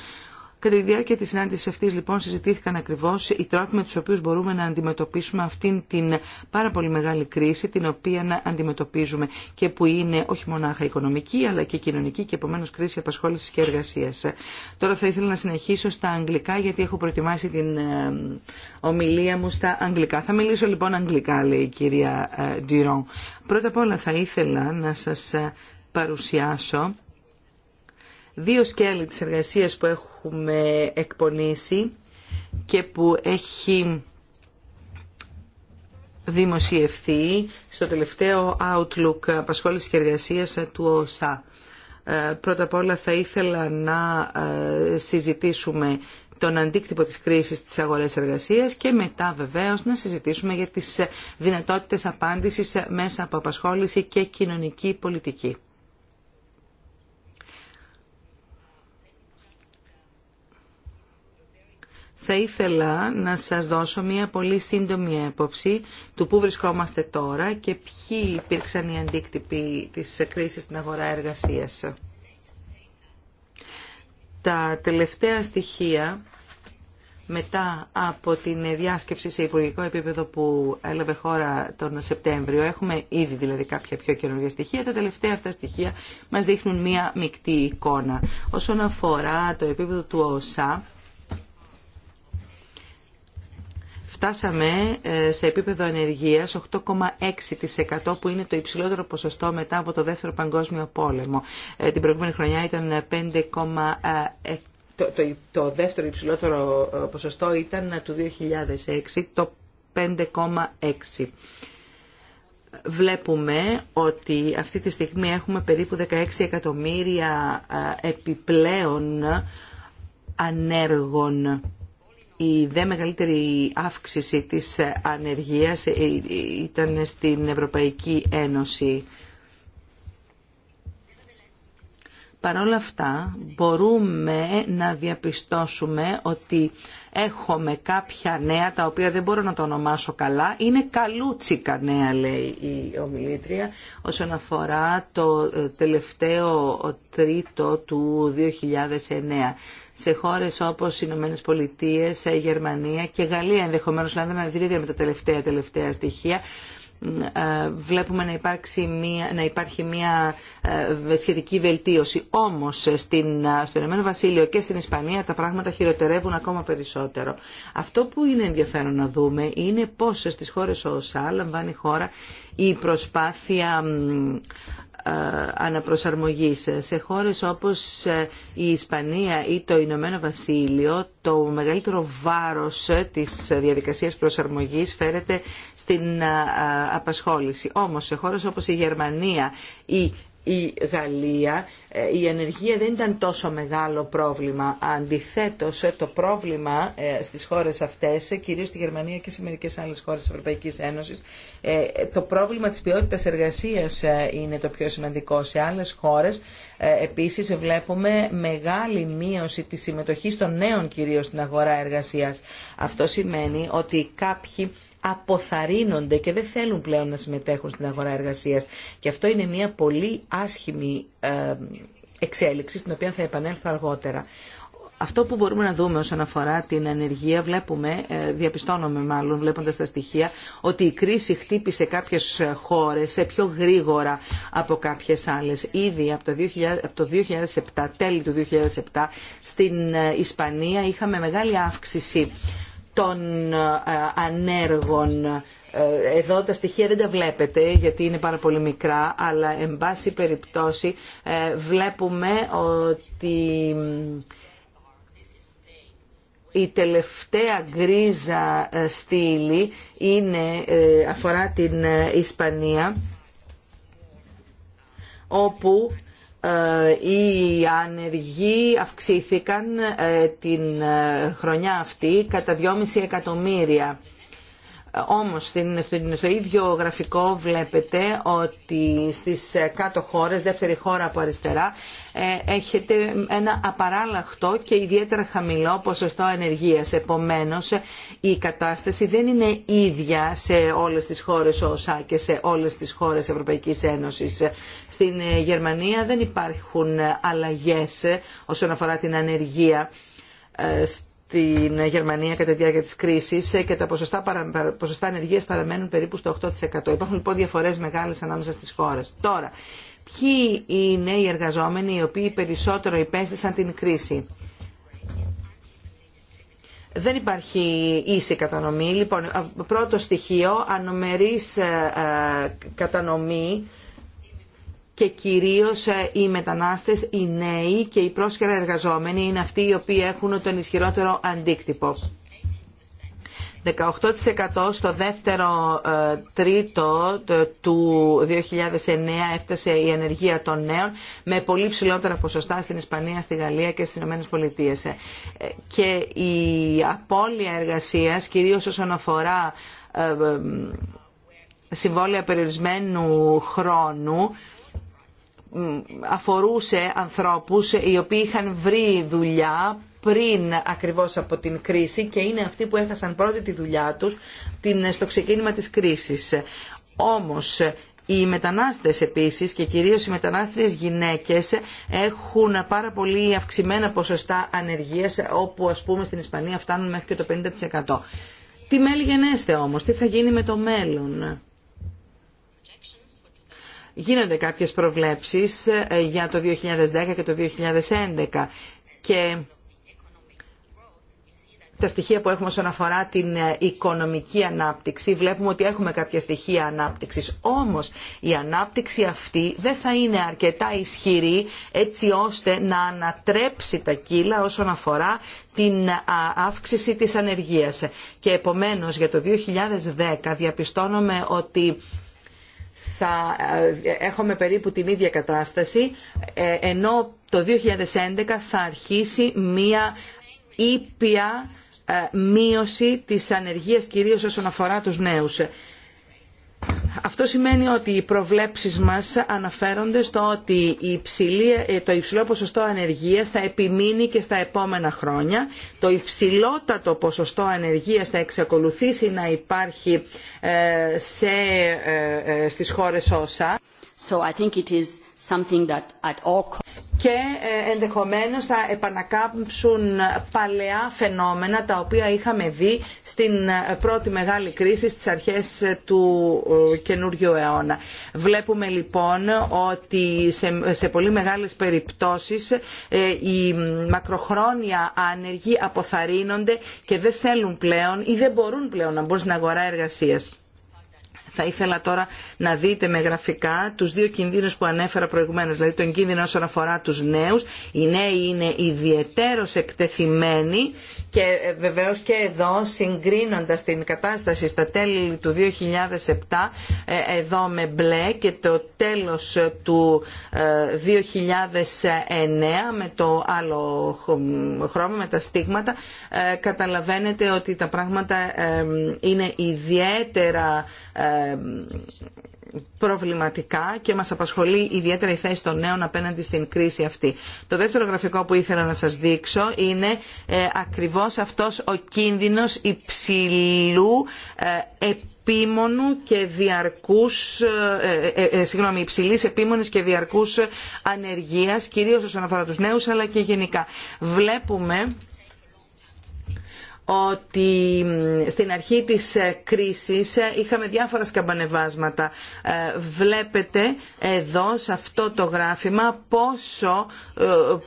Κατά τη διάρκεια τη συνάντηση αυτή, λοιπόν συζητήθηκαν ακριβώ οι τρόποι με του οποίου μπορούμε να αντιμετωπίσουμε αυτήν την πάρα πολύ μεγάλη κρίση την οποία να αντιμετωπίζουμε και που είναι όχι μονάχα οικονομική αλλά και κοινωνική και επομένω κρίση απασχόληση και εργασία. Τώρα θα ήθελα να συνεχίσω στα αγγλικά γιατί έχω προετοιμάσει την ε, ομιλία μου στα αγγλικά. Θα μιλήσω λοιπόν αγγλικά λέει η κυρία ε, Ντυρόν. Πρώτα απ' όλα θα ήθελα να σα ε, παρουσιάσω δύο σκέλη της εργασίας που έχουμε εκπονήσει και που έχει δημοσιευθεί στο τελευταίο Outlook απασχόλησης και εργασίας του ΟΣΑ. Ε, πρώτα απ' όλα θα ήθελα να ε, συζητήσουμε τον αντίκτυπο της κρίσης της αγορές εργασίας και μετά βεβαίως να συζητήσουμε για τις δυνατότητες απάντησης μέσα από απασχόληση και κοινωνική πολιτική. θα ήθελα να σας δώσω μια πολύ σύντομη έποψη του πού βρισκόμαστε τώρα και ποιοι υπήρξαν οι αντίκτυποι της κρίσης στην αγορά εργασίας. Τα τελευταία στοιχεία μετά από την διάσκεψη σε υπουργικό επίπεδο που έλαβε χώρα τον Σεπτέμβριο, έχουμε ήδη δηλαδή κάποια πιο καινούργια στοιχεία, τα τελευταία αυτά στοιχεία μας δείχνουν μία μεικτή εικόνα. Όσον αφορά το επίπεδο του ΟΣΑ, φτάσαμε ε, σε επίπεδο ανεργίας 8,6% που είναι το υψηλότερο ποσοστό μετά από το δεύτερο παγκόσμιο πόλεμο. Ε, την προηγούμενη χρονιά ήταν 5,6%. Ε, το, το, δεύτερο υψηλότερο ποσοστό ήταν το 2006, το 5,6%. Βλέπουμε ότι αυτή τη στιγμή έχουμε περίπου 16 εκατομμύρια επιπλέον ανέργων η δε μεγαλύτερη αύξηση της ανεργίας ε, ε, ήταν στην Ευρωπαϊκή Ένωση Παρ' όλα αυτά μπορούμε να διαπιστώσουμε ότι έχουμε κάποια νέα τα οποία δεν μπορώ να το ονομάσω καλά. Είναι καλούτσικα νέα λέει η ομιλήτρια όσον αφορά το ε, τελευταίο τρίτο του 2009 σε χώρες όπως οι Ηνωμένες Πολιτείες, ε, Γερμανία και Γαλλία ενδεχομένως, να δεν με τα τελευταία τελευταία στοιχεία ε, βλέπουμε να, υπάρχει μια ε, σχετική βελτίωση. Όμως ε, στην, στο Ηνωμένο Βασίλειο και στην Ισπανία τα πράγματα χειροτερεύουν ακόμα περισσότερο. Αυτό που είναι ενδιαφέρον να δούμε είναι πώς στις χώρες όσα λαμβάνει η χώρα η προσπάθεια ε, αναπροσαρμογής. Σε χώρες όπως ε, η Ισπανία ή το Ηνωμένο Βασίλειο, το μεγαλύτερο βάρος ε, της διαδικασίας προσαρμογής φέρεται στην απασχόληση. Όμως σε χώρες όπως η Γερμανία ή η Γαλλία ε, η ανεργία δεν ήταν τόσο μεγάλο πρόβλημα. Αντιθέτως ε, το πρόβλημα ε, στις χώρες αυτές, κυρίως στη Γερμανία και σε μερικές άλλες χώρες της Ευρωπαϊκής Ένωσης, το πρόβλημα της ποιότητας εργασίας είναι το πιο σημαντικό. Σε άλλες χώρες επίσης βλέπουμε μεγάλη μείωση της συμμετοχής των νέων κυρίως στην αγορά εργασίας. Αυτό σημαίνει ότι κάποιοι αποθαρρύνονται και δεν θέλουν πλέον να συμμετέχουν στην αγορά εργασίας. Και αυτό είναι μια πολύ άσχημη ε, εξέλιξη στην οποία θα επανέλθω αργότερα. Αυτό που μπορούμε να δούμε όσον αφορά την ανεργία, βλέπουμε, ε, διαπιστώνομαι μάλλον βλέποντας τα στοιχεία, ότι η κρίση χτύπησε κάποιες χώρες πιο γρήγορα από κάποιες άλλες. Ήδη από, 2000, από το 2007, τέλη του 2007, στην ε, Ισπανία είχαμε μεγάλη αύξηση των ε, ανέργων. Ε, εδώ τα στοιχεία δεν τα βλέπετε γιατί είναι πάρα πολύ μικρά, αλλά εν πάση περιπτώσει ε, βλέπουμε ότι η τελευταία γκρίζα στήλη είναι, αφορά την Ισπανία όπου ε, οι ανεργοί αυξήθηκαν ε, την ε, χρονιά αυτή κατά 2,5 εκατομμύρια. Όμως στο ίδιο γραφικό βλέπετε ότι στις ε, κάτω χώρες, δεύτερη χώρα από αριστερά, ε, έχετε ένα απαράλλαχτο και ιδιαίτερα χαμηλό ποσοστό ενεργείας. Επομένως, η κατάσταση δεν είναι ίδια σε όλες τις χώρες ΟΣΑ και σε όλες τις χώρες Ευρωπαϊκής Ένωσης. Στην ε, Γερμανία δεν υπάρχουν αλλαγές όσον αφορά την ανεργία την Γερμανία κατά τη διάρκεια της κρίσης και τα ποσοστά, παρα... ποσοστά παραμένουν περίπου στο 8%. Υπάρχουν λοιπόν διαφορές μεγάλες ανάμεσα στις χώρες. Τώρα, ποιοι είναι οι εργαζόμενοι οι οποίοι περισσότερο υπέστησαν την κρίση. Δεν υπάρχει ίση κατανομή. Λοιπόν, πρώτο στοιχείο, ανομερής ε, ε, κατανομή και κυρίως ε, οι μετανάστες, οι νέοι και οι πρόσχερα εργαζόμενοι είναι αυτοί οι οποίοι έχουν τον ισχυρότερο αντίκτυπο. 18% στο δεύτερο ε, τρίτο του 2009 έφτασε η ενεργεία των νέων με πολύ ψηλότερα ποσοστά στην Ισπανία, στη Γαλλία και στις Ηνωμένες Πολιτείες. Ε, και η απώλεια εργασίας, κυρίως όσον αφορά συμβόλαια περιορισμένου χρόνου, αφορούσε ανθρώπους οι οποίοι είχαν βρει δουλειά πριν ακριβώς από την κρίση και είναι αυτοί που έχασαν πρώτη τη δουλειά τους στο ξεκίνημα της κρίσης. Όμως οι μετανάστες επίσης και κυρίως οι μετανάστριες γυναίκες έχουν πάρα πολύ αυξημένα ποσοστά ανεργίας όπου ας πούμε στην Ισπανία φτάνουν μέχρι και το 50%. Τι μέλη γενέστε όμως, τι θα γίνει με το μέλλον. Γίνονται κάποιες προβλέψεις ε, για το 2010 και το 2011 και τα στοιχεία που έχουμε όσον αφορά την ε, οικονομική ανάπτυξη βλέπουμε ότι έχουμε κάποια στοιχεία ανάπτυξης όμως η ανάπτυξη αυτή δεν θα είναι αρκετά ισχυρή έτσι ώστε να ανατρέψει τα κύλα όσον αφορά την ε, αύξηση της ανεργίας και επομένως για το 2010 διαπιστώνουμε ότι θα ε, έχουμε περίπου την ίδια κατάσταση, ε, ενώ το 2011 θα αρχίσει μία ήπια ε, μείωση της ανεργίας κυρίως όσον αφορά τους νέους αυτό σημαίνει ότι οι προβλέψεις μας αναφέρονται στο ότι η υψηλή, ε, το υψηλό ποσοστό ανεργίας θα επιμείνει και στα επόμενα χρόνια. Το υψηλότατο ποσοστό ανεργίας θα εξακολουθήσει να υπάρχει ε, σε, ε, στις χώρες όσα. So I think it is something και ε, ενδεχομένως θα επανακάμψουν παλαιά φαινόμενα τα οποία είχαμε δει στην ε, πρώτη μεγάλη κρίση στις αρχές ε, του καινούριου αιώνα. Βλέπουμε λοιπόν ότι σε, πολύ μεγάλες περιπτώσεις οι μακροχρόνια άνεργοι αποθαρρύνονται και δεν θέλουν πλέον ή δεν μπορούν πλέον να μπουν στην αγορά εργασίας θα ήθελα τώρα να δείτε με γραφικά τους δύο κινδύνους που ανέφερα προηγουμένως, δηλαδή τον κίνδυνο όσον αφορά τους νέους. Οι νέοι είναι ιδιαιτέρως εκτεθειμένοι και ε, βεβαίως και εδώ συγκρίνοντας την κατάσταση στα τέλη του 2007 ε, εδώ με μπλε και το τέλος ε, του 2009 με το άλλο χρώμα, με τα στίγματα καταλαβαίνετε ότι τα πράγματα είναι ιδιαίτερα προβληματικά και μας απασχολεί ιδιαίτερα η θέση των νέων απέναντι στην κρίση αυτή. Το δεύτερο γραφικό που ήθελα να σας δείξω είναι ε, ακριβώς αυτός ο κίνδυνος υψηλού ε, επίμονου και διαρκούς, ε, ε, ε υψηλής επίμονης και διαρκούς ανεργίας, κυρίως όσον αφορά τους νέους αλλά και γενικά. Βλέπουμε ότι στην αρχή της ε, κρίσης ε, είχαμε διάφορα σκαμπανεβάσματα. Ε, βλέπετε εδώ σε αυτό το γράφημα πόσο,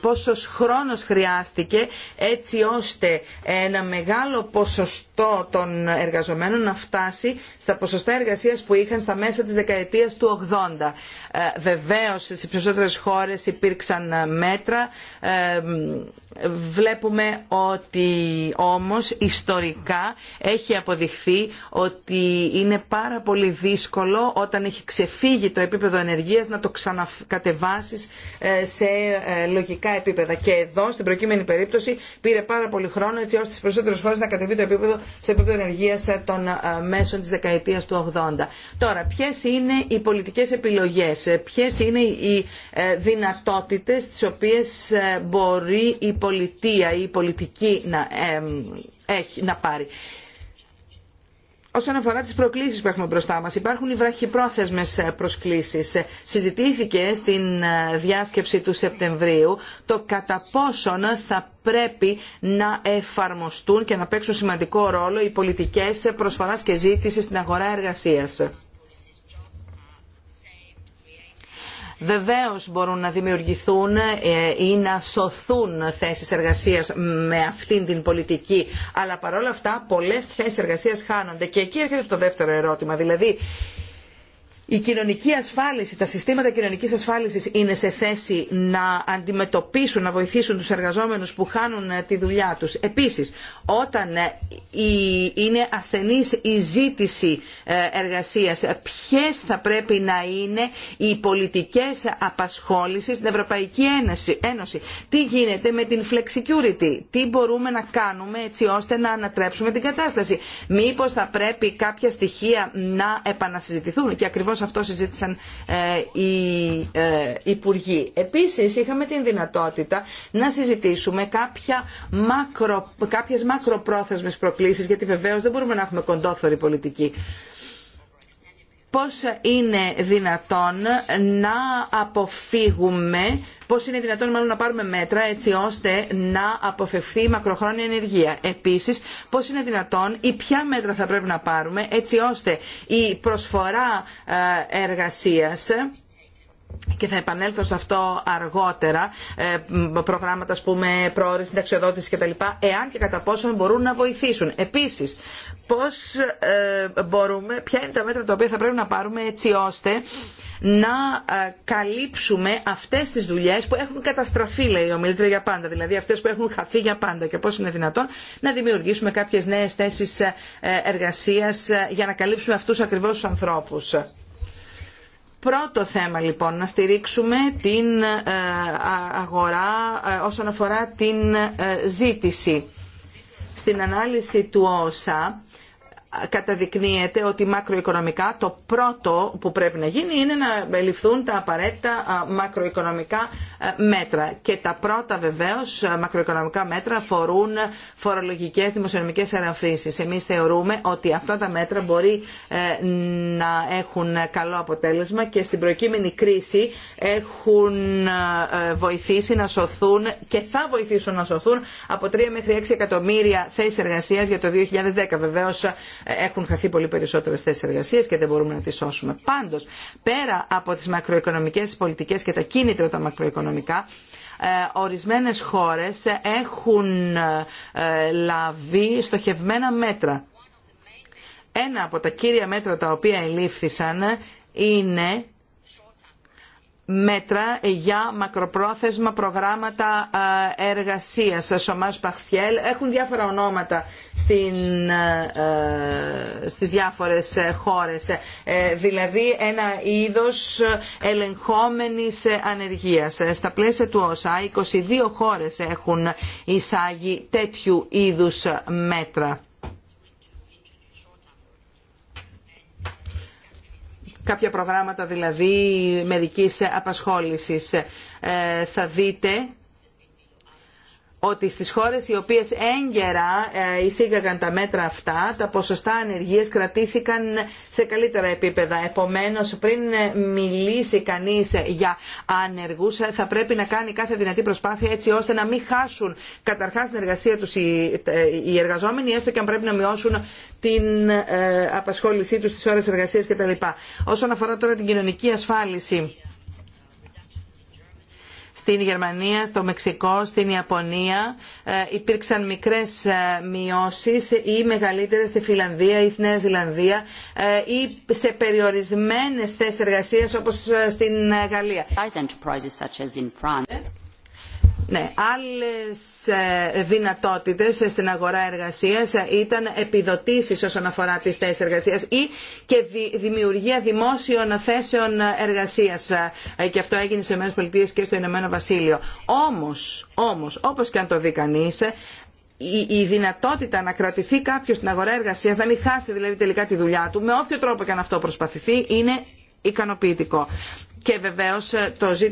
πόσος χρόνος χρειάστηκε έτσι ώστε ένα μεγάλο ποσοστό των εργαζομένων να φτάσει στα ποσοστά εργασίας που είχαν στα μέσα της δεκαετίας του 80. Βεβαίως στις περισσότερες χώρες υπήρξαν μέτρα. Βλέπουμε ότι όμως ιστορικά έχει αποδειχθεί ότι είναι πάρα πολύ δύσκολο όταν έχει ξεφύγει το επίπεδο ενεργείας να το ξανακατεβάσεις ε, σε ε, λογικά επίπεδα. Και εδώ στην προκείμενη περίπτωση πήρε πάρα πολύ χρόνο έτσι ώστε στις περισσότερες χώρες να κατεβεί το επίπεδο σε επίπεδο ενεργείας ε, των μέσων της δεκαετίας του 80. Τώρα, ποιες είναι οι πολιτικές επιλογές, ποιες είναι οι δυνατότητες τις οποίες μπορεί η πολιτεία, η πολιτική να έχει, να πάρει. Όσον αφορά τις προκλήσεις που έχουμε μπροστά μας, υπάρχουν οι βραχυπρόθεσμες ε, προσκλήσεις. Ε, συζητήθηκε στην ε, διάσκεψη του Σεπτεμβρίου το κατά πόσον θα πρέπει να εφαρμοστούν και να παίξουν σημαντικό ρόλο οι πολιτικές προσφοράς και ζήτηση στην αγορά εργασίας. Βεβαίω μπορούν να δημιουργηθούν ε, ή να σωθούν θέσεις εργασίας με αυτήν την πολιτική, αλλά παρόλα αυτά πολλές θέσεις εργασίας χάνονται. Και εκεί έρχεται το δεύτερο ερώτημα, δηλαδή η κοινωνική ασφάλιση, τα συστήματα κοινωνικής ασφάλισης είναι σε θέση να αντιμετωπίσουν, να βοηθήσουν τους εργαζόμενους που χάνουν ε, τη δουλειά τους. Επίσης, όταν ε, είναι ασθενής η ζήτηση ε, εργασίας, ποιες θα πρέπει να είναι οι πολιτικές απασχόλησης στην Ευρωπαϊκή Ένωση. Τι γίνεται με την flexicurity, τι μπορούμε να κάνουμε έτσι ώστε να ανατρέψουμε την κατάσταση. Μήπως θα πρέπει κάποια στοιχεία να επανασυζητηθούν και ακριβώς αυτό συζήτησαν ε, οι ε, Υπουργοί. Επίσης είχαμε την δυνατότητα να συζητήσουμε κάποια μακρο, κάποιες μακροπρόθεσμες προκλήσεις γιατί βεβαίως δεν μπορούμε να έχουμε κοντόθωρη πολιτική πώς είναι δυνατόν να αποφύγουμε, πώς είναι δυνατόν μάλλον να πάρουμε μέτρα έτσι ώστε να αποφευθεί η μακροχρόνια ενεργεία. Επίσης, πώς είναι δυνατόν ή ποια μέτρα θα πρέπει να πάρουμε έτσι ώστε η προσφορά ε, εργασίας και θα επανέλθω σε αυτό αργότερα, ε, προγράμματα ας πούμε πρόορες, συνταξιοδότηση κτλ. εάν και κατά πόσο μπορούν να βοηθήσουν. Επίσης, πώς ε, μπορούμε, ποια είναι τα μέτρα τα οποία θα πρέπει να πάρουμε έτσι ώστε να ε, καλύψουμε αυτές τις δουλειές που έχουν καταστραφεί, λέει ο Μιλήτρια για πάντα, δηλαδή αυτές που έχουν χαθεί για πάντα και πώς είναι δυνατόν να δημιουργήσουμε κάποιες νέες θέσεις εργασίας για να καλύψουμε αυτούς ακριβώς τους ανθρώπους. Πρώτο θέμα λοιπόν, να στηρίξουμε την ε, αγορά ε, όσον αφορά την ε, ζήτηση. Στην ανάλυση του ΩΣΑ καταδεικνύεται ότι μακροοικονομικά το πρώτο που πρέπει να γίνει είναι να ληφθούν τα απαραίτητα μακροοικονομικά μέτρα. Και τα πρώτα βεβαίως μακροοικονομικά μέτρα αφορούν φορολογικές δημοσιονομικές ελαφρύνσεις. Εμείς θεωρούμε ότι αυτά τα μέτρα μπορεί ε, να έχουν καλό αποτέλεσμα και στην προκείμενη κρίση έχουν ε, βοηθήσει να σωθούν και θα βοηθήσουν να σωθούν από 3 μέχρι 6 εκατομμύρια θέσεις εργασίας για το 2010. Βεβαίως ε, έχουν χαθεί πολύ περισσότερες θέσεις εργασίας και δεν μπορούμε να τις σώσουμε. Πάντως, πέρα από τις μακροοικονομικές πολιτικές και τα κίνητρα τα μακροοικονομικά, Ορισμένε ορισμένες χώρες έχουν ε, λαβεί στοχευμένα μέτρα. Ένα από τα κύρια μέτρα τα οποία ελήφθησαν είναι μέτρα για μακροπρόθεσμα προγράμματα εργασίας, σωμάς Παχσιέλ Έχουν διάφορα ονόματα στην, στις διάφορες χώρες. Ε, δηλαδή ένα είδος ελεγχόμενης ανεργίας. Ε, στα πλαίσια του ΩΣΑ 22 χώρες έχουν εισάγει τέτοιου είδους μέτρα. κάποια προγράμματα δηλαδή μεδικής απασχόλησης. Ε, θα δείτε ότι στις χώρες οι οποίες έγκαιρα ε, εισήγαγαν τα μέτρα αυτά, τα ποσοστά ανεργίας κρατήθηκαν σε καλύτερα επίπεδα. Επομένως, πριν ε, μιλήσει κανείς για ανεργούς, ε, θα πρέπει να κάνει κάθε δυνατή προσπάθεια έτσι ώστε να μην χάσουν καταρχάς την εργασία τους οι εργαζόμενοι, έστω και αν πρέπει να μειώσουν την απασχόλησή τους, στις ώρες εργασίας κτλ. Όσον αφορά τώρα την κοινωνική ασφάλιση, στην Γερμανία, στο Μεξικό, στην Ιαπωνία ε, υπήρξαν μικρές ε, μειώσεις ή μεγαλύτερες στη Φιλανδία ή στη Νέα Ζηλανδία ε, ή σε περιορισμένες θέσεις εργασίας όπως στην Γαλλία. Ναι, άλλες ε, δυνατότητες στην αγορά εργασίας ήταν επιδοτήσεις όσον αφορά τις θέσεις εργασίας ή και δημιουργία δημόσιων θέσεων εργασίας ε, και αυτό έγινε στις ΗΠΑ και στο Ηνωμένο Βασίλειο. Όμως, όμως, όπως και αν το δει κανείς, ε, η δυνατότητα να κρατηθεί κάποιος στην αγορά εργασίας, να μην χάσει δηλαδή τελικά τη δουλειά του, με όποιο τρόπο και αν αυτό προσπαθηθεί, είναι ικανοποιητικό. Και βεβαίω ε,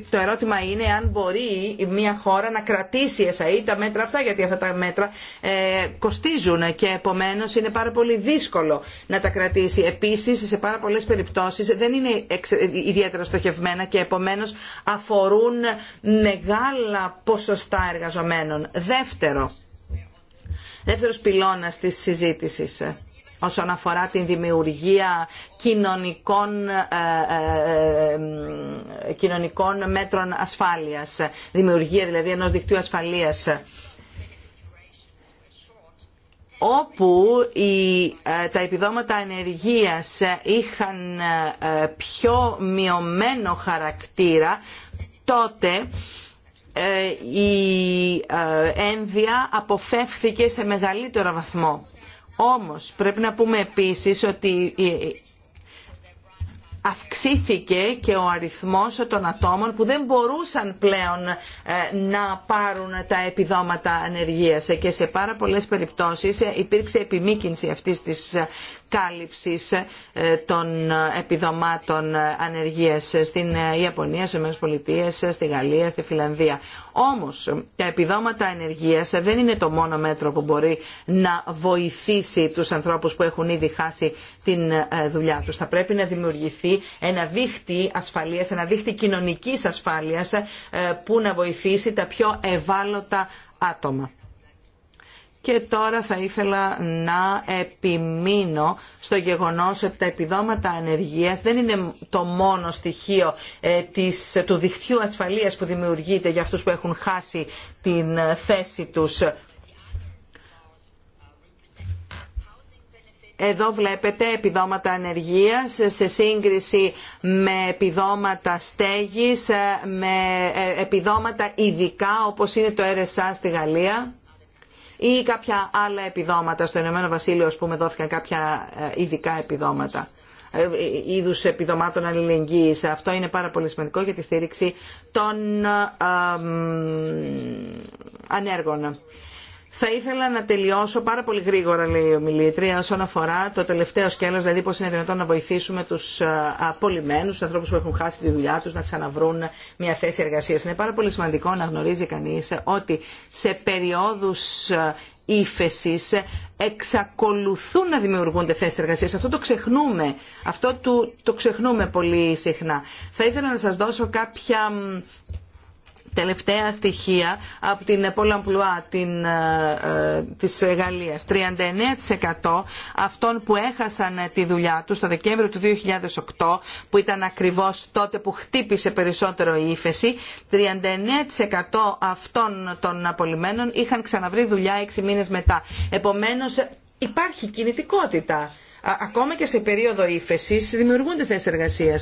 το ερώτημα είναι αν μπορεί μια χώρα να κρατήσει ή e τα μέτρα αυτά, γιατί αυτά τα μέτρα ε, κοστίζουν και επομένω είναι πάρα πολύ δύσκολο να τα κρατήσει. επίση, σε πάρα πολλέ περιπτώσει δεν είναι ιδιαίτερα στοχευμένα και επομένω αφορούν μεγάλα ποσοστά εργαζομένων. Δεύτερο, δεύτερος πυλώνας της συζήτησης όσον αφορά την δημιουργία κοινωνικών, ε, ε, ε, κοινωνικών μέτρων ασφάλειας, δημιουργία δηλαδή ενός δικτύου ασφαλείας όπου τα επιδόματα ενεργείας είχαν πιο μειωμένο χαρακτήρα, τότε η ένδια αποφεύθηκε σε μεγαλύτερο βαθμό. Όμως πρέπει να πούμε επίσης ότι αυξήθηκε και ο αριθμός των ατόμων που δεν μπορούσαν πλέον ε, να πάρουν τα επιδόματα ανεργίας και σε πάρα πολλές περιπτώσεις ε, υπήρξε επιμήκυνση αυτής της ε, κάλυψης ε, των επιδομάτων ανεργίας στην Ιαπωνία, στις Πολιτείες, στη Γαλλία, στη Φιλανδία. Όμως τα επιδόματα ανεργίας δεν είναι το μόνο μέτρο που μπορεί να βοηθήσει τους ανθρώπους που έχουν ήδη χάσει την ε, δουλειά τους. Θα πρέπει να δημιουργηθεί ένα δίχτυ ασφαλείας, ένα δίχτυ κοινωνικής ασφάλειας ε, που να βοηθήσει τα πιο ευάλωτα άτομα. Και τώρα θα ήθελα να επιμείνω στο γεγονός ότι τα επιδόματα ανεργίας δεν είναι το μόνο στοιχείο ε, της, του δικτύου ασφαλείας που δημιουργείται για αυτούς που έχουν χάσει την θέση τους. Εδώ βλέπετε επιδόματα ανεργίας σε σύγκριση με επιδόματα στέγης, ε, με ε, επιδόματα ειδικά όπως είναι το RSA στη Γαλλία ή κάποια άλλα επιδόματα. Στο Ηνωμένο Βασίλειο, α πούμε, δόθηκαν κάποια ε, ειδικά επιδόματα ε, ε, είδου επιδομάτων αλληλεγγύη. Αυτό είναι πάρα πολύ σημαντικό για τη στήριξη των ανέργων. Θα ήθελα να τελειώσω πάρα πολύ γρήγορα, λέει η ομιλήτρια, όσον αφορά το τελευταίο σκέλος, δηλαδή πώς είναι δυνατόν να βοηθήσουμε τους ε, απολυμμένους, τους ανθρώπους που έχουν χάσει τη δουλειά τους, να ξαναβρούν μια θέση εργασίας. Είναι πάρα πολύ σημαντικό να γνωρίζει κανείς ότι σε περιόδους ε, ύφεση ε, εξακολουθούν να δημιουργούνται θέσει εργασίας. Αυτό το ξεχνούμε. Αυτό το, το ξεχνούμε πολύ συχνά. Θα ήθελα να σας δώσω κάποια τελευταία στοιχεία από την Πολαμπλουά ε, ε, της Γαλλίας. 39% αυτών που έχασαν ε, τη δουλειά του το Δεκέμβριο του 2008 που ήταν ακριβώς τότε που χτύπησε περισσότερο η ύφεση 39% αυτών των απολυμένων είχαν ξαναβρει δουλειά 6 μήνες μετά. Επομένως υπάρχει κινητικότητα. Ακόμα και σε περίοδο ύφεση δημιουργούνται θέσει εργασία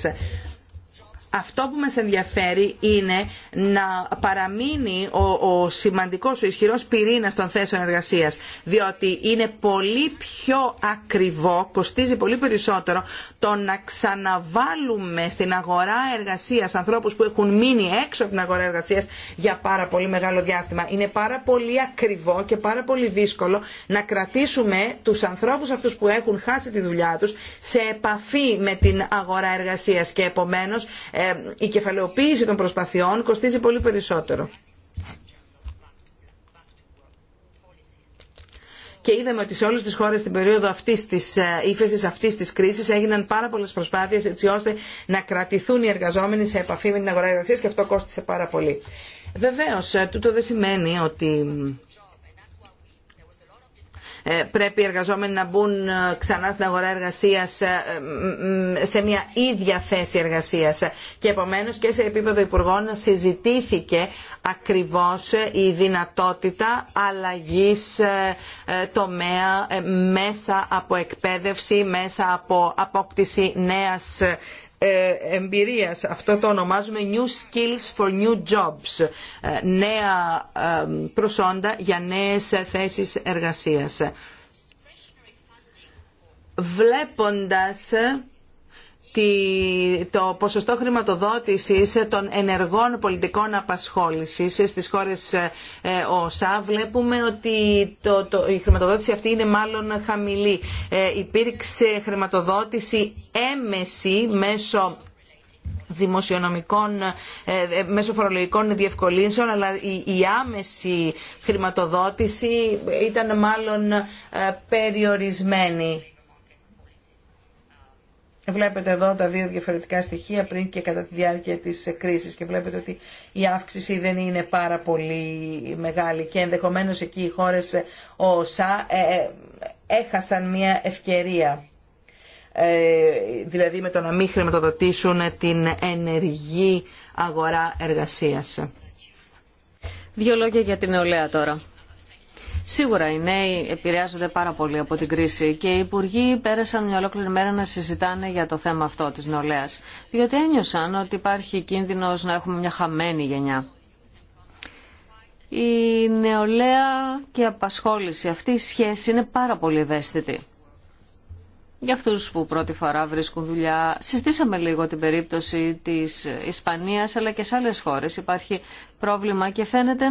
αυτό που μας ενδιαφέρει είναι να παραμείνει ο, ο σημαντικός, ο ισχυρός πυρήνας των θέσεων εργασίας. Διότι είναι πολύ πιο ακριβό, κοστίζει πολύ περισσότερο το να ξαναβάλουμε στην αγορά εργασίας ανθρώπους που έχουν μείνει έξω από την αγορά εργασίας για πάρα πολύ μεγάλο διάστημα. Είναι πάρα πολύ ακριβό και πάρα πολύ δύσκολο να κρατήσουμε τους ανθρώπους αυτούς που έχουν χάσει τη δουλειά τους σε επαφή με την αγορά εργασίας και επομένως η κεφαλαιοποίηση των προσπαθειών κοστίζει πολύ περισσότερο. και είδαμε ότι σε όλες τις χώρες στην περίοδο αυτής της ε, ύφεσης, αυτής της κρίσης έγιναν πάρα πολλές προσπάθειες έτσι ώστε να κρατηθούν οι εργαζόμενοι σε επαφή με την αγορά εργασίας και αυτό κόστησε πάρα πολύ. Βεβαίως, ε, τούτο δεν σημαίνει ότι ε, πρέπει οι εργαζόμενοι να μπουν ε, ξανά στην αγορά εργασίας ε, σε μια ίδια θέση εργασίας. Και επομένως και σε επίπεδο υπουργών συζητήθηκε ακριβώς η δυνατότητα αλλαγής τομέα μέσα από εκπαίδευση, μέσα από απόκτηση νέας ε, εμπειρίας. Αυτό το ονομάζουμε New Skills for New Jobs, ε, νέα ε, προσόντα για νέες θέσεις εργασίας. Βλέποντας το ποσοστό χρηματοδότησης των ενεργών πολιτικών απασχόλησης στις χώρες ε, ε, ΩΣΑ βλέπουμε ότι το, το, η χρηματοδότηση αυτή είναι μάλλον χαμηλή. Ε, υπήρξε χρηματοδότηση έμεση μέσω δημοσιονομικών, μέσω φορολογικών διευκολύνσεων, αλλά η, άμεση χρηματοδότηση ήταν μάλλον περιορισμένη. Βλέπετε εδώ τα δύο διαφορετικά στοιχεία πριν και κατά τη διάρκεια της κρίσης και βλέπετε ότι η αύξηση δεν είναι πάρα πολύ μεγάλη και ενδεχομένως εκεί οι χώρες όσα ε, ε, έχασαν μια ευκαιρία ε, δηλαδή με το να μην χρηματοδοτήσουν την ενεργή αγορά εργασίας. Δύο λόγια για την νεολαία τώρα. Σίγουρα οι νέοι επηρεάζονται πάρα πολύ από την κρίση και οι υπουργοί πέρασαν μια ολόκληρη μέρα να συζητάνε για το θέμα αυτό της νεολαίας. Διότι ένιωσαν ότι υπάρχει κίνδυνος να έχουμε μια χαμένη γενιά. Η νεολαία και η απασχόληση αυτή η σχέση είναι πάρα πολύ ευαίσθητη για αυτούς που πρώτη φορά βρίσκουν δουλειά. Συστήσαμε λίγο την περίπτωση της Ισπανίας αλλά και σε άλλες χώρες υπάρχει πρόβλημα και φαίνεται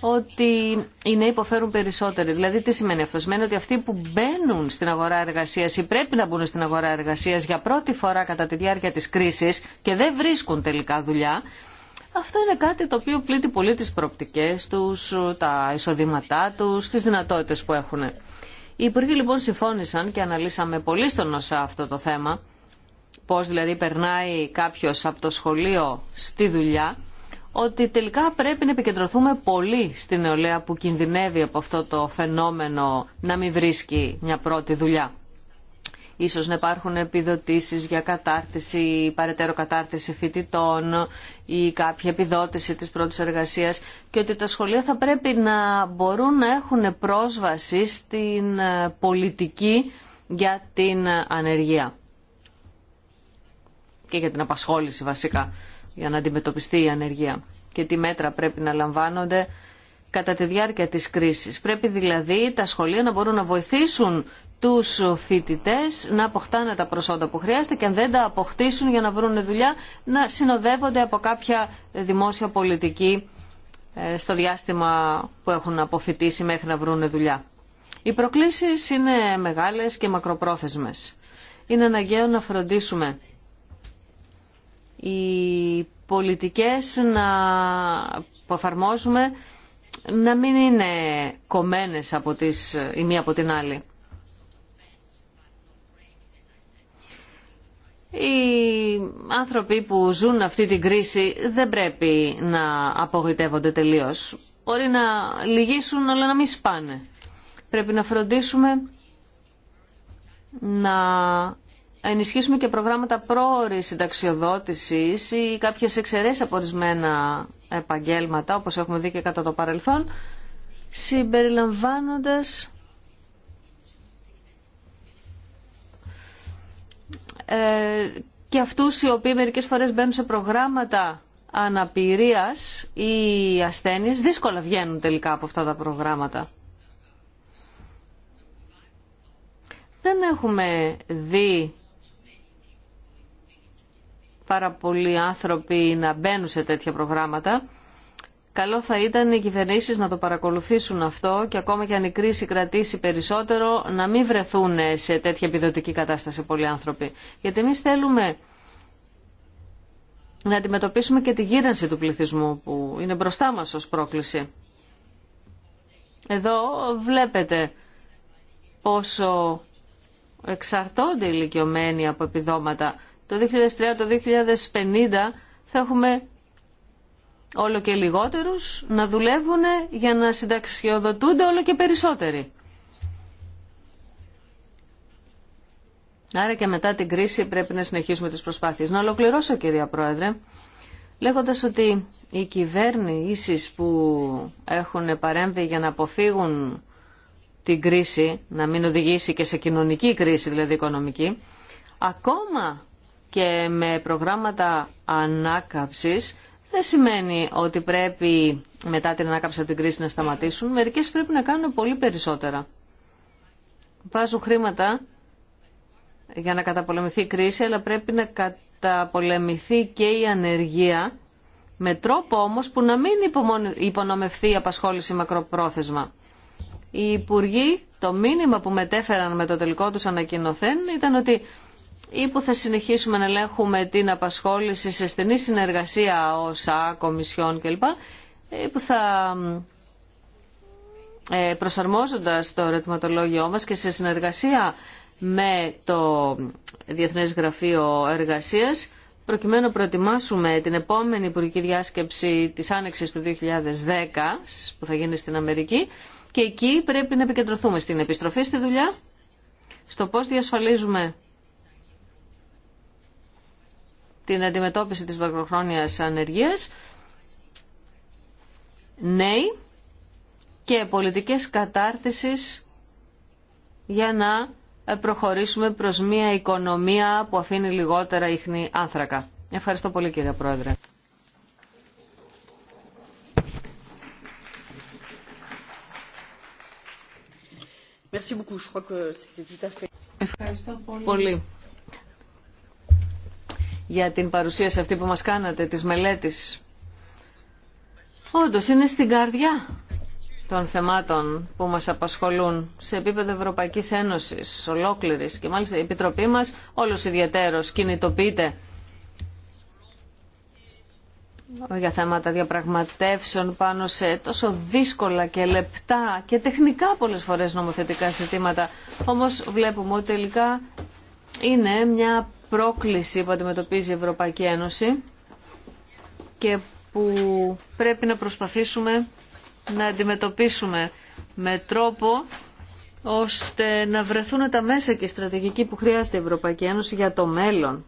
ότι οι νέοι υποφέρουν περισσότεροι. Δηλαδή τι σημαίνει αυτό. Σημαίνει ότι αυτοί που μπαίνουν στην αγορά εργασίας ή πρέπει να μπουν στην αγορά εργασίας για πρώτη φορά κατά τη διάρκεια της κρίσης και δεν βρίσκουν τελικά δουλειά, αυτό είναι κάτι το οποίο πλήττει πολύ τις προοπτικές τους, τα εισοδήματά τους, τις δυνατότητες που έχουν. Οι υπουργοί λοιπόν συμφώνησαν και αναλύσαμε πολύ στον ΩΣΑ αυτό το θέμα, πώς δηλαδή περνάει κάποιος από το σχολείο στη δουλειά, ότι τελικά πρέπει να επικεντρωθούμε πολύ στην νεολαία που κινδυνεύει από αυτό το φαινόμενο να μην βρίσκει μια πρώτη δουλειά. Ίσως να υπάρχουν επιδοτήσεις για κατάρτιση, παρετέρω κατάρτιση φοιτητών ή κάποια επιδότηση της πρώτης εργασίας και ότι τα σχολεία θα πρέπει να μπορούν να έχουν πρόσβαση στην ε, πολιτική για την ανεργία και για την απασχόληση βασικά για να αντιμετωπιστεί η ανεργία και τι μέτρα πρέπει να λαμβάνονται κατά τη διάρκεια της κρίσης. Πρέπει δηλαδή τα σχολεία να μπορούν να βοηθήσουν τους φοιτητέ να αποκτάνε τα προσόντα που χρειάζεται και αν δεν τα αποκτήσουν για να βρουν δουλειά να συνοδεύονται από κάποια δημόσια πολιτική ε, στο διάστημα που έχουν αποφοιτήσει μέχρι να βρουν δουλειά. Οι προκλήσεις είναι μεγάλες και μακροπρόθεσμες. Είναι αναγκαίο να φροντίσουμε οι πολιτικές να που να μην είναι κομμένες από η μία από την άλλη. οι άνθρωποι που ζουν αυτή την κρίση δεν πρέπει να απογοητεύονται τελείως. Μπορεί να λυγίσουν αλλά να μην σπάνε. Πρέπει να φροντίσουμε να ενισχύσουμε και προγράμματα πρόορη συνταξιοδότηση ή κάποιες εξαιρέσεις από ορισμένα επαγγέλματα όπως έχουμε δει και κατά το παρελθόν συμπεριλαμβάνοντας Ε, και αυτούς οι οποίοι μερικές φορές μπαίνουν σε προγράμματα αναπηρίας ή ασθένειες δύσκολα βγαίνουν τελικά από αυτά τα προγράμματα. Δεν έχουμε δει πάρα πολλοί άνθρωποι να μπαίνουν σε τέτοια προγράμματα Καλό θα ήταν οι κυβερνήσει να το παρακολουθήσουν αυτό και ακόμα και αν η κρίση κρατήσει περισσότερο να μην βρεθούν σε τέτοια επιδοτική κατάσταση πολλοί άνθρωποι. Γιατί εμεί θέλουμε να αντιμετωπίσουμε και τη γύρανση του πληθυσμού που είναι μπροστά μας ως πρόκληση. Εδώ βλέπετε πόσο εξαρτώνται οι ηλικιωμένοι από επιδόματα. Το 2030-2050 θα έχουμε όλο και λιγότερους να δουλεύουν για να συνταξιοδοτούνται όλο και περισσότεροι. Άρα και μετά την κρίση πρέπει να συνεχίσουμε τις προσπάθειες. Να ολοκληρώσω κυρία Πρόεδρε, λέγοντας ότι οι κυβέρνησεις που έχουν παρέμβει για να αποφύγουν την κρίση, να μην οδηγήσει και σε κοινωνική κρίση, δηλαδή οικονομική, ακόμα και με προγράμματα ανάκαψης, δεν σημαίνει ότι πρέπει μετά την ανάκαμψη από την κρίση να σταματήσουν. Μερικές πρέπει να κάνουν πολύ περισσότερα. Βάζουν χρήματα για να καταπολεμηθεί η κρίση, αλλά πρέπει να καταπολεμηθεί και η ανεργία, με τρόπο όμως που να μην υπονομευθεί η απασχόληση μακροπρόθεσμα. Οι υπουργοί το μήνυμα που μετέφεραν με το τελικό τους ανακοινωθέν ήταν ότι ή που θα συνεχίσουμε να ελέγχουμε την απασχόληση σε στενή συνεργασία όσα, κομισιόν κλπ. ή που θα ε, προσαρμόζοντας το ρετματολόγιό μας και σε συνεργασία με το Διεθνές Γραφείο Εργασίας προκειμένου να προετοιμάσουμε την επόμενη Υπουργική Διάσκεψη της Άνοιξης του 2010 που θα γίνει στην Αμερική και εκεί πρέπει να επικεντρωθούμε στην επιστροφή στη δουλειά, στο πώς διασφαλίζουμε την αντιμετώπιση της μακροχρόνιας ανεργίας, νέοι και πολιτικές κατάρτισης για να προχωρήσουμε προς μια οικονομία που αφήνει λιγότερα ίχνη άνθρακα. Ευχαριστώ πολύ κύριε Πρόεδρε. Ευχαριστώ πολύ για την παρουσίαση αυτή που μας κάνατε, της μελέτης. Όντως είναι στην καρδιά των θεμάτων που μας απασχολούν σε επίπεδο Ευρωπαϊκής Ένωσης, ολόκληρης και μάλιστα η Επιτροπή μας όλος ιδιαίτερος κινητοποιείται για θέματα διαπραγματεύσεων πάνω σε τόσο δύσκολα και λεπτά και τεχνικά πολλές φορές νομοθετικά ζητήματα. Όμως βλέπουμε ότι τελικά είναι μια πρόκληση που αντιμετωπίζει η Ευρωπαϊκή Ένωση και που πρέπει να προσπαθήσουμε να αντιμετωπίσουμε με τρόπο ώστε να βρεθούν τα μέσα και η στρατηγική που χρειάζεται η Ευρωπαϊκή Ένωση για το μέλλον.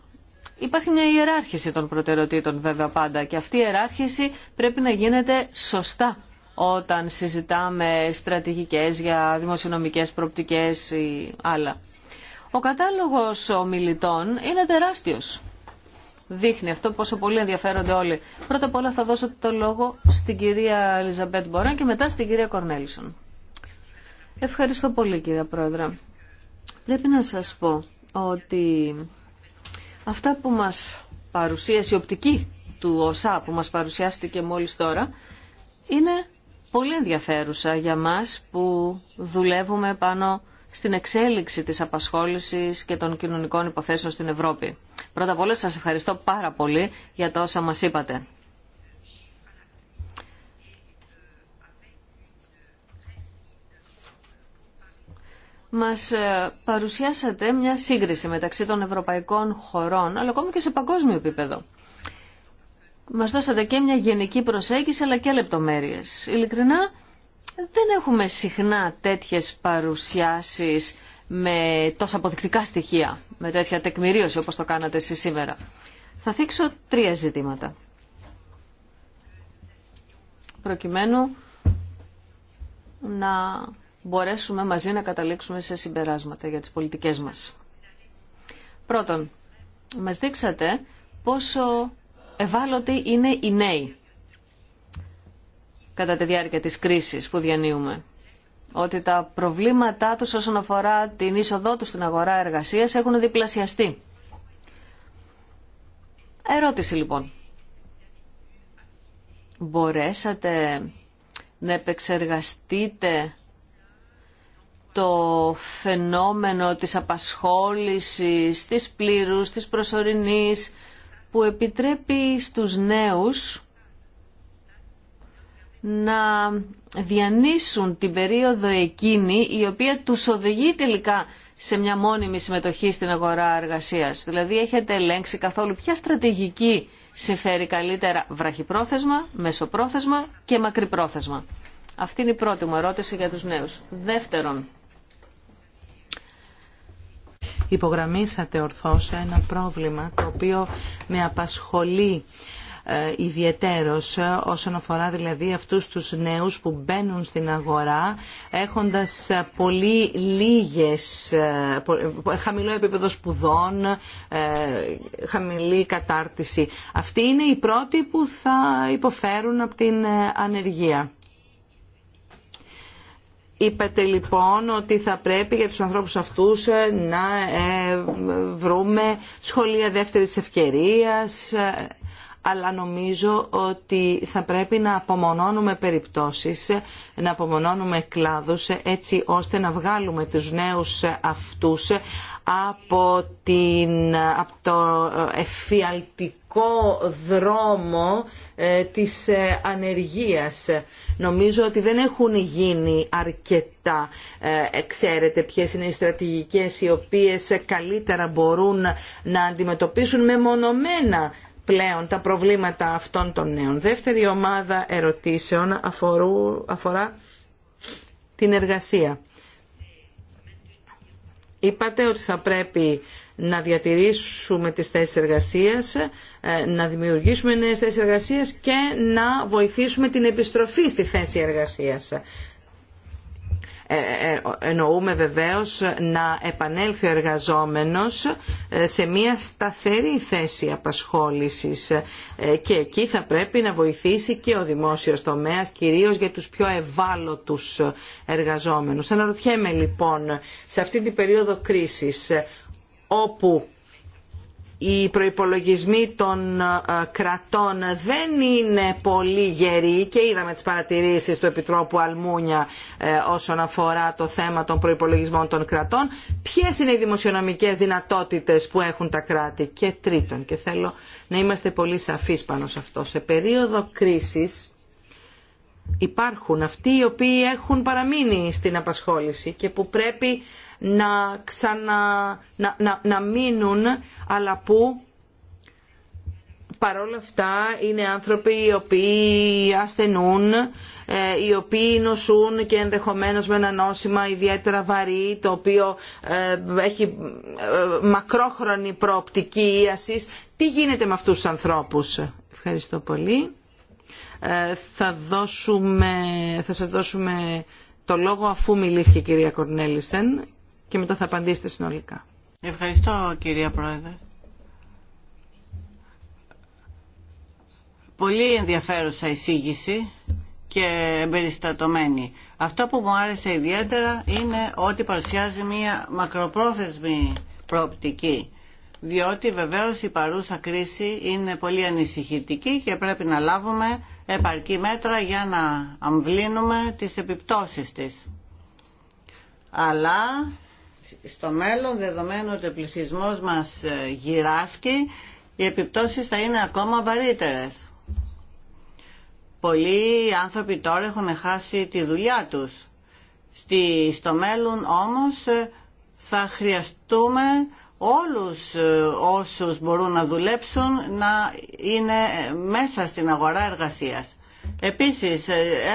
Υπάρχει μια ιεράρχηση των προτεραιοτήτων βέβαια πάντα και αυτή η ιεράρχηση πρέπει να γίνεται σωστά όταν συζητάμε στρατηγικές για δημοσιονομικές προοπτικές ή άλλα. Ο κατάλογος ομιλητών είναι τεράστιος. Δείχνει αυτό πόσο πολύ ενδιαφέρονται όλοι. Πρώτα απ' όλα θα δώσω το λόγο στην κυρία Ελιζαμπέτ Μπορά και μετά στην κυρία Κορνέλισον. Ευχαριστώ πολύ κυρία Πρόεδρε. Πρέπει να σας πω ότι αυτά που μας παρουσίασε η οπτική του ΟΣΑ που μας παρουσιάστηκε μόλις τώρα είναι πολύ ενδιαφέρουσα για μας που δουλεύουμε πάνω στην εξέλιξη της απασχόλησης και των κοινωνικών υποθέσεων στην Ευρώπη. Πρώτα απ' όλα σας ευχαριστώ πάρα πολύ για τα όσα μας είπατε. Μας ε, παρουσιάσατε μια σύγκριση μεταξύ των ευρωπαϊκών χωρών, αλλά ακόμα και σε παγκόσμιο επίπεδο. Μας δώσατε και μια γενική προσέγγιση, αλλά και λεπτομέρειες. Ειλικρινά, δεν έχουμε συχνά τέτοιες παρουσιάσεις με τόσα αποδεικτικά στοιχεία, με τέτοια τεκμηρίωση όπως το κάνατε εσείς σήμερα. Θα θίξω τρία ζητήματα. Προκειμένου να μπορέσουμε μαζί να καταλήξουμε σε συμπεράσματα για τις πολιτικές μας. Πρώτον, μας δείξατε πόσο ευάλωτοι είναι οι νέοι κατά τη διάρκεια της κρίσης που διανύουμε. Ότι τα προβλήματά τους όσον αφορά την είσοδό τους στην αγορά εργασίας έχουν διπλασιαστεί. Ερώτηση λοιπόν. Μπορέσατε να επεξεργαστείτε το φαινόμενο της απασχόλησης, της πλήρους, της προσωρινής, που επιτρέπει στους νέους να διανύσουν την περίοδο εκείνη η οποία τους οδηγεί τελικά σε μια μόνιμη συμμετοχή στην αγορά εργασίας. Δηλαδή έχετε ελέγξει καθόλου ποια στρατηγική συμφέρει καλύτερα βραχυπρόθεσμα, μεσοπρόθεσμα και μακρυπρόθεσμα. Αυτή είναι η πρώτη μου ερώτηση για τους νέους. Δεύτερον, υπογραμμίσατε ορθώς ένα πρόβλημα το οποίο με απασχολεί ε, ιδιαιτέρως ε, όσον αφορά δηλαδή αυτούς τους νέους που μπαίνουν στην αγορά έχοντας ε, πολύ λίγες, χαμηλό επίπεδο σπουδών, χαμηλή κατάρτιση. Αυτοί είναι οι πρώτοι που θα υποφέρουν από την ανεργία. Είπατε λοιπόν ότι θα πρέπει για τους ανθρώπους αυτούς να βρούμε σχολεία δεύτερης ευκαιρίας, αλλά νομίζω ότι θα πρέπει να απομονώνουμε περιπτώσεις, να απομονώνουμε κλάδους έτσι ώστε να βγάλουμε τους νέους αυτούς από, την, από το εφιαλτικό δρόμο ε, της ε, ανεργίας. Νομίζω ότι δεν έχουν γίνει αρκετά. Ε, ξέρετε ποιες είναι οι στρατηγικές οι οποίες καλύτερα μπορούν να αντιμετωπίσουν μεμονωμένα πλέον τα προβλήματα αυτών των νέων. Δεύτερη ομάδα ερωτήσεων αφορού, αφορά την εργασία. Είπατε ότι θα πρέπει να διατηρήσουμε τις θέσεις εργασίας, ε, να δημιουργήσουμε νέες θέσεις εργασίας και να βοηθήσουμε την επιστροφή στη θέση εργασίας. Ε, ε, εννοούμε βεβαίως να επανέλθει ο εργαζόμενος ε, σε μια σταθερή θέση απασχόλησης και εκεί θα πρέπει να βοηθήσει και ο δημόσιος τομέας κυρίως για τους πιο ευάλωτους εργαζόμενους. Αναρωτιέμαι λοιπόν σε αυτή την περίοδο κρίσης όπου οι προϋπολογισμοί των ε, κρατών δεν είναι πολύ γεροί και είδαμε τις παρατηρήσεις του Επιτρόπου Αλμούνια ε, όσον αφορά το θέμα των προϋπολογισμών των κρατών. Ποιες είναι οι δημοσιονομικές δυνατότητες που έχουν τα κράτη και τρίτον και θέλω να είμαστε πολύ σαφείς πάνω σε αυτό. Σε περίοδο κρίσης υπάρχουν αυτοί οι οποίοι έχουν παραμείνει στην απασχόληση και που πρέπει να, ξανα, να, να, να μείνουν, αλλά που παρόλα αυτά είναι άνθρωποι οι οποίοι ασθενούν, ε, οι οποίοι νοσούν και ενδεχομένως με ένα νόσημα ιδιαίτερα βαρύ, το οποίο ε, έχει ε, μακρόχρονη προοπτική ίασης. Τι γίνεται με αυτούς τους ανθρώπους. Ευχαριστώ πολύ. θα, δώσουμε, θα σας δώσουμε το λόγο αφού μιλήσει και η κυρία Κορνέλισεν και μετά θα απαντήσετε συνολικά. Ευχαριστώ κυρία Πρόεδρε. Πολύ ενδιαφέρουσα εισήγηση και εμπεριστατωμένη. Αυτό που μου άρεσε ιδιαίτερα είναι ότι παρουσιάζει μια μακροπρόθεσμη προοπτική διότι βεβαίως η παρούσα κρίση είναι πολύ ανησυχητική και πρέπει να λάβουμε επαρκή μέτρα για να αμβλύνουμε τις επιπτώσεις της. Αλλά στο μέλλον, δεδομένου ότι ο μας ε, γυράσκει, οι επιπτώσεις θα είναι ακόμα βαρύτερες. Πολλοί άνθρωποι τώρα έχουν χάσει τη δουλειά τους. Στη, στο μέλλον όμως ε, θα χρειαστούμε όλους ε, όσους μπορούν να δουλέψουν να είναι μέσα στην αγορά εργασίας. Επίσης,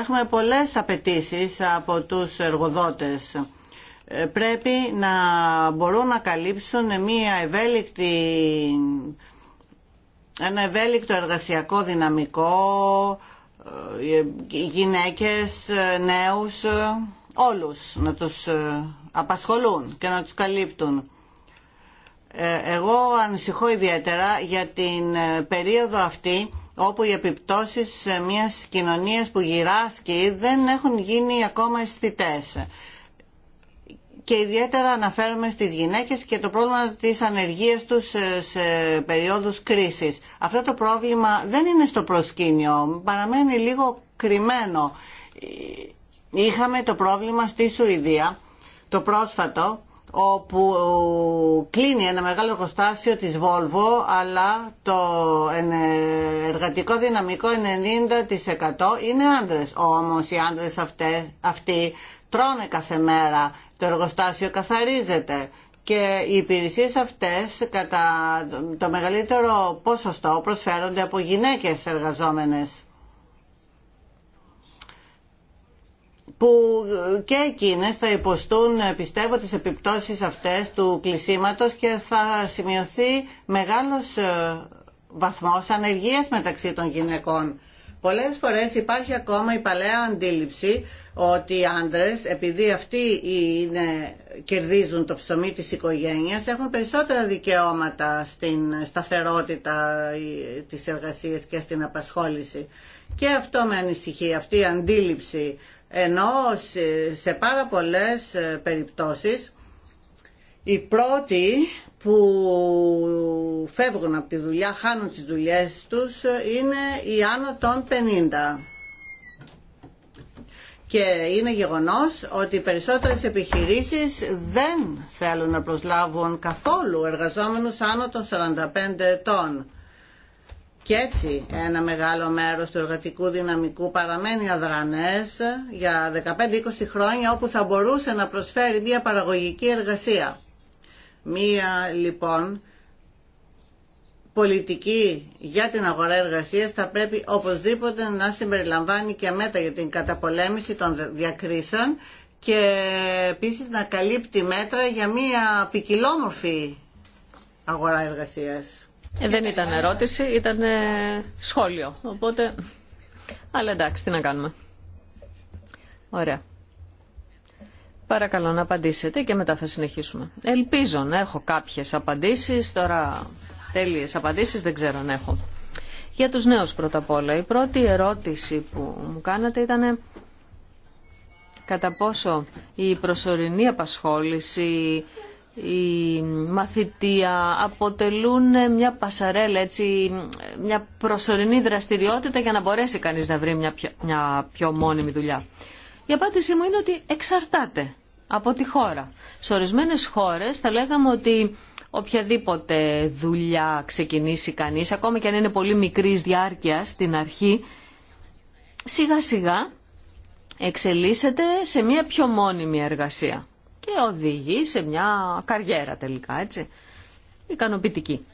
έχουμε πολλές απαιτήσεις από τους εργοδότες πρέπει να μπορούν να καλύψουν μια ευέλικτη, ένα ευέλικτο εργασιακό δυναμικό, ε, γυναίκες, ε, νέους, ε, όλους να τους απασχολούν και να τους καλύπτουν. Εγώ ανησυχώ ιδιαίτερα για την περίοδο αυτή όπου οι επιπτώσεις μιας κοινωνίας που γυράσκει δεν έχουν γίνει ακόμα αισθητές και ιδιαίτερα αναφέρομαι στις γυναίκες και το πρόβλημα της ανεργίας τους σε περίοδους κρίσης. Αυτό το πρόβλημα δεν είναι στο προσκήνιο, παραμένει λίγο κρυμμένο. Είχαμε το πρόβλημα στη Σουηδία, το πρόσφατο, όπου κλείνει ένα μεγάλο εργοστάσιο της Volvo, αλλά το εργατικό δυναμικό 90% είναι άντρες. Όμως οι άντρες αυτοί τρώνε κάθε μέρα το εργοστάσιο καθαρίζεται και οι υπηρεσίες αυτές κατά το μεγαλύτερο ποσοστό προσφέρονται από γυναίκες εργαζόμενες που και εκείνες θα υποστούν πιστεύω τις επιπτώσεις αυτές του κλεισίματος και θα σημειωθεί μεγάλος ε, βαθμός ανεργίας μεταξύ των γυναικών. Πολλές φορές υπάρχει ακόμα η παλαιά αντίληψη ότι οι άντρες, επειδή αυτοί είναι, κερδίζουν το ψωμί της οικογένειας, έχουν περισσότερα δικαιώματα στην σταθερότητα ε, της εργασίας και στην απασχόληση. Και αυτό με ανησυχεί, αυτή η αντίληψη. Ενώ σε πάρα πολλές ε, περιπτώσεις η πρώτη που φεύγουν από τη δουλειά, χάνουν τις δουλειές τους, είναι οι άνω των 50. Και είναι γεγονός ότι οι περισσότερες επιχειρήσεις δεν θέλουν να προσλάβουν καθόλου εργαζόμενους άνω των 45 ετών. Και έτσι ένα μεγάλο μέρος του εργατικού δυναμικού παραμένει αδρανές για 15-20 χρόνια όπου θα μπορούσε να προσφέρει μια παραγωγική εργασία. Μία λοιπόν πολιτική για την αγορά εργασίας θα πρέπει οπωσδήποτε να συμπεριλαμβάνει και μέτα για την καταπολέμηση των διακρίσεων και επίσης να καλύπτει μέτρα για μία ποικιλόμορφη αγορά εργασίας. Ε, δεν ήταν ερώτηση, ήταν ε, σχόλιο. Οπότε, αλλά εντάξει, τι να κάνουμε. Ωραία. Παρακαλώ να απαντήσετε και μετά θα συνεχίσουμε. Ελπίζω να έχω κάποιες απαντήσεις, τώρα τέλειες απαντήσεις δεν ξέρω αν έχω. Για τους νέους πρώτα απ' όλα. Η πρώτη ερώτηση που μου κάνατε ήταν κατά πόσο η προσωρινή απασχόληση, η μαθητεία αποτελούν μια πασαρέλα, έτσι, μια προσωρινή δραστηριότητα για να μπορέσει κανείς να βρει μια πιο, μια πιο μόνιμη δουλειά. Η απάντησή μου είναι ότι εξαρτάται από τη χώρα. Σε ορισμένε χώρες θα λέγαμε ότι οποιαδήποτε δουλειά ξεκινήσει κανείς, ακόμα και αν είναι πολύ μικρής διάρκεια στην αρχή, σιγά σιγά εξελίσσεται σε μια πιο μόνιμη εργασία και οδηγεί σε μια καριέρα τελικά, έτσι, ικανοποιητική.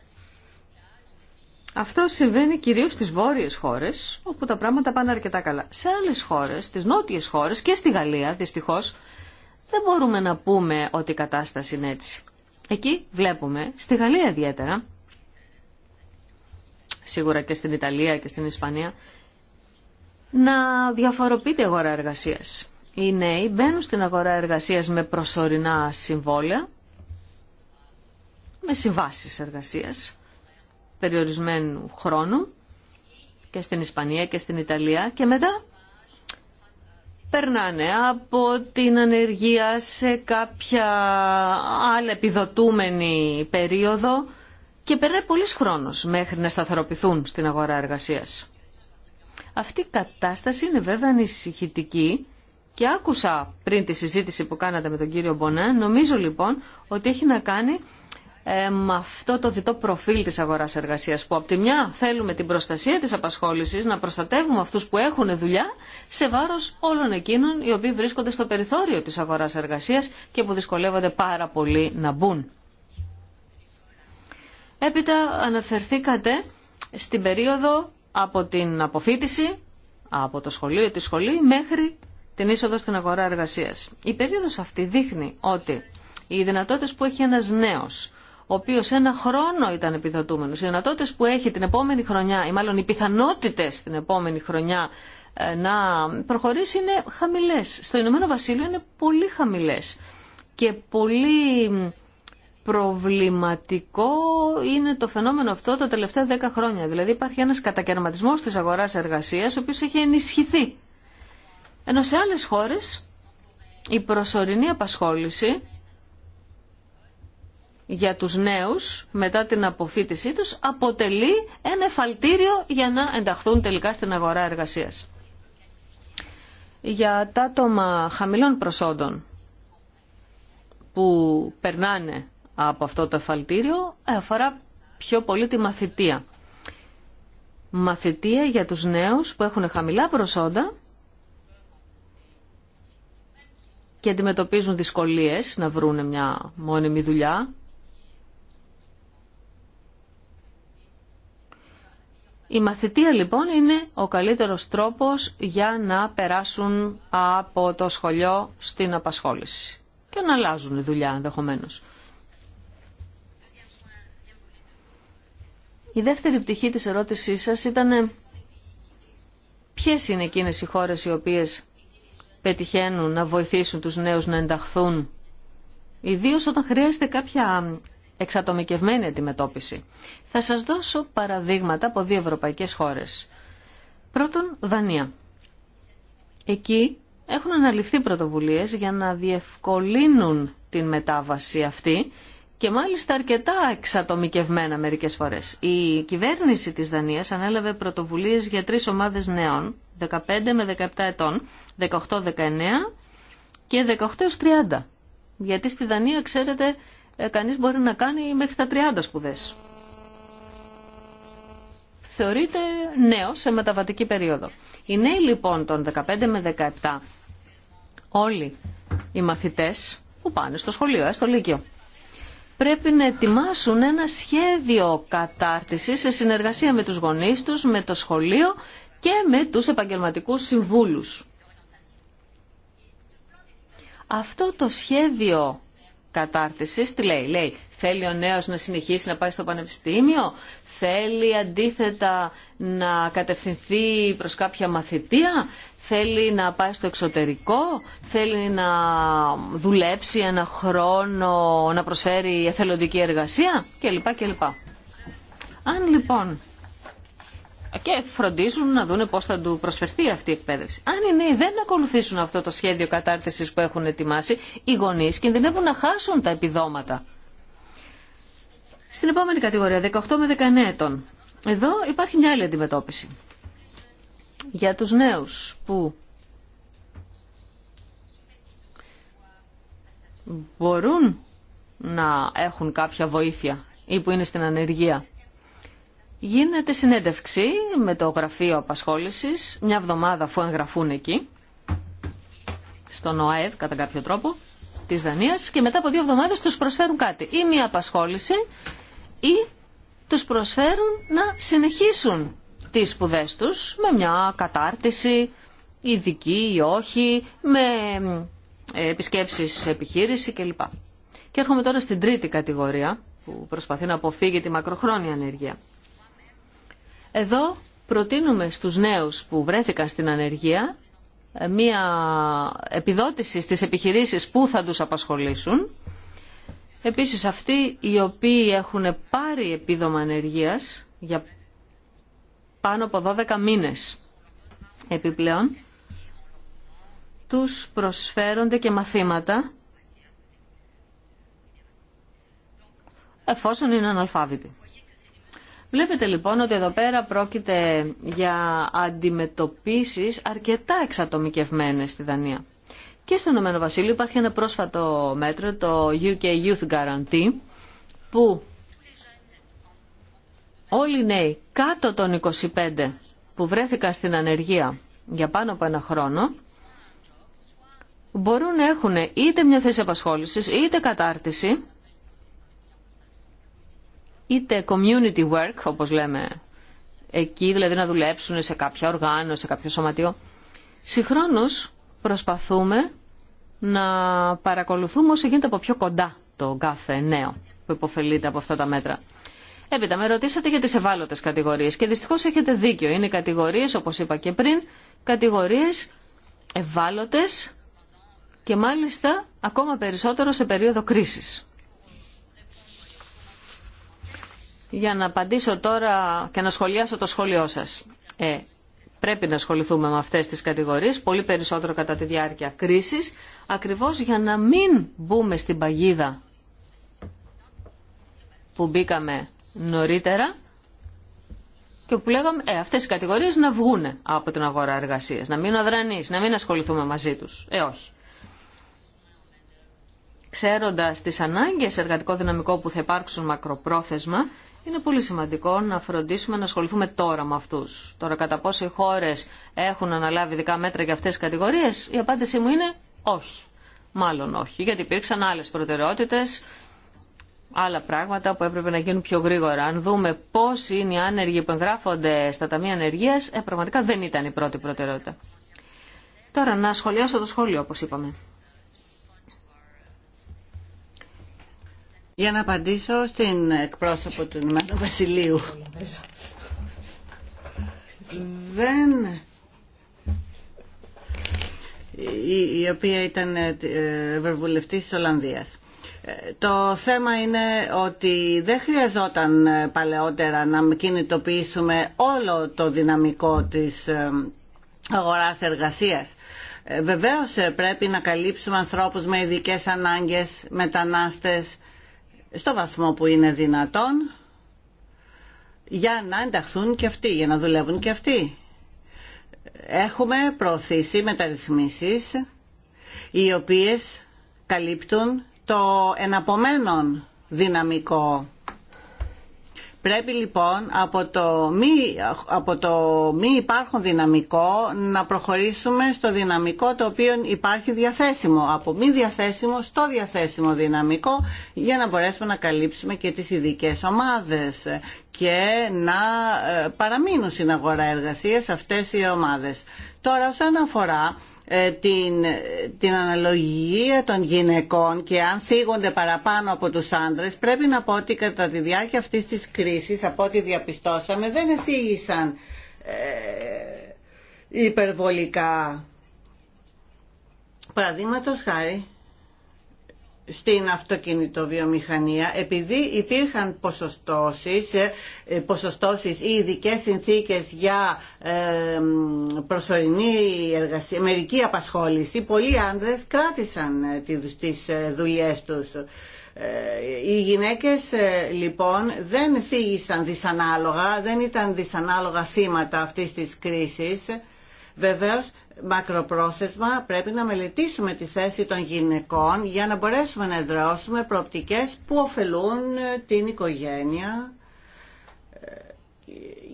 Αυτό συμβαίνει κυρίως στις βόρειες χώρες, όπου τα πράγματα πάνε αρκετά καλά. Σε άλλες χώρες, στις νότιες χώρες και στη Γαλλία, δυστυχώς, δεν μπορούμε να πούμε ότι η κατάσταση είναι έτσι. Εκεί βλέπουμε, στη Γαλλία ιδιαίτερα, σίγουρα και στην Ιταλία και στην Ισπανία, να διαφοροποιείται η αγορά εργασίας. Οι νέοι μπαίνουν στην αγορά εργασίας με προσωρινά συμβόλαια, με συμβάσεις εργασίας, περιορισμένου χρόνου και στην Ισπανία και στην Ιταλία και μετά περνάνε από την ανεργία σε κάποια άλλη επιδοτούμενη περίοδο και περνάει πολύς χρόνο μέχρι να σταθεροποιηθούν στην αγορά εργασία. Αυτή η κατάσταση είναι βέβαια ανησυχητική και άκουσα πριν τη συζήτηση που κάνατε με τον κύριο Μπονέ, νομίζω λοιπόν ότι έχει να κάνει ε, με αυτό το διτό προφίλ της αγοράς εργασίας που από τη μια θέλουμε την προστασία της απασχόλησης, να προστατεύουμε αυτούς που έχουν δουλειά σε βάρος όλων εκείνων οι οποίοι βρίσκονται στο περιθώριο της αγοράς εργασίας και που δυσκολεύονται πάρα πολύ να μπουν. Έπειτα αναφερθήκατε στην περίοδο από την αποφύτιση, από το σχολείο ή τη σχολή, μέχρι την είσοδο στην αγορά εργασίας. περίοδος αυτή δείχνει ότι οι δυνατότητες που έχει ένας νέος ο οποίο ένα χρόνο ήταν επιδοτούμενο. οι δυνατότητε που έχει την επόμενη χρονιά, ή μάλλον οι πιθανότητες την επόμενη χρονιά ε, να προχωρήσει είναι χαμηλές. Στο Ηνωμένο Βασίλειο είναι πολύ χαμηλές και πολύ προβληματικό είναι το φαινόμενο αυτό τα τελευταία 10 χρόνια. Δηλαδή υπάρχει ένας κατακαιρματισμός της αγοράς εργασίας ο οποίος έχει ενισχυθεί. Ενώ σε άλλες χώρες η μαλλον οι πιθανότητε την επομενη χρονια να προχωρησει ειναι χαμηλέ. στο ηνωμενο βασιλειο ειναι πολυ χαμηλέ και πολυ προβληματικο ειναι το φαινομενο αυτο απασχόληση για τους νέους μετά την αποφύτισή τους αποτελεί ένα εφαλτήριο για να ενταχθούν τελικά στην αγορά εργασίας. Για τα άτομα χαμηλών προσόντων που περνάνε από αυτό το εφαλτήριο ε, αφορά πιο πολύ τη μαθητεία. Μαθητεία για τους νέους που έχουν χαμηλά προσόντα και αντιμετωπίζουν δυσκολίες να βρουν μια μόνιμη δουλειά Η μαθητεία λοιπόν είναι ο καλύτερος τρόπος για να περάσουν από το σχολείο στην απασχόληση και να αλλάζουν δουλειά ενδεχομένω. Η δεύτερη πτυχή της ερώτησής σας ήταν ποιες είναι εκείνες οι χώρες οι οποίες πετυχαίνουν να βοηθήσουν τους νέους να ενταχθούν, ιδίως όταν χρειάζεται κάποια εξατομικευμένη αντιμετώπιση. Θα σας δώσω παραδείγματα από δύο ευρωπαϊκές χώρες. Πρώτον, Δανία. Εκεί έχουν αναλυφθεί πρωτοβουλίες για να διευκολύνουν την μετάβαση αυτή και μάλιστα αρκετά εξατομικευμένα μερικές φορές. Η κυβέρνηση της Δανίας ανέλαβε πρωτοβουλίες για τρεις ομάδες νέων, 15 με 17 ετών, 18-19 και 18-30. Γιατί στη Δανία, ξέρετε, ε, κανείς μπορεί να κάνει μέχρι τα 30 σπουδές. Θεωρείται νέο σε μεταβατική περίοδο. Οι νέοι λοιπόν των 15 με 17, όλοι οι μαθητές που πάνε στο σχολείο, ε, στο Λύκειο, πρέπει να ετοιμάσουν ένα σχέδιο κατάρτισης σε συνεργασία με τους γονείς τους, με το σχολείο και με τους επαγγελματικούς συμβούλους. Αυτό το σχέδιο κατάρτισης τι λέει. Λέει θέλει ο νέος να συνεχίσει να πάει στο πανεπιστήμιο, θέλει αντίθετα να κατευθυνθεί προς κάποια μαθητεία, θέλει να πάει στο εξωτερικό, θέλει να δουλέψει ένα χρόνο, να προσφέρει εθελοντική εργασία κλπ. Αν λοιπόν και φροντίζουν να δούνε πώς θα του προσφερθεί αυτή η εκπαίδευση. Αν οι νέοι δεν ακολουθήσουν αυτό το σχέδιο κατάρτισης που έχουν ετοιμάσει, οι γονείς κινδυνεύουν να χάσουν τα επιδόματα. Στην επόμενη κατηγορία, 18 με 19 ετών, εδώ υπάρχει μια άλλη αντιμετώπιση. Για τους νέους που μπορούν να έχουν κάποια βοήθεια ή που είναι στην ανεργία γίνεται συνέντευξη με το γραφείο απασχόλησης μια εβδομάδα αφού εγγραφούν εκεί στον ΟΑΕΒ κατά κάποιο τρόπο της Δανίας και μετά από δύο εβδομάδες τους προσφέρουν κάτι ή μια απασχόληση ή τους προσφέρουν να συνεχίσουν τις σπουδέ τους με μια κατάρτιση ειδική ή όχι με ε, επισκέψεις σε επιχείρηση κλπ. Και έρχομαι τώρα στην τρίτη κατηγορία που προσπαθεί να αποφύγει τη μακροχρόνια ανεργία. Εδώ προτείνουμε στους νέους που βρέθηκαν στην ανεργία ε, μία επιδότηση στις επιχειρήσεις που θα τους απασχολήσουν. Επίσης αυτοί οι οποίοι έχουν πάρει επίδομα ανεργίας για πάνω από 12 μήνες επιπλέον, τους προσφέρονται και μαθήματα εφόσον είναι αναλφάβητοι. Βλέπετε λοιπόν ότι εδώ πέρα πρόκειται για αντιμετωπίσεις αρκετά εξατομικευμένες στη Δανία. Και στο Ηνωμένο Βασίλειο υπάρχει ένα πρόσφατο μέτρο, το UK Youth Guarantee, που όλοι οι νέοι κάτω των 25 που βρέθηκαν στην ανεργία για πάνω από ένα χρόνο, μπορούν να έχουν είτε μια θέση απασχόλησης, είτε κατάρτιση, είτε community work, όπως λέμε εκεί, δηλαδή να δουλέψουν σε κάποια οργάνωση, σε κάποιο σωματείο. Συγχρόνως προσπαθούμε να παρακολουθούμε όσο γίνεται από πιο κοντά το κάθε νέο που υποφελείται από αυτά τα μέτρα. Έπειτα με ρωτήσατε για τις ευάλωτες κατηγορίες και δυστυχώς έχετε δίκιο. Είναι κατηγορίες, όπως είπα και πριν, κατηγορίες ευάλωτες και μάλιστα ακόμα περισσότερο σε περίοδο κρίσης. για να απαντήσω τώρα και να σχολιάσω το σχόλιο σας. Ε, πρέπει να ασχοληθούμε με αυτές τις κατηγορίες, πολύ περισσότερο κατά τη διάρκεια κρίσης, ακριβώς για να μην μπούμε στην παγίδα που μπήκαμε νωρίτερα και που λέγαμε ε, αυτές οι κατηγορίες να βγουν από την αγορά εργασίας, να μην αδρανείς, να μην ασχοληθούμε μαζί τους. Ε, όχι. Ξέροντας τις ανάγκες εργατικό δυναμικό που θα υπάρξουν μακροπρόθεσμα, είναι πολύ σημαντικό να φροντίσουμε να ασχοληθούμε τώρα με αυτού. Τώρα, κατά πόσο οι χώρε έχουν αναλάβει ειδικά μέτρα για αυτέ τι κατηγορίε, η απάντησή μου είναι όχι. Μάλλον όχι, γιατί υπήρξαν άλλε προτεραιότητε, άλλα πράγματα που έπρεπε να γίνουν πιο γρήγορα. Αν δούμε πώ είναι οι άνεργοι που εγγράφονται στα ταμεία ανεργία, ε, πραγματικά δεν ήταν η πρώτη προτεραιότητα. Τώρα, να σχολιάσω το σχόλιο, όπω είπαμε. για να απαντήσω στην εκπρόσωπο του Ηνωμένου Βασιλείου. Δεν η οποία ήταν ε, ευρωβουλευτή της Ολλανδίας. Ε, το θέμα είναι ότι δεν χρειαζόταν ε, παλαιότερα να κινητοποιήσουμε όλο το δυναμικό της αγοράς εργασίας. Βεβαίως πρέπει να καλύψουμε ανθρώπους με ειδικές ανάγκες, μετανάστες, στο βαθμό που είναι δυνατόν για να ενταχθούν και αυτοί, για να δουλεύουν και αυτοί. Έχουμε προωθήσει μεταρρυθμίσεις οι οποίες καλύπτουν το εναπομένον δυναμικό Πρέπει λοιπόν από το, μη, από το μη υπάρχον δυναμικό να προχωρήσουμε στο δυναμικό το οποίο υπάρχει διαθέσιμο, από μη διαθέσιμο στο διαθέσιμο δυναμικό για να μπορέσουμε να καλύψουμε και τις ειδικέ ομάδες και να ε, παραμείνουν στην αγορά εργασίας αυτές οι ομάδες. Τώρα όσον αφορά ε, την, αναλογία των γυναικών και αν σίγονται παραπάνω από τους άντρες πρέπει να πω ότι κατά τη διάρκεια αυτής της κρίσης από ό,τι διαπιστώσαμε δεν εσήγησαν ε, υπερβολικά. Παραδείγματο χάρη στην αυτοκινητοβιομηχανία επειδή υπήρχαν ποσοστώσεις, ε, ποσοστώσεις ή ειδικέ συνθήκες για ε, προσωρινή εργασία, μερική απασχόληση, πολλοί άνδρες κράτησαν ε, τις δουλειές τους. Οι γυναίκες λοιπόν δεν σήγησαν δυσανάλογα, δεν ήταν δυσανάλογα σήματα αυτής της κρίσης. Βεβαίως μακροπρόθεσμα πρέπει να μελετήσουμε τη θέση των γυναικών για να μπορέσουμε να εδραιώσουμε προοπτικές που ωφελούν ε, την οικογένεια ε,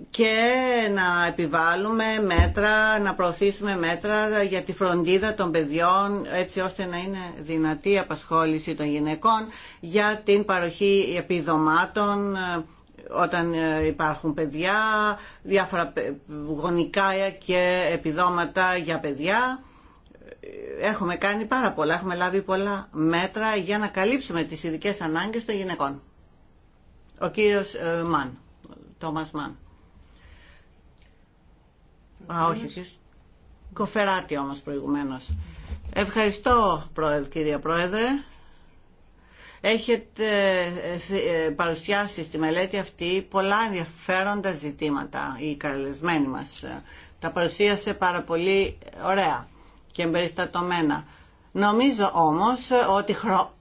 και να επιβάλλουμε μέτρα, να προωθήσουμε μέτρα για τη φροντίδα των παιδιών έτσι ώστε να είναι δυνατή η απασχόληση των γυναικών για την παροχή επιδομάτων ε, όταν ε, υπάρχουν παιδιά, διάφορα ε, γονικά και επιδόματα για παιδιά. Έχουμε κάνει πάρα πολλά, έχουμε λάβει πολλά μέτρα για να καλύψουμε τις ειδικέ ανάγκες των γυναικών. Ο κύριος ε, Μαν, Τόμας Μαν. Α, όχι, κύριος. Κοφεράτη όμως προηγουμένως. Ευχαριστώ, κυρία Πρόεδρε. Έχετε ε, ε, παρουσιάσει στη μελέτη αυτή πολλά ενδιαφέροντα ζητήματα η καλεσμένη μας. Ε, τα παρουσίασε πάρα πολύ ωραία και εμπεριστατωμένα. Νομίζω όμως ότι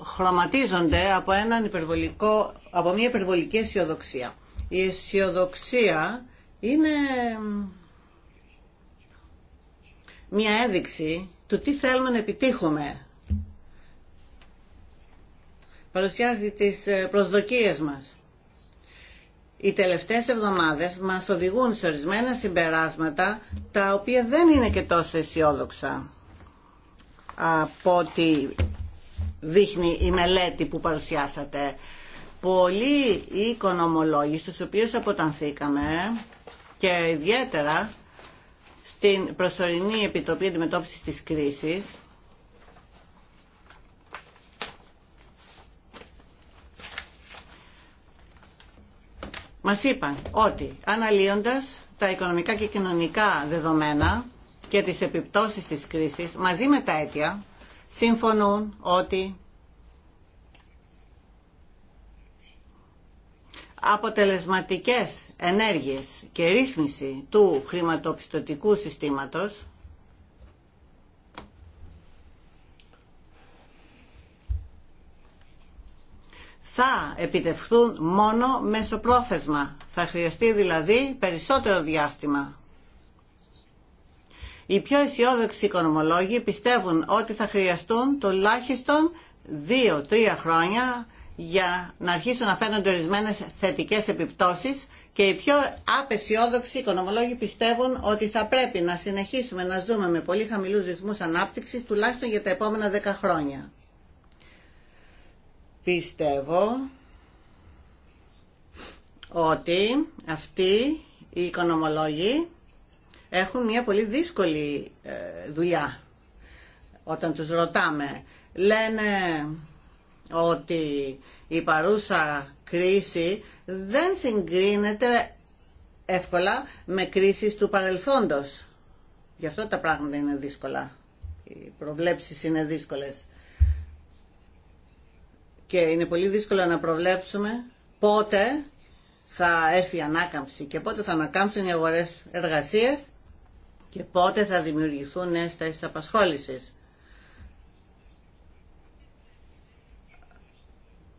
χρωματίζονται από, έναν υπερβολικό, από μια υπερβολική αισιοδοξία. Η αισιοδοξία είναι μια ένδειξη του τι θέλουμε να επιτύχουμε παρουσιάζει τις ε, προσδοκίες μας. Οι τελευταίες εβδομάδες μας οδηγούν σε ορισμένα συμπεράσματα τα οποία δεν είναι και τόσο αισιόδοξα από ό,τι δείχνει η μελέτη που παρουσιάσατε. Πολλοί οι οικονομολόγοι στους οποίους αποτανθήκαμε και ιδιαίτερα στην προσωρινή Επιτροπή Αντιμετώπισης της Κρίσης Μας είπαν ότι αναλύοντας τα οικονομικά και κοινωνικά δεδομένα και τις επιπτώσεις της κρίσης μαζί με τα αίτια συμφωνούν ότι αποτελεσματικές ενέργειες και ρύθμιση του χρηματοπιστωτικού συστήματος θα επιτευχθούν μόνο μεσοπρόθεσμα. Θα χρειαστεί δηλαδή περισσότερο διάστημα. Οι πιο αισιόδοξοι οικονομολόγοι πιστεύουν ότι θα χρειαστούν τουλάχιστον 2-3 χρόνια για να αρχίσουν να φαίνονται ορισμένε θετικές επιπτώσει και οι πιο απεσιόδοξοι οικονομολόγοι πιστεύουν ότι θα πρέπει να συνεχίσουμε να ζούμε με πολύ χαμηλού ρυθμού ανάπτυξη τουλάχιστον για τα επόμενα 10 χρόνια πιστεύω ότι αυτοί οι οικονομολόγοι έχουν μια πολύ δύσκολη ε, δουλειά όταν τους ρωτάμε. Λένε ότι η παρούσα κρίση δεν συγκρίνεται εύκολα με κρίσεις του παρελθόντος. Γι' αυτό τα πράγματα είναι δύσκολα. Οι προβλέψεις είναι δύσκολες και είναι πολύ δύσκολο να προβλέψουμε πότε θα έρθει η ανάκαμψη και πότε θα ανακάμψουν οι αγορές εργασίας και πότε θα δημιουργηθούν νέες θέσεις απασχόλησης.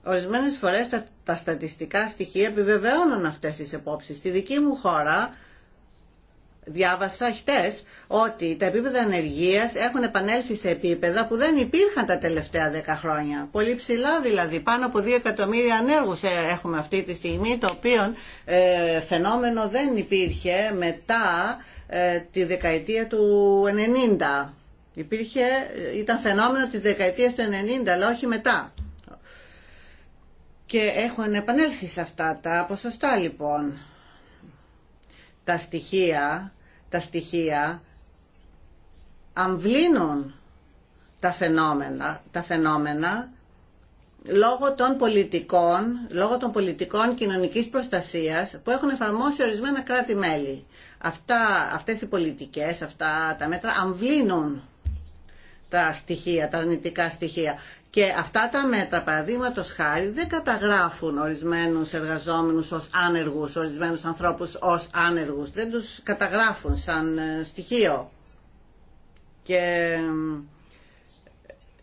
Ορισμένες φορές τα, τα στατιστικά στοιχεία επιβεβαιώνουν αυτές τις επόψεις. Στη δική μου χώρα διάβασα χτες ότι τα επίπεδα ανεργία έχουν επανέλθει σε επίπεδα που δεν υπήρχαν τα τελευταία 10 χρόνια. Πολύ ψηλά δηλαδή, πάνω από 2 εκατομμύρια ανέργου ε, έχουμε αυτή τη στιγμή, το οποίο ε, φαινόμενο δεν υπήρχε μετά ε, τη δεκαετία του 90. Υπήρχε, ε, ήταν φαινόμενο της δεκαετίας του 90, αλλά όχι μετά. Και έχουν επανέλθει σε αυτά τα ποσοστά λοιπόν τα στοιχεία τα στοιχεία αμβλύνουν τα φαινόμενα, τα φαινόμενα λόγω των πολιτικών, λόγω των πολιτικών κοινωνικής προστασίας που έχουν εφαρμόσει ορισμένα κράτη-μέλη. Αυτά, αυτές οι πολιτικές, αυτά τα μέτρα αμβλύνουν τα στοιχεία, τα αρνητικά στοιχεία. Και αυτά τα μέτρα, παραδείγματο χάρη, δεν καταγράφουν ορισμένου εργαζόμενου ω άνεργους, ορισμένου ανθρώπου ω άνεργου, Δεν τους καταγράφουν σαν ε, στοιχείο. Και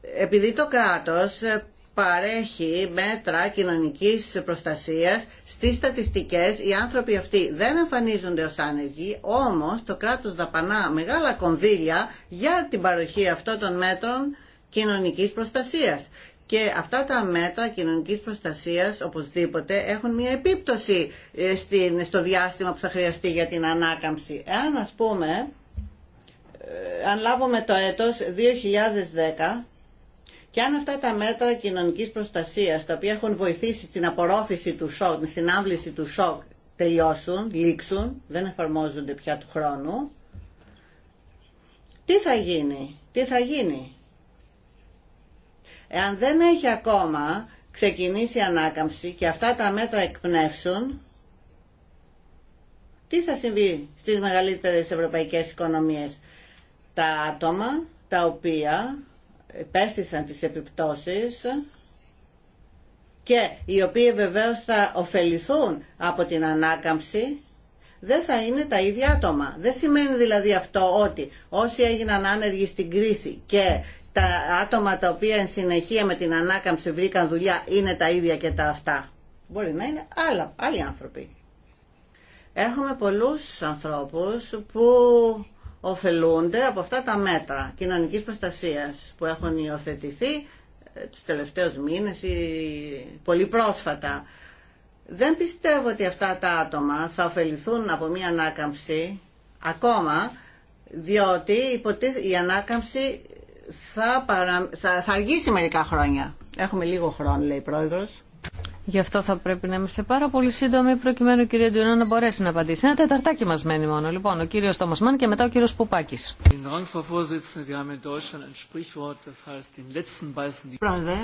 ε, επειδή το κράτος ε, παρέχει μέτρα κοινωνικής προστασίας στις στατιστικές οι άνθρωποι αυτοί δεν εμφανίζονται ως άνεργοι όμως το κράτος δαπανά μεγάλα κονδύλια για την παροχή αυτών των μέτρων κοινωνικής προστασίας. Και αυτά τα μέτρα κοινωνικής προστασίας οπωσδήποτε έχουν μια επίπτωση ε, στο διάστημα που θα χρειαστεί για την ανάκαμψη. Εάν ας πούμε, ε, αν λάβουμε το έτος 2010 και αν αυτά τα μέτρα κοινωνικής προστασίας τα οποία έχουν βοηθήσει στην απορρόφηση του σοκ, στην άμβληση του σοκ τελειώσουν, λήξουν, δεν εφαρμόζονται πια του χρόνου, τι θα γίνει, τι θα γίνει. Εάν δεν έχει ακόμα ξεκινήσει η ανάκαμψη και αυτά τα μέτρα εκπνεύσουν, τι θα συμβεί στις μεγαλύτερες ευρωπαϊκές οικονομίες. Τα άτομα τα οποία πέστησαν τις επιπτώσεις και οι οποίοι βεβαίως θα ωφεληθούν από την ανάκαμψη δεν θα είναι τα ίδια άτομα. Δεν σημαίνει δηλαδή αυτό ότι όσοι έγιναν άνεργοι στην κρίση και τα άτομα τα οποία εν συνεχεία με την ανάκαμψη βρήκαν δουλειά είναι τα ίδια και τα αυτά. Μπορεί να είναι άλλα, άλλοι άνθρωποι. Έχουμε πολλούς ανθρώπους που ωφελούνται από αυτά τα μέτρα κοινωνικής προστασίας που έχουν υιοθετηθεί ε, τους τελευταίους μήνες ή πολύ πρόσφατα. Δεν πιστεύω ότι αυτά τα άτομα θα ωφεληθούν από μια ανάκαμψη ακόμα διότι η ανάκαμψη θα, παρα... θα αργήσει μερικά χρόνια. Έχουμε λίγο χρόνο, λέει η Πρόεδρος. Γι' αυτό θα πρέπει να είμαστε πάρα πολύ σύντομοι, προκειμένου ο κυρία Ντιονό να μπορέσει να απαντήσει. Ένα τεταρτάκι μα μένει μόνο. Λοιπόν, ο κύριο Μαν και μετά ο κύριο Πουπάκη. Πρόεδρε,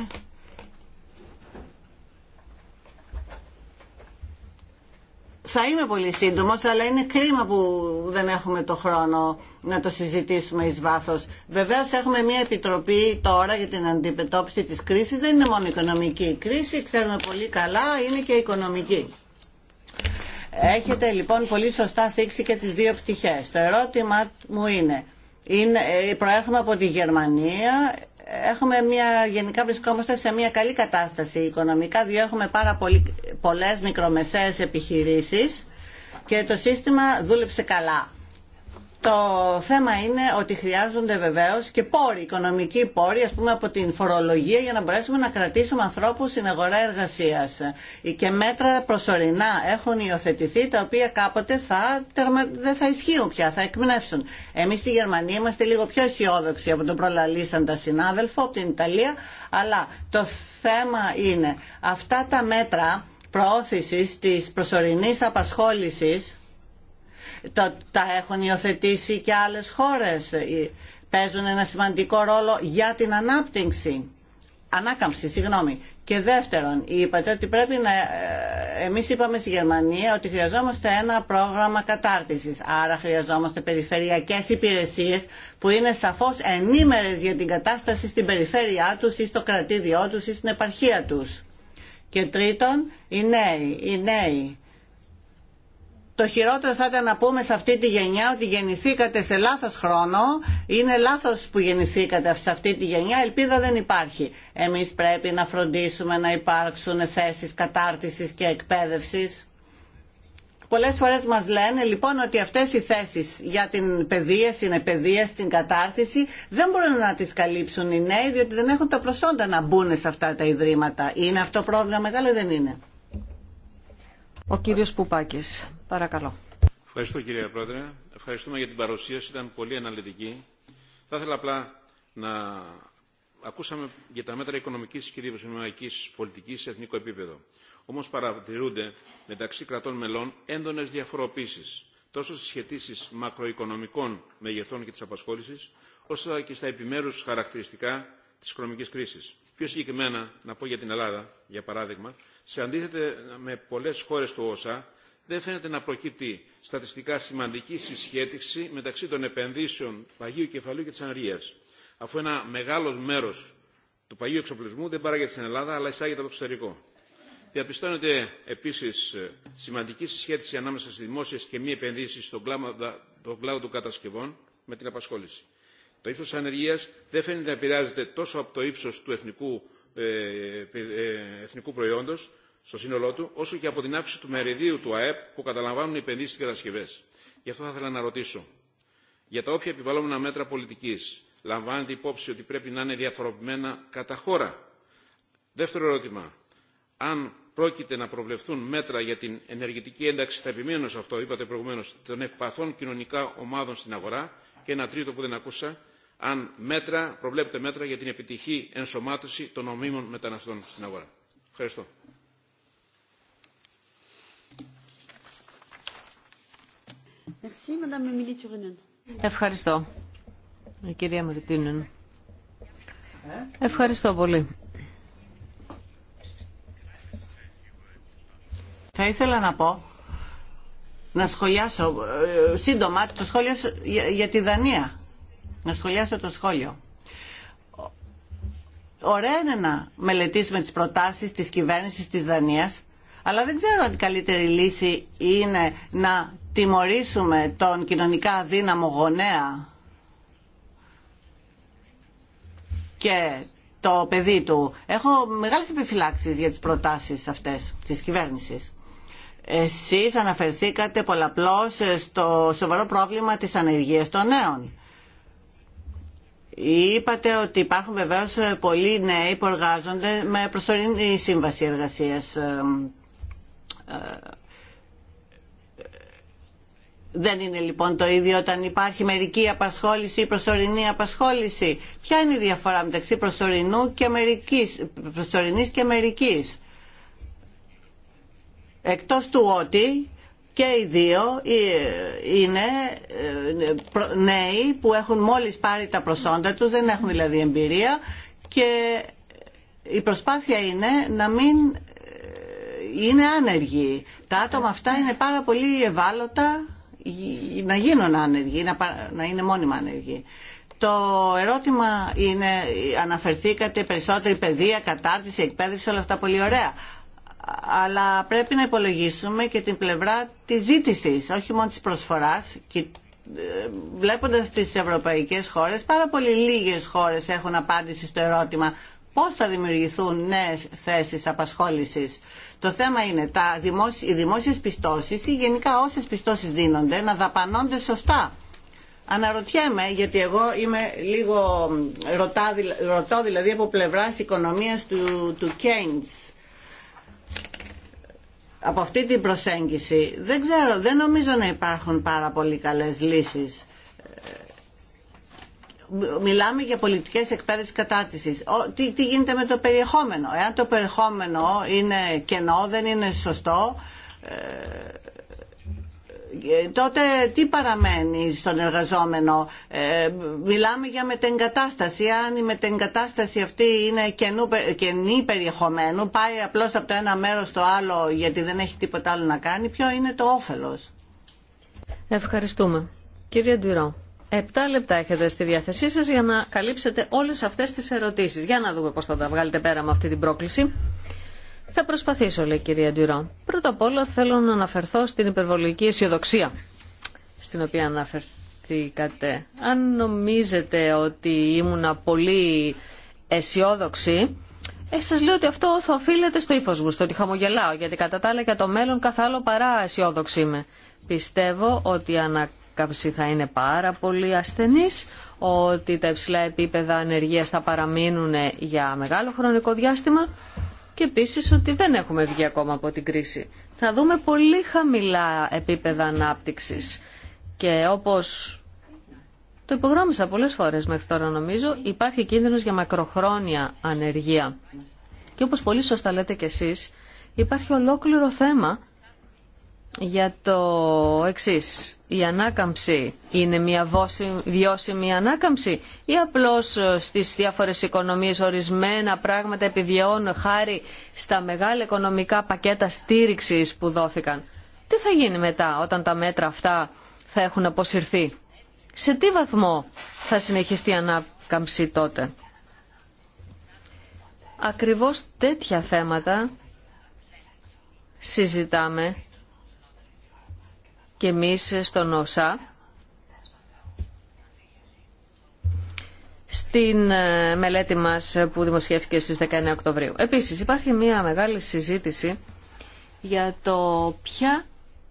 Θα είμαι πολύ σύντομο, αλλά είναι κρίμα που δεν έχουμε το χρόνο να το συζητήσουμε ει βάθο. Βεβαίω, έχουμε μια επιτροπή τώρα για την αντιμετώπιση της κρίσης. Δεν είναι μόνο οικονομική η κρίση, ξέρουμε πολύ καλά, είναι και οικονομική. Έχετε λοιπόν πολύ σωστά σήξει και τις δύο πτυχές. Το ερώτημα μου είναι, είναι ε, προέρχομαι από τη Γερμανία, έχουμε μια, γενικά βρισκόμαστε σε μια καλή κατάσταση οικονομικά, διότι έχουμε πάρα πολύ, πολλές μικρομεσαίες επιχειρήσεις και το σύστημα δούλεψε καλά. Το θέμα είναι ότι χρειάζονται βεβαίως και πόροι, οικονομικοί πόροι, ας πούμε από την φορολογία για να μπορέσουμε να κρατήσουμε ανθρώπους στην αγορά εργασίας. Και μέτρα προσωρινά έχουν υιοθετηθεί τα οποία κάποτε θα, δεν θα ισχύουν πια, θα εκπνεύσουν. Εμείς στη Γερμανία είμαστε λίγο πιο αισιόδοξοι από τον προλαλήσαντα συνάδελφο από την Ιταλία, αλλά το θέμα είναι αυτά τα μέτρα προώθησης της προσωρινής απασχόλησης τα έχουν υιοθετήσει και άλλες χώρες. Ε, παίζουν ένα σημαντικό ρόλο για την ανάπτυξη. Ανάκαμψη, συγγνώμη. Και δεύτερον, είπατε ότι πρέπει να... Ε, εμείς είπαμε στη Γερμανία ότι χρειαζόμαστε ένα πρόγραμμα κατάρτισης. Άρα χρειαζόμαστε περιφερειακές υπηρεσίες που είναι σαφώς ενήμερες για την κατάσταση στην περιφέρειά τους ή στο κρατήδιό τους ή στην επαρχία τους. Και τρίτον, οι νέοι. Οι νέοι το χειρότερο θα ήταν να πούμε σε αυτή τη γενιά ότι γεννηθήκατε σε λάθος χρόνο, είναι λάθος που γεννηθήκατε σε αυτή τη γενιά, ελπίδα δεν υπάρχει. Εμείς πρέπει να φροντίσουμε να υπάρξουν θέσεις κατάρτισης και εκπαίδευσης. Πολλές φορές μας λένε λοιπόν ότι αυτές οι θέσεις για την παιδεία, στην επαιδεία, στην κατάρτιση δεν μπορούν να τις καλύψουν οι νέοι διότι δεν έχουν τα προσόντα να μπουν σε αυτά τα ιδρύματα. Είναι αυτό πρόβλημα μεγάλο ή δεν είναι. Ο κύριος Πουπάκης, παρακαλώ. Ευχαριστώ κύριε Πρόεδρε. Ευχαριστούμε για την παρουσίαση, ήταν πολύ αναλυτική. Θα ήθελα απλά να ακούσαμε για τα μέτρα οικονομικής και δημοσιονομικής πολιτικής σε εθνικό επίπεδο. Όμως παρατηρούνται μεταξύ κρατών μελών έντονες διαφοροποίησεις, τόσο στις σχετήσεις μακροοικονομικών μεγεθών και της απασχόλησης, όσο και στα επιμέρους χαρακτηριστικά της οικονομικής κρίσης. Πιο συγκεκριμένα, να πω για την Ελλάδα, για παράδειγμα, σε αντίθετα με πολλές χώρες του όσα δεν φαίνεται να προκύπτει στατιστικά σημαντική συσχέτιξη μεταξύ των επενδύσεων παγίου κεφαλαίου και της ανεργίας, αφού ένα μεγάλος μέρος του παγίου εξοπλισμού δεν παράγεται στην Ελλάδα, αλλά εισάγεται από το εξωτερικό. Διαπιστώνεται επίση ε, σημαντική συσχέτιση ανάμεσα στι δημόσιε και μη επενδύσει στον κλάδο των κατασκευών με την απασχόληση. Το ύψο τη ανεργία δεν φαίνεται να επηρεάζεται τόσο από το ύψο του εθνικού ε, ε, εθνικού προϊόντο στο σύνολό του, όσο και από την αύξηση του μεριδίου του ΑΕΠ που καταλαμβάνουν οι επενδύσεις τα κατασκευέ. Γι' αυτό θα ήθελα να ρωτήσω. Για τα όποια επιβαλλόμενα μέτρα πολιτική, λαμβάνεται υπόψη ότι πρέπει να είναι διαφοροποιημένα κατά χώρα. Δεύτερο ερώτημα. Αν πρόκειται να προβλεφθούν μέτρα για την ενεργητική ένταξη, θα επιμείνω σε αυτό, είπατε προηγουμένω, των ευπαθών κοινωνικά ομάδων στην αγορά. Και ένα τρίτο που δεν ακούσα, αν μέτρα, προβλέπετε μέτρα για την επιτυχή ενσωμάτωση των νομίμων μεταναστών στην αγορά. Ευχαριστώ. Ευχαριστώ. Ε? Ευχαριστώ πολύ. Θα ήθελα να πω, να σχολιάσω ε, σύντομα το σχόλιο για τη Δανία να σχολιάσω το σχόλιο. Ωραία είναι να μελετήσουμε τις προτάσεις της κυβέρνησης της Δανίας, αλλά δεν ξέρω αν η καλύτερη λύση είναι να τιμωρήσουμε τον κοινωνικά αδύναμο γονέα και το παιδί του. Έχω μεγάλες επιφυλάξεις για τις προτάσεις αυτές της κυβέρνησης. Εσείς αναφερθήκατε πολλαπλώς στο σοβαρό πρόβλημα της ανεργίας των νέων. Είπατε ότι υπάρχουν βεβαίω ε, πολλοί νέοι που εργάζονται με προσωρινή σύμβαση εργασίας. Ε, ε, δεν είναι λοιπόν το ίδιο όταν υπάρχει μερική απασχόληση ή προσωρινή απασχόληση. Ποια είναι η διαφορά μεταξύ προσωρινού και μερικής, προσωρινής και μερικής. Εκτός του ότι και οι δύο ε, είναι ε, νέοι που έχουν μόλις πάρει τα προσόντα τους, δεν έχουν δηλαδή εμπειρία και η προσπάθεια είναι να μην ε, είναι άνεργοι. Τα άτομα αυτά είναι πάρα πολύ ευάλωτα να γίνουν άνεργοι, να είναι μόνιμα άνεργοι. Το ερώτημα είναι, αναφερθήκατε περισσότερη παιδεία, κατάρτιση, εκπαίδευση, όλα αυτά πολύ ωραία αλλά πρέπει να υπολογίσουμε και την πλευρά της ζήτησης, όχι μόνο της προσφοράς. Και ε, βλέποντας τις ευρωπαϊκές χώρες, πάρα πολύ λίγες χώρες έχουν απάντηση στο ερώτημα πώς θα δημιουργηθούν νέες θέσεις απασχόλησης. Το θέμα είναι τα οι δημόσιες πιστώσεις ή γενικά όσες πιστώσεις δίνονται να δαπανώνται σωστά. Αναρωτιέμαι, γιατί εγώ είμαι λίγο ρωτά, ρωτώ δηλαδή από πλευράς οικονομίας του, του Keynes από αυτή την προσέγγιση. Δεν ξέρω, δεν νομίζω να υπάρχουν πάρα πολύ καλές λύσεις. Ε, μιλάμε για πολιτικές εκπαίδευσης κατάρτισης. Τι, τι γίνεται με το περιεχόμενο. Εάν το περιεχόμενο είναι κενό, δεν είναι σωστό, ε, ε, τότε τι παραμένει στον εργαζόμενο. Ε, μιλάμε για μετεγκατάσταση. Αν η μετεγκατάσταση αυτή είναι καινού, καινή περιεχομένου, πάει απλώς από το ένα μέρος στο άλλο γιατί δεν έχει τίποτα άλλο να κάνει, ποιο είναι το όφελος. Ευχαριστούμε. Κύριε Ντουρό, 7 λεπτά έχετε στη διάθεσή σας για να καλύψετε όλες αυτές τις ερωτήσεις. Για να δούμε πώς θα τα βγάλετε πέρα με αυτή την πρόκληση. Θα προσπαθήσω, λέει η κυρία Ντυρό. Πρώτα απ' όλα θέλω να αναφερθώ στην υπερβολική αισιοδοξία στην οποία αναφερθήκατε. Αν νομίζετε ότι ήμουν πολύ αισιόδοξη, ε, σας λέω ότι αυτό θα οφείλεται στο ύφο μου, στο ότι χαμογελάω, γιατί κατά τα άλλα για το μέλλον καθ' παρά αισιόδοξη είμαι. Πιστεύω ότι η ανακαύση θα είναι πάρα πολύ ασθενής, ότι τα υψηλά επίπεδα ανεργίας θα παραμείνουν για μεγάλο χρονικό διάστημα και επίση ότι δεν έχουμε βγει ακόμα από την κρίση. Θα δούμε πολύ χαμηλά επίπεδα ανάπτυξης και όπως το υπογράμμισα πολλές φορές μέχρι τώρα νομίζω υπάρχει κίνδυνος για μακροχρόνια ανεργία. Και όπως πολύ σωστά λέτε κι εσείς υπάρχει ολόκληρο θέμα για το εξή. Η ανάκαμψη είναι μια βιώσιμη ανάκαμψη ή απλώς ε, στις διάφορες οικονομίες ορισμένα πράγματα επιβιώνουν χάρη στα μεγάλα οικονομικά πακέτα στήριξης που δόθηκαν. Τι θα γίνει μετά όταν τα μέτρα αυτά θα έχουν αποσυρθεί. Σε τι βαθμό θα συνεχιστεί η ανάκαμψη τότε. Ακριβώς τέτοια θέματα συζητάμε και εμείς στον ΩΣΑ στην ε, μελέτη μας που δημοσιεύτηκε στις 19 Οκτωβρίου. Επίσης υπάρχει μια μεγάλη συζήτηση για το ποια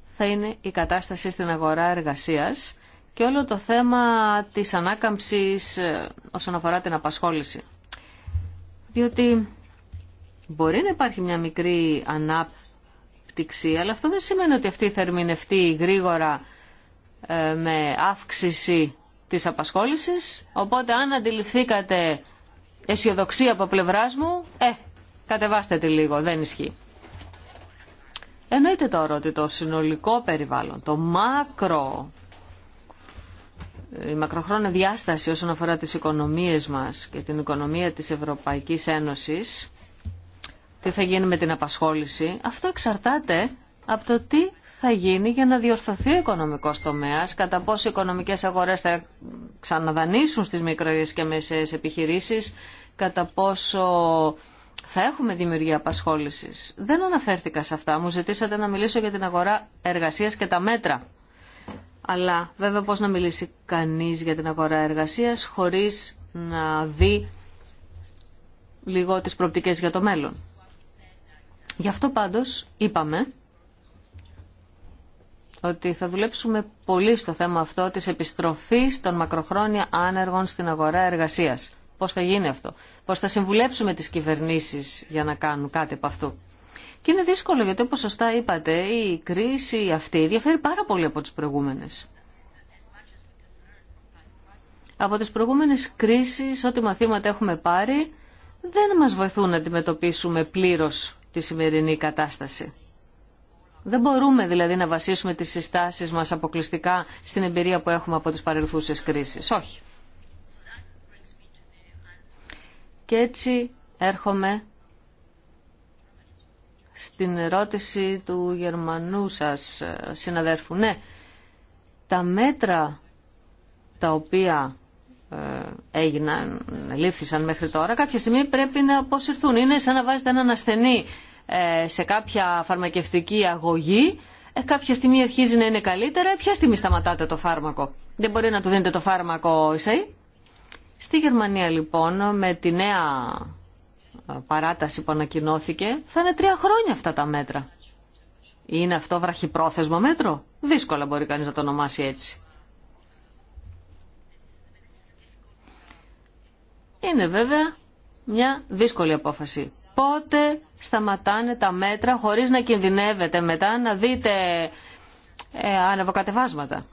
θα είναι η κατάσταση στην αγορά εργασίας και όλο το θέμα της ανάκαμψης ε, όσον αφορά την απασχόληση. Διότι μπορεί να υπάρχει μια μικρή ανάπτυξη ανάπτυξη, αλλά αυτό δεν σημαίνει ότι αυτή θα ερμηνευτεί γρήγορα ε, με αύξηση της απασχόλησης. Οπότε αν αντιληφθήκατε αισιοδοξία από πλευρά μου, ε, κατεβάστε τη λίγο, δεν ισχύει. Εννοείται τώρα ότι το συνολικό περιβάλλον, το μάκρο, η μακροχρόνια διάσταση όσον αφορά τις οικονομίες μας και την οικονομία της Ευρωπαϊκής Ένωσης, τι θα γίνει με την απασχόληση, αυτό εξαρτάται από το τι θα γίνει για να διορθωθεί ο οικονομικός τομέας, κατά πόσο οι οικονομικές αγορές θα ξαναδανήσουν στις μικρές και μεσαίε επιχειρήσεις, κατά πόσο θα έχουμε δημιουργία απασχόλησης. Δεν αναφέρθηκα σε αυτά. Μου ζητήσατε να μιλήσω για την αγορά εργασία και τα μέτρα. Αλλά βέβαια πώς να μιλήσει κανείς για την αγορά εργασίας χωρίς να δει λίγο τις προπτικές για το μέλλον. Γι' αυτό πάντως είπαμε ότι θα δουλέψουμε πολύ στο θέμα αυτό της επιστροφής των μακροχρόνια άνεργων στην αγορά εργασίας. Πώς θα γίνει αυτό, πώς θα συμβουλέψουμε τις κυβερνήσεις για να κάνουν κάτι από αυτού. Και είναι δύσκολο γιατί όπως σωστά είπατε η κρίση αυτή διαφέρει πάρα πολύ από τις προηγούμενες. Από τις προηγούμενες κρίσεις, ό,τι μαθήματα έχουμε πάρει, δεν μας βοηθούν να αντιμετωπίσουμε πλήρως τη σημερινή κατάσταση. Δεν μπορούμε δηλαδή να βασίσουμε τις συστάσεις μας αποκλειστικά στην εμπειρία που έχουμε από τις παρελθούσες κρίσεις. Όχι. Και έτσι έρχομαι στην ερώτηση του Γερμανού σας ε, συναδέρφου. Ναι, τα μέτρα τα οποία ε, έγιναν, λήφθησαν μέχρι τώρα, κάποια στιγμή πρέπει να αποσυρθούν. Είναι σαν να βάζετε έναν ασθενή ε, σε κάποια φαρμακευτική αγωγή, ε, κάποια στιγμή αρχίζει να είναι καλύτερα, ποια στιγμή σταματάτε το φάρμακο. Δεν μπορεί να του δίνετε το φάρμακο ΙΣΑΗ. Στη Γερμανία λοιπόν με τη νέα παράταση που ανακοινώθηκε θα είναι τρία χρόνια αυτά τα μέτρα. Είναι αυτό βραχυπρόθεσμο μέτρο. Δύσκολα μπορεί κανείς να το ονομάσει έτσι. Είναι βέβαια μια δύσκολη απόφαση. Πότε σταματάνε τα μέτρα χωρίς να κινδυνεύετε μετά να δείτε ε,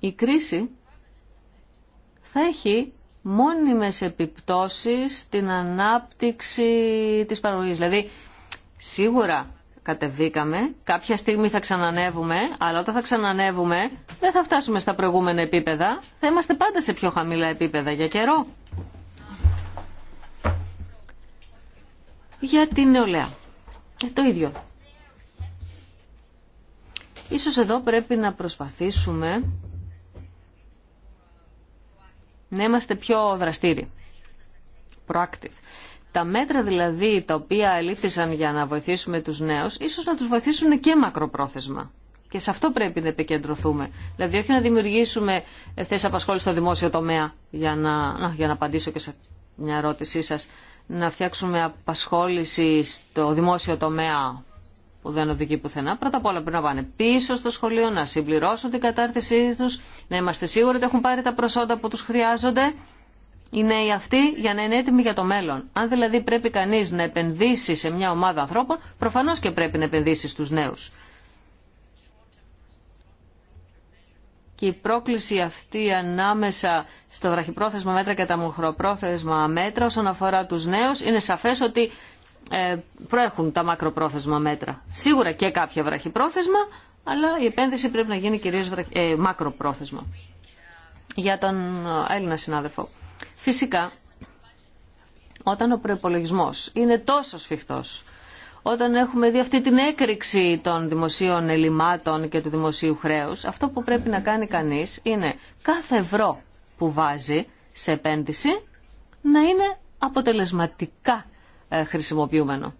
Η κρίση θα έχει μόνιμες επιπτώσεις στην ανάπτυξη της παραγωγής. Δηλαδή, σίγουρα κατεβήκαμε. Κάποια στιγμή θα ξανανεύουμε, αλλά όταν θα ξανανεύουμε δεν θα φτάσουμε στα προηγούμενα επίπεδα. Θα είμαστε πάντα σε πιο χαμηλά επίπεδα για καιρό. Για την νεολαία. Ε, το ίδιο. Ίσως εδώ πρέπει να προσπαθήσουμε να είμαστε πιο δραστήριοι. Proactive. Τα μέτρα δηλαδή τα οποία ελήφθησαν για να βοηθήσουμε τους νέους, ίσως να τους βοηθήσουν και μακροπρόθεσμα. Και σε αυτό πρέπει να επικεντρωθούμε. Δηλαδή όχι να δημιουργήσουμε θέσει απασχόληση στο δημόσιο τομέα, για να, να, για να απαντήσω και σε μια ερώτησή σας, να φτιάξουμε απασχόληση στο δημόσιο τομέα που δεν οδηγεί πουθενά. Πρώτα απ' όλα πρέπει να πάνε πίσω στο σχολείο, να συμπληρώσουν την κατάρτισή τους, να είμαστε σίγουροι ότι έχουν πάρει τα προσόντα που τους χρειάζονται οι νέοι αυτοί για να είναι έτοιμοι για το μέλλον. Αν δηλαδή πρέπει κανείς να επενδύσει σε μια ομάδα ανθρώπων, προφανώς και πρέπει να επενδύσει στους νέους. Και η πρόκληση αυτή ανάμεσα στο βραχυπρόθεσμα μέτρα και τα μοχροπρόθεσμα μέτρα όσον αφορά τους νέους είναι σαφές ότι ε, προέχουν τα μακροπρόθεσμα μέτρα. Σίγουρα και κάποια βραχυπρόθεσμα, αλλά η επένδυση πρέπει να γίνει κυρίως ε, μακροπρόθεσμα. Για τον ε, Έλληνα συνάδελφο. Φυσικά, όταν ο προπολογισμό είναι τόσο σφιχτός, όταν έχουμε δει αυτή την έκρηξη των δημοσίων ελλημάτων και του δημοσίου χρέους, αυτό που πρέπει να κάνει κανείς είναι κάθε ευρώ που βάζει σε επένδυση να είναι αποτελεσματικά ε, χρησιμοποιούμενο.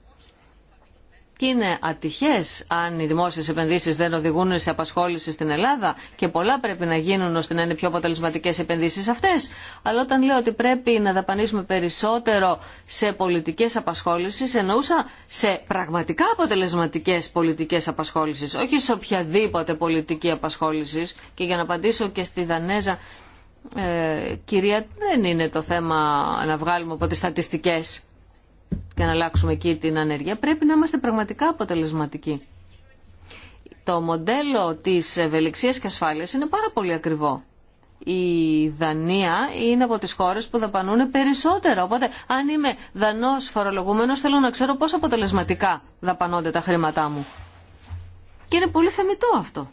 Και είναι ατυχέ αν οι δημόσιε επενδύσει δεν οδηγούν σε απασχόληση στην Ελλάδα και πολλά πρέπει να γίνουν ώστε να είναι πιο αποτελεσματικέ οι επενδύσεις αυτές. Αλλά όταν λέω ότι πρέπει να δαπανίσουμε περισσότερο σε πολιτικέ απασχόλησης, εννοούσα σε πραγματικά αποτελεσματικέ πολιτικέ απασχόλησης, όχι σε οποιαδήποτε πολιτική απασχόληση. Και για να απαντήσω και στη Δανέζα, ε, κυρία, δεν είναι το θέμα να βγάλουμε από τι στατιστικέ και να αλλάξουμε εκεί την ανεργία, πρέπει να είμαστε πραγματικά αποτελεσματικοί. Το μοντέλο της ευελιξίας και ασφάλειας είναι πάρα πολύ ακριβό. Η Δανία είναι από τις χώρες που δαπανούν περισσότερο. Οπότε, αν είμαι δανός φορολογούμενος, θέλω να ξέρω πώς αποτελεσματικά δαπανώνται τα χρήματά μου. Και είναι πολύ θεμητό αυτό.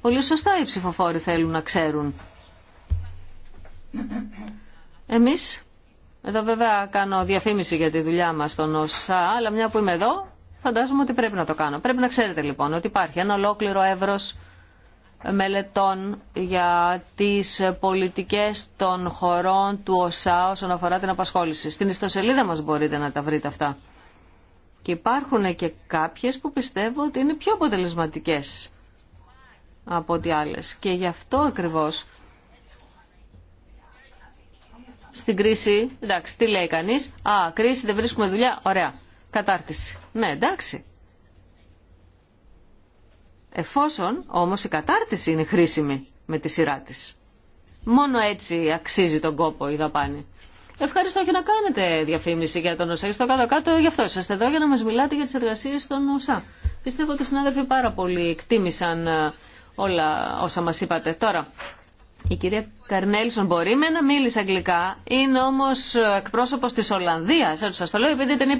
Πολύ σωστά οι ψηφοφόροι θέλουν να ξέρουν. Εμείς εδώ βέβαια κάνω διαφήμιση για τη δουλειά μας στον ΩΣΑ, αλλά μια που είμαι εδώ φαντάζομαι ότι πρέπει να το κάνω. Πρέπει να ξέρετε λοιπόν ότι υπάρχει ένα ολόκληρο εύρος μελετών για τις πολιτικές των χωρών του ΩΣΑ όσον αφορά την απασχόληση. Στην ιστοσελίδα μας μπορείτε να τα βρείτε αυτά. Και υπάρχουν και κάποιες που πιστεύω ότι είναι πιο αποτελεσματικές από ό,τι άλλες. Και γι' αυτό ακριβώς στην κρίση, εντάξει, τι λέει κανείς, α, κρίση, δεν βρίσκουμε δουλειά, ωραία, κατάρτιση. Ναι, εντάξει. Εφόσον όμως η κατάρτιση είναι χρήσιμη με τη σειρά της. Μόνο έτσι αξίζει τον κόπο η δαπάνη. Ευχαριστώ και να κάνετε διαφήμιση για τον ΩΣΑ. Στο κάτω-κάτω γι' αυτό είσαστε εδώ για να μας μιλάτε για τις εργασίες των ΩΣΑ. Πιστεύω ότι οι συνάδελφοι πάρα πολύ εκτίμησαν ε, όλα όσα μας είπατε. Τώρα, η κυρία Καρνέλσον μπορεί με να μίλησε αγγλικά, είναι όμως εκπρόσωπος της Ολλανδίας, έτσι σας το λέω, επειδή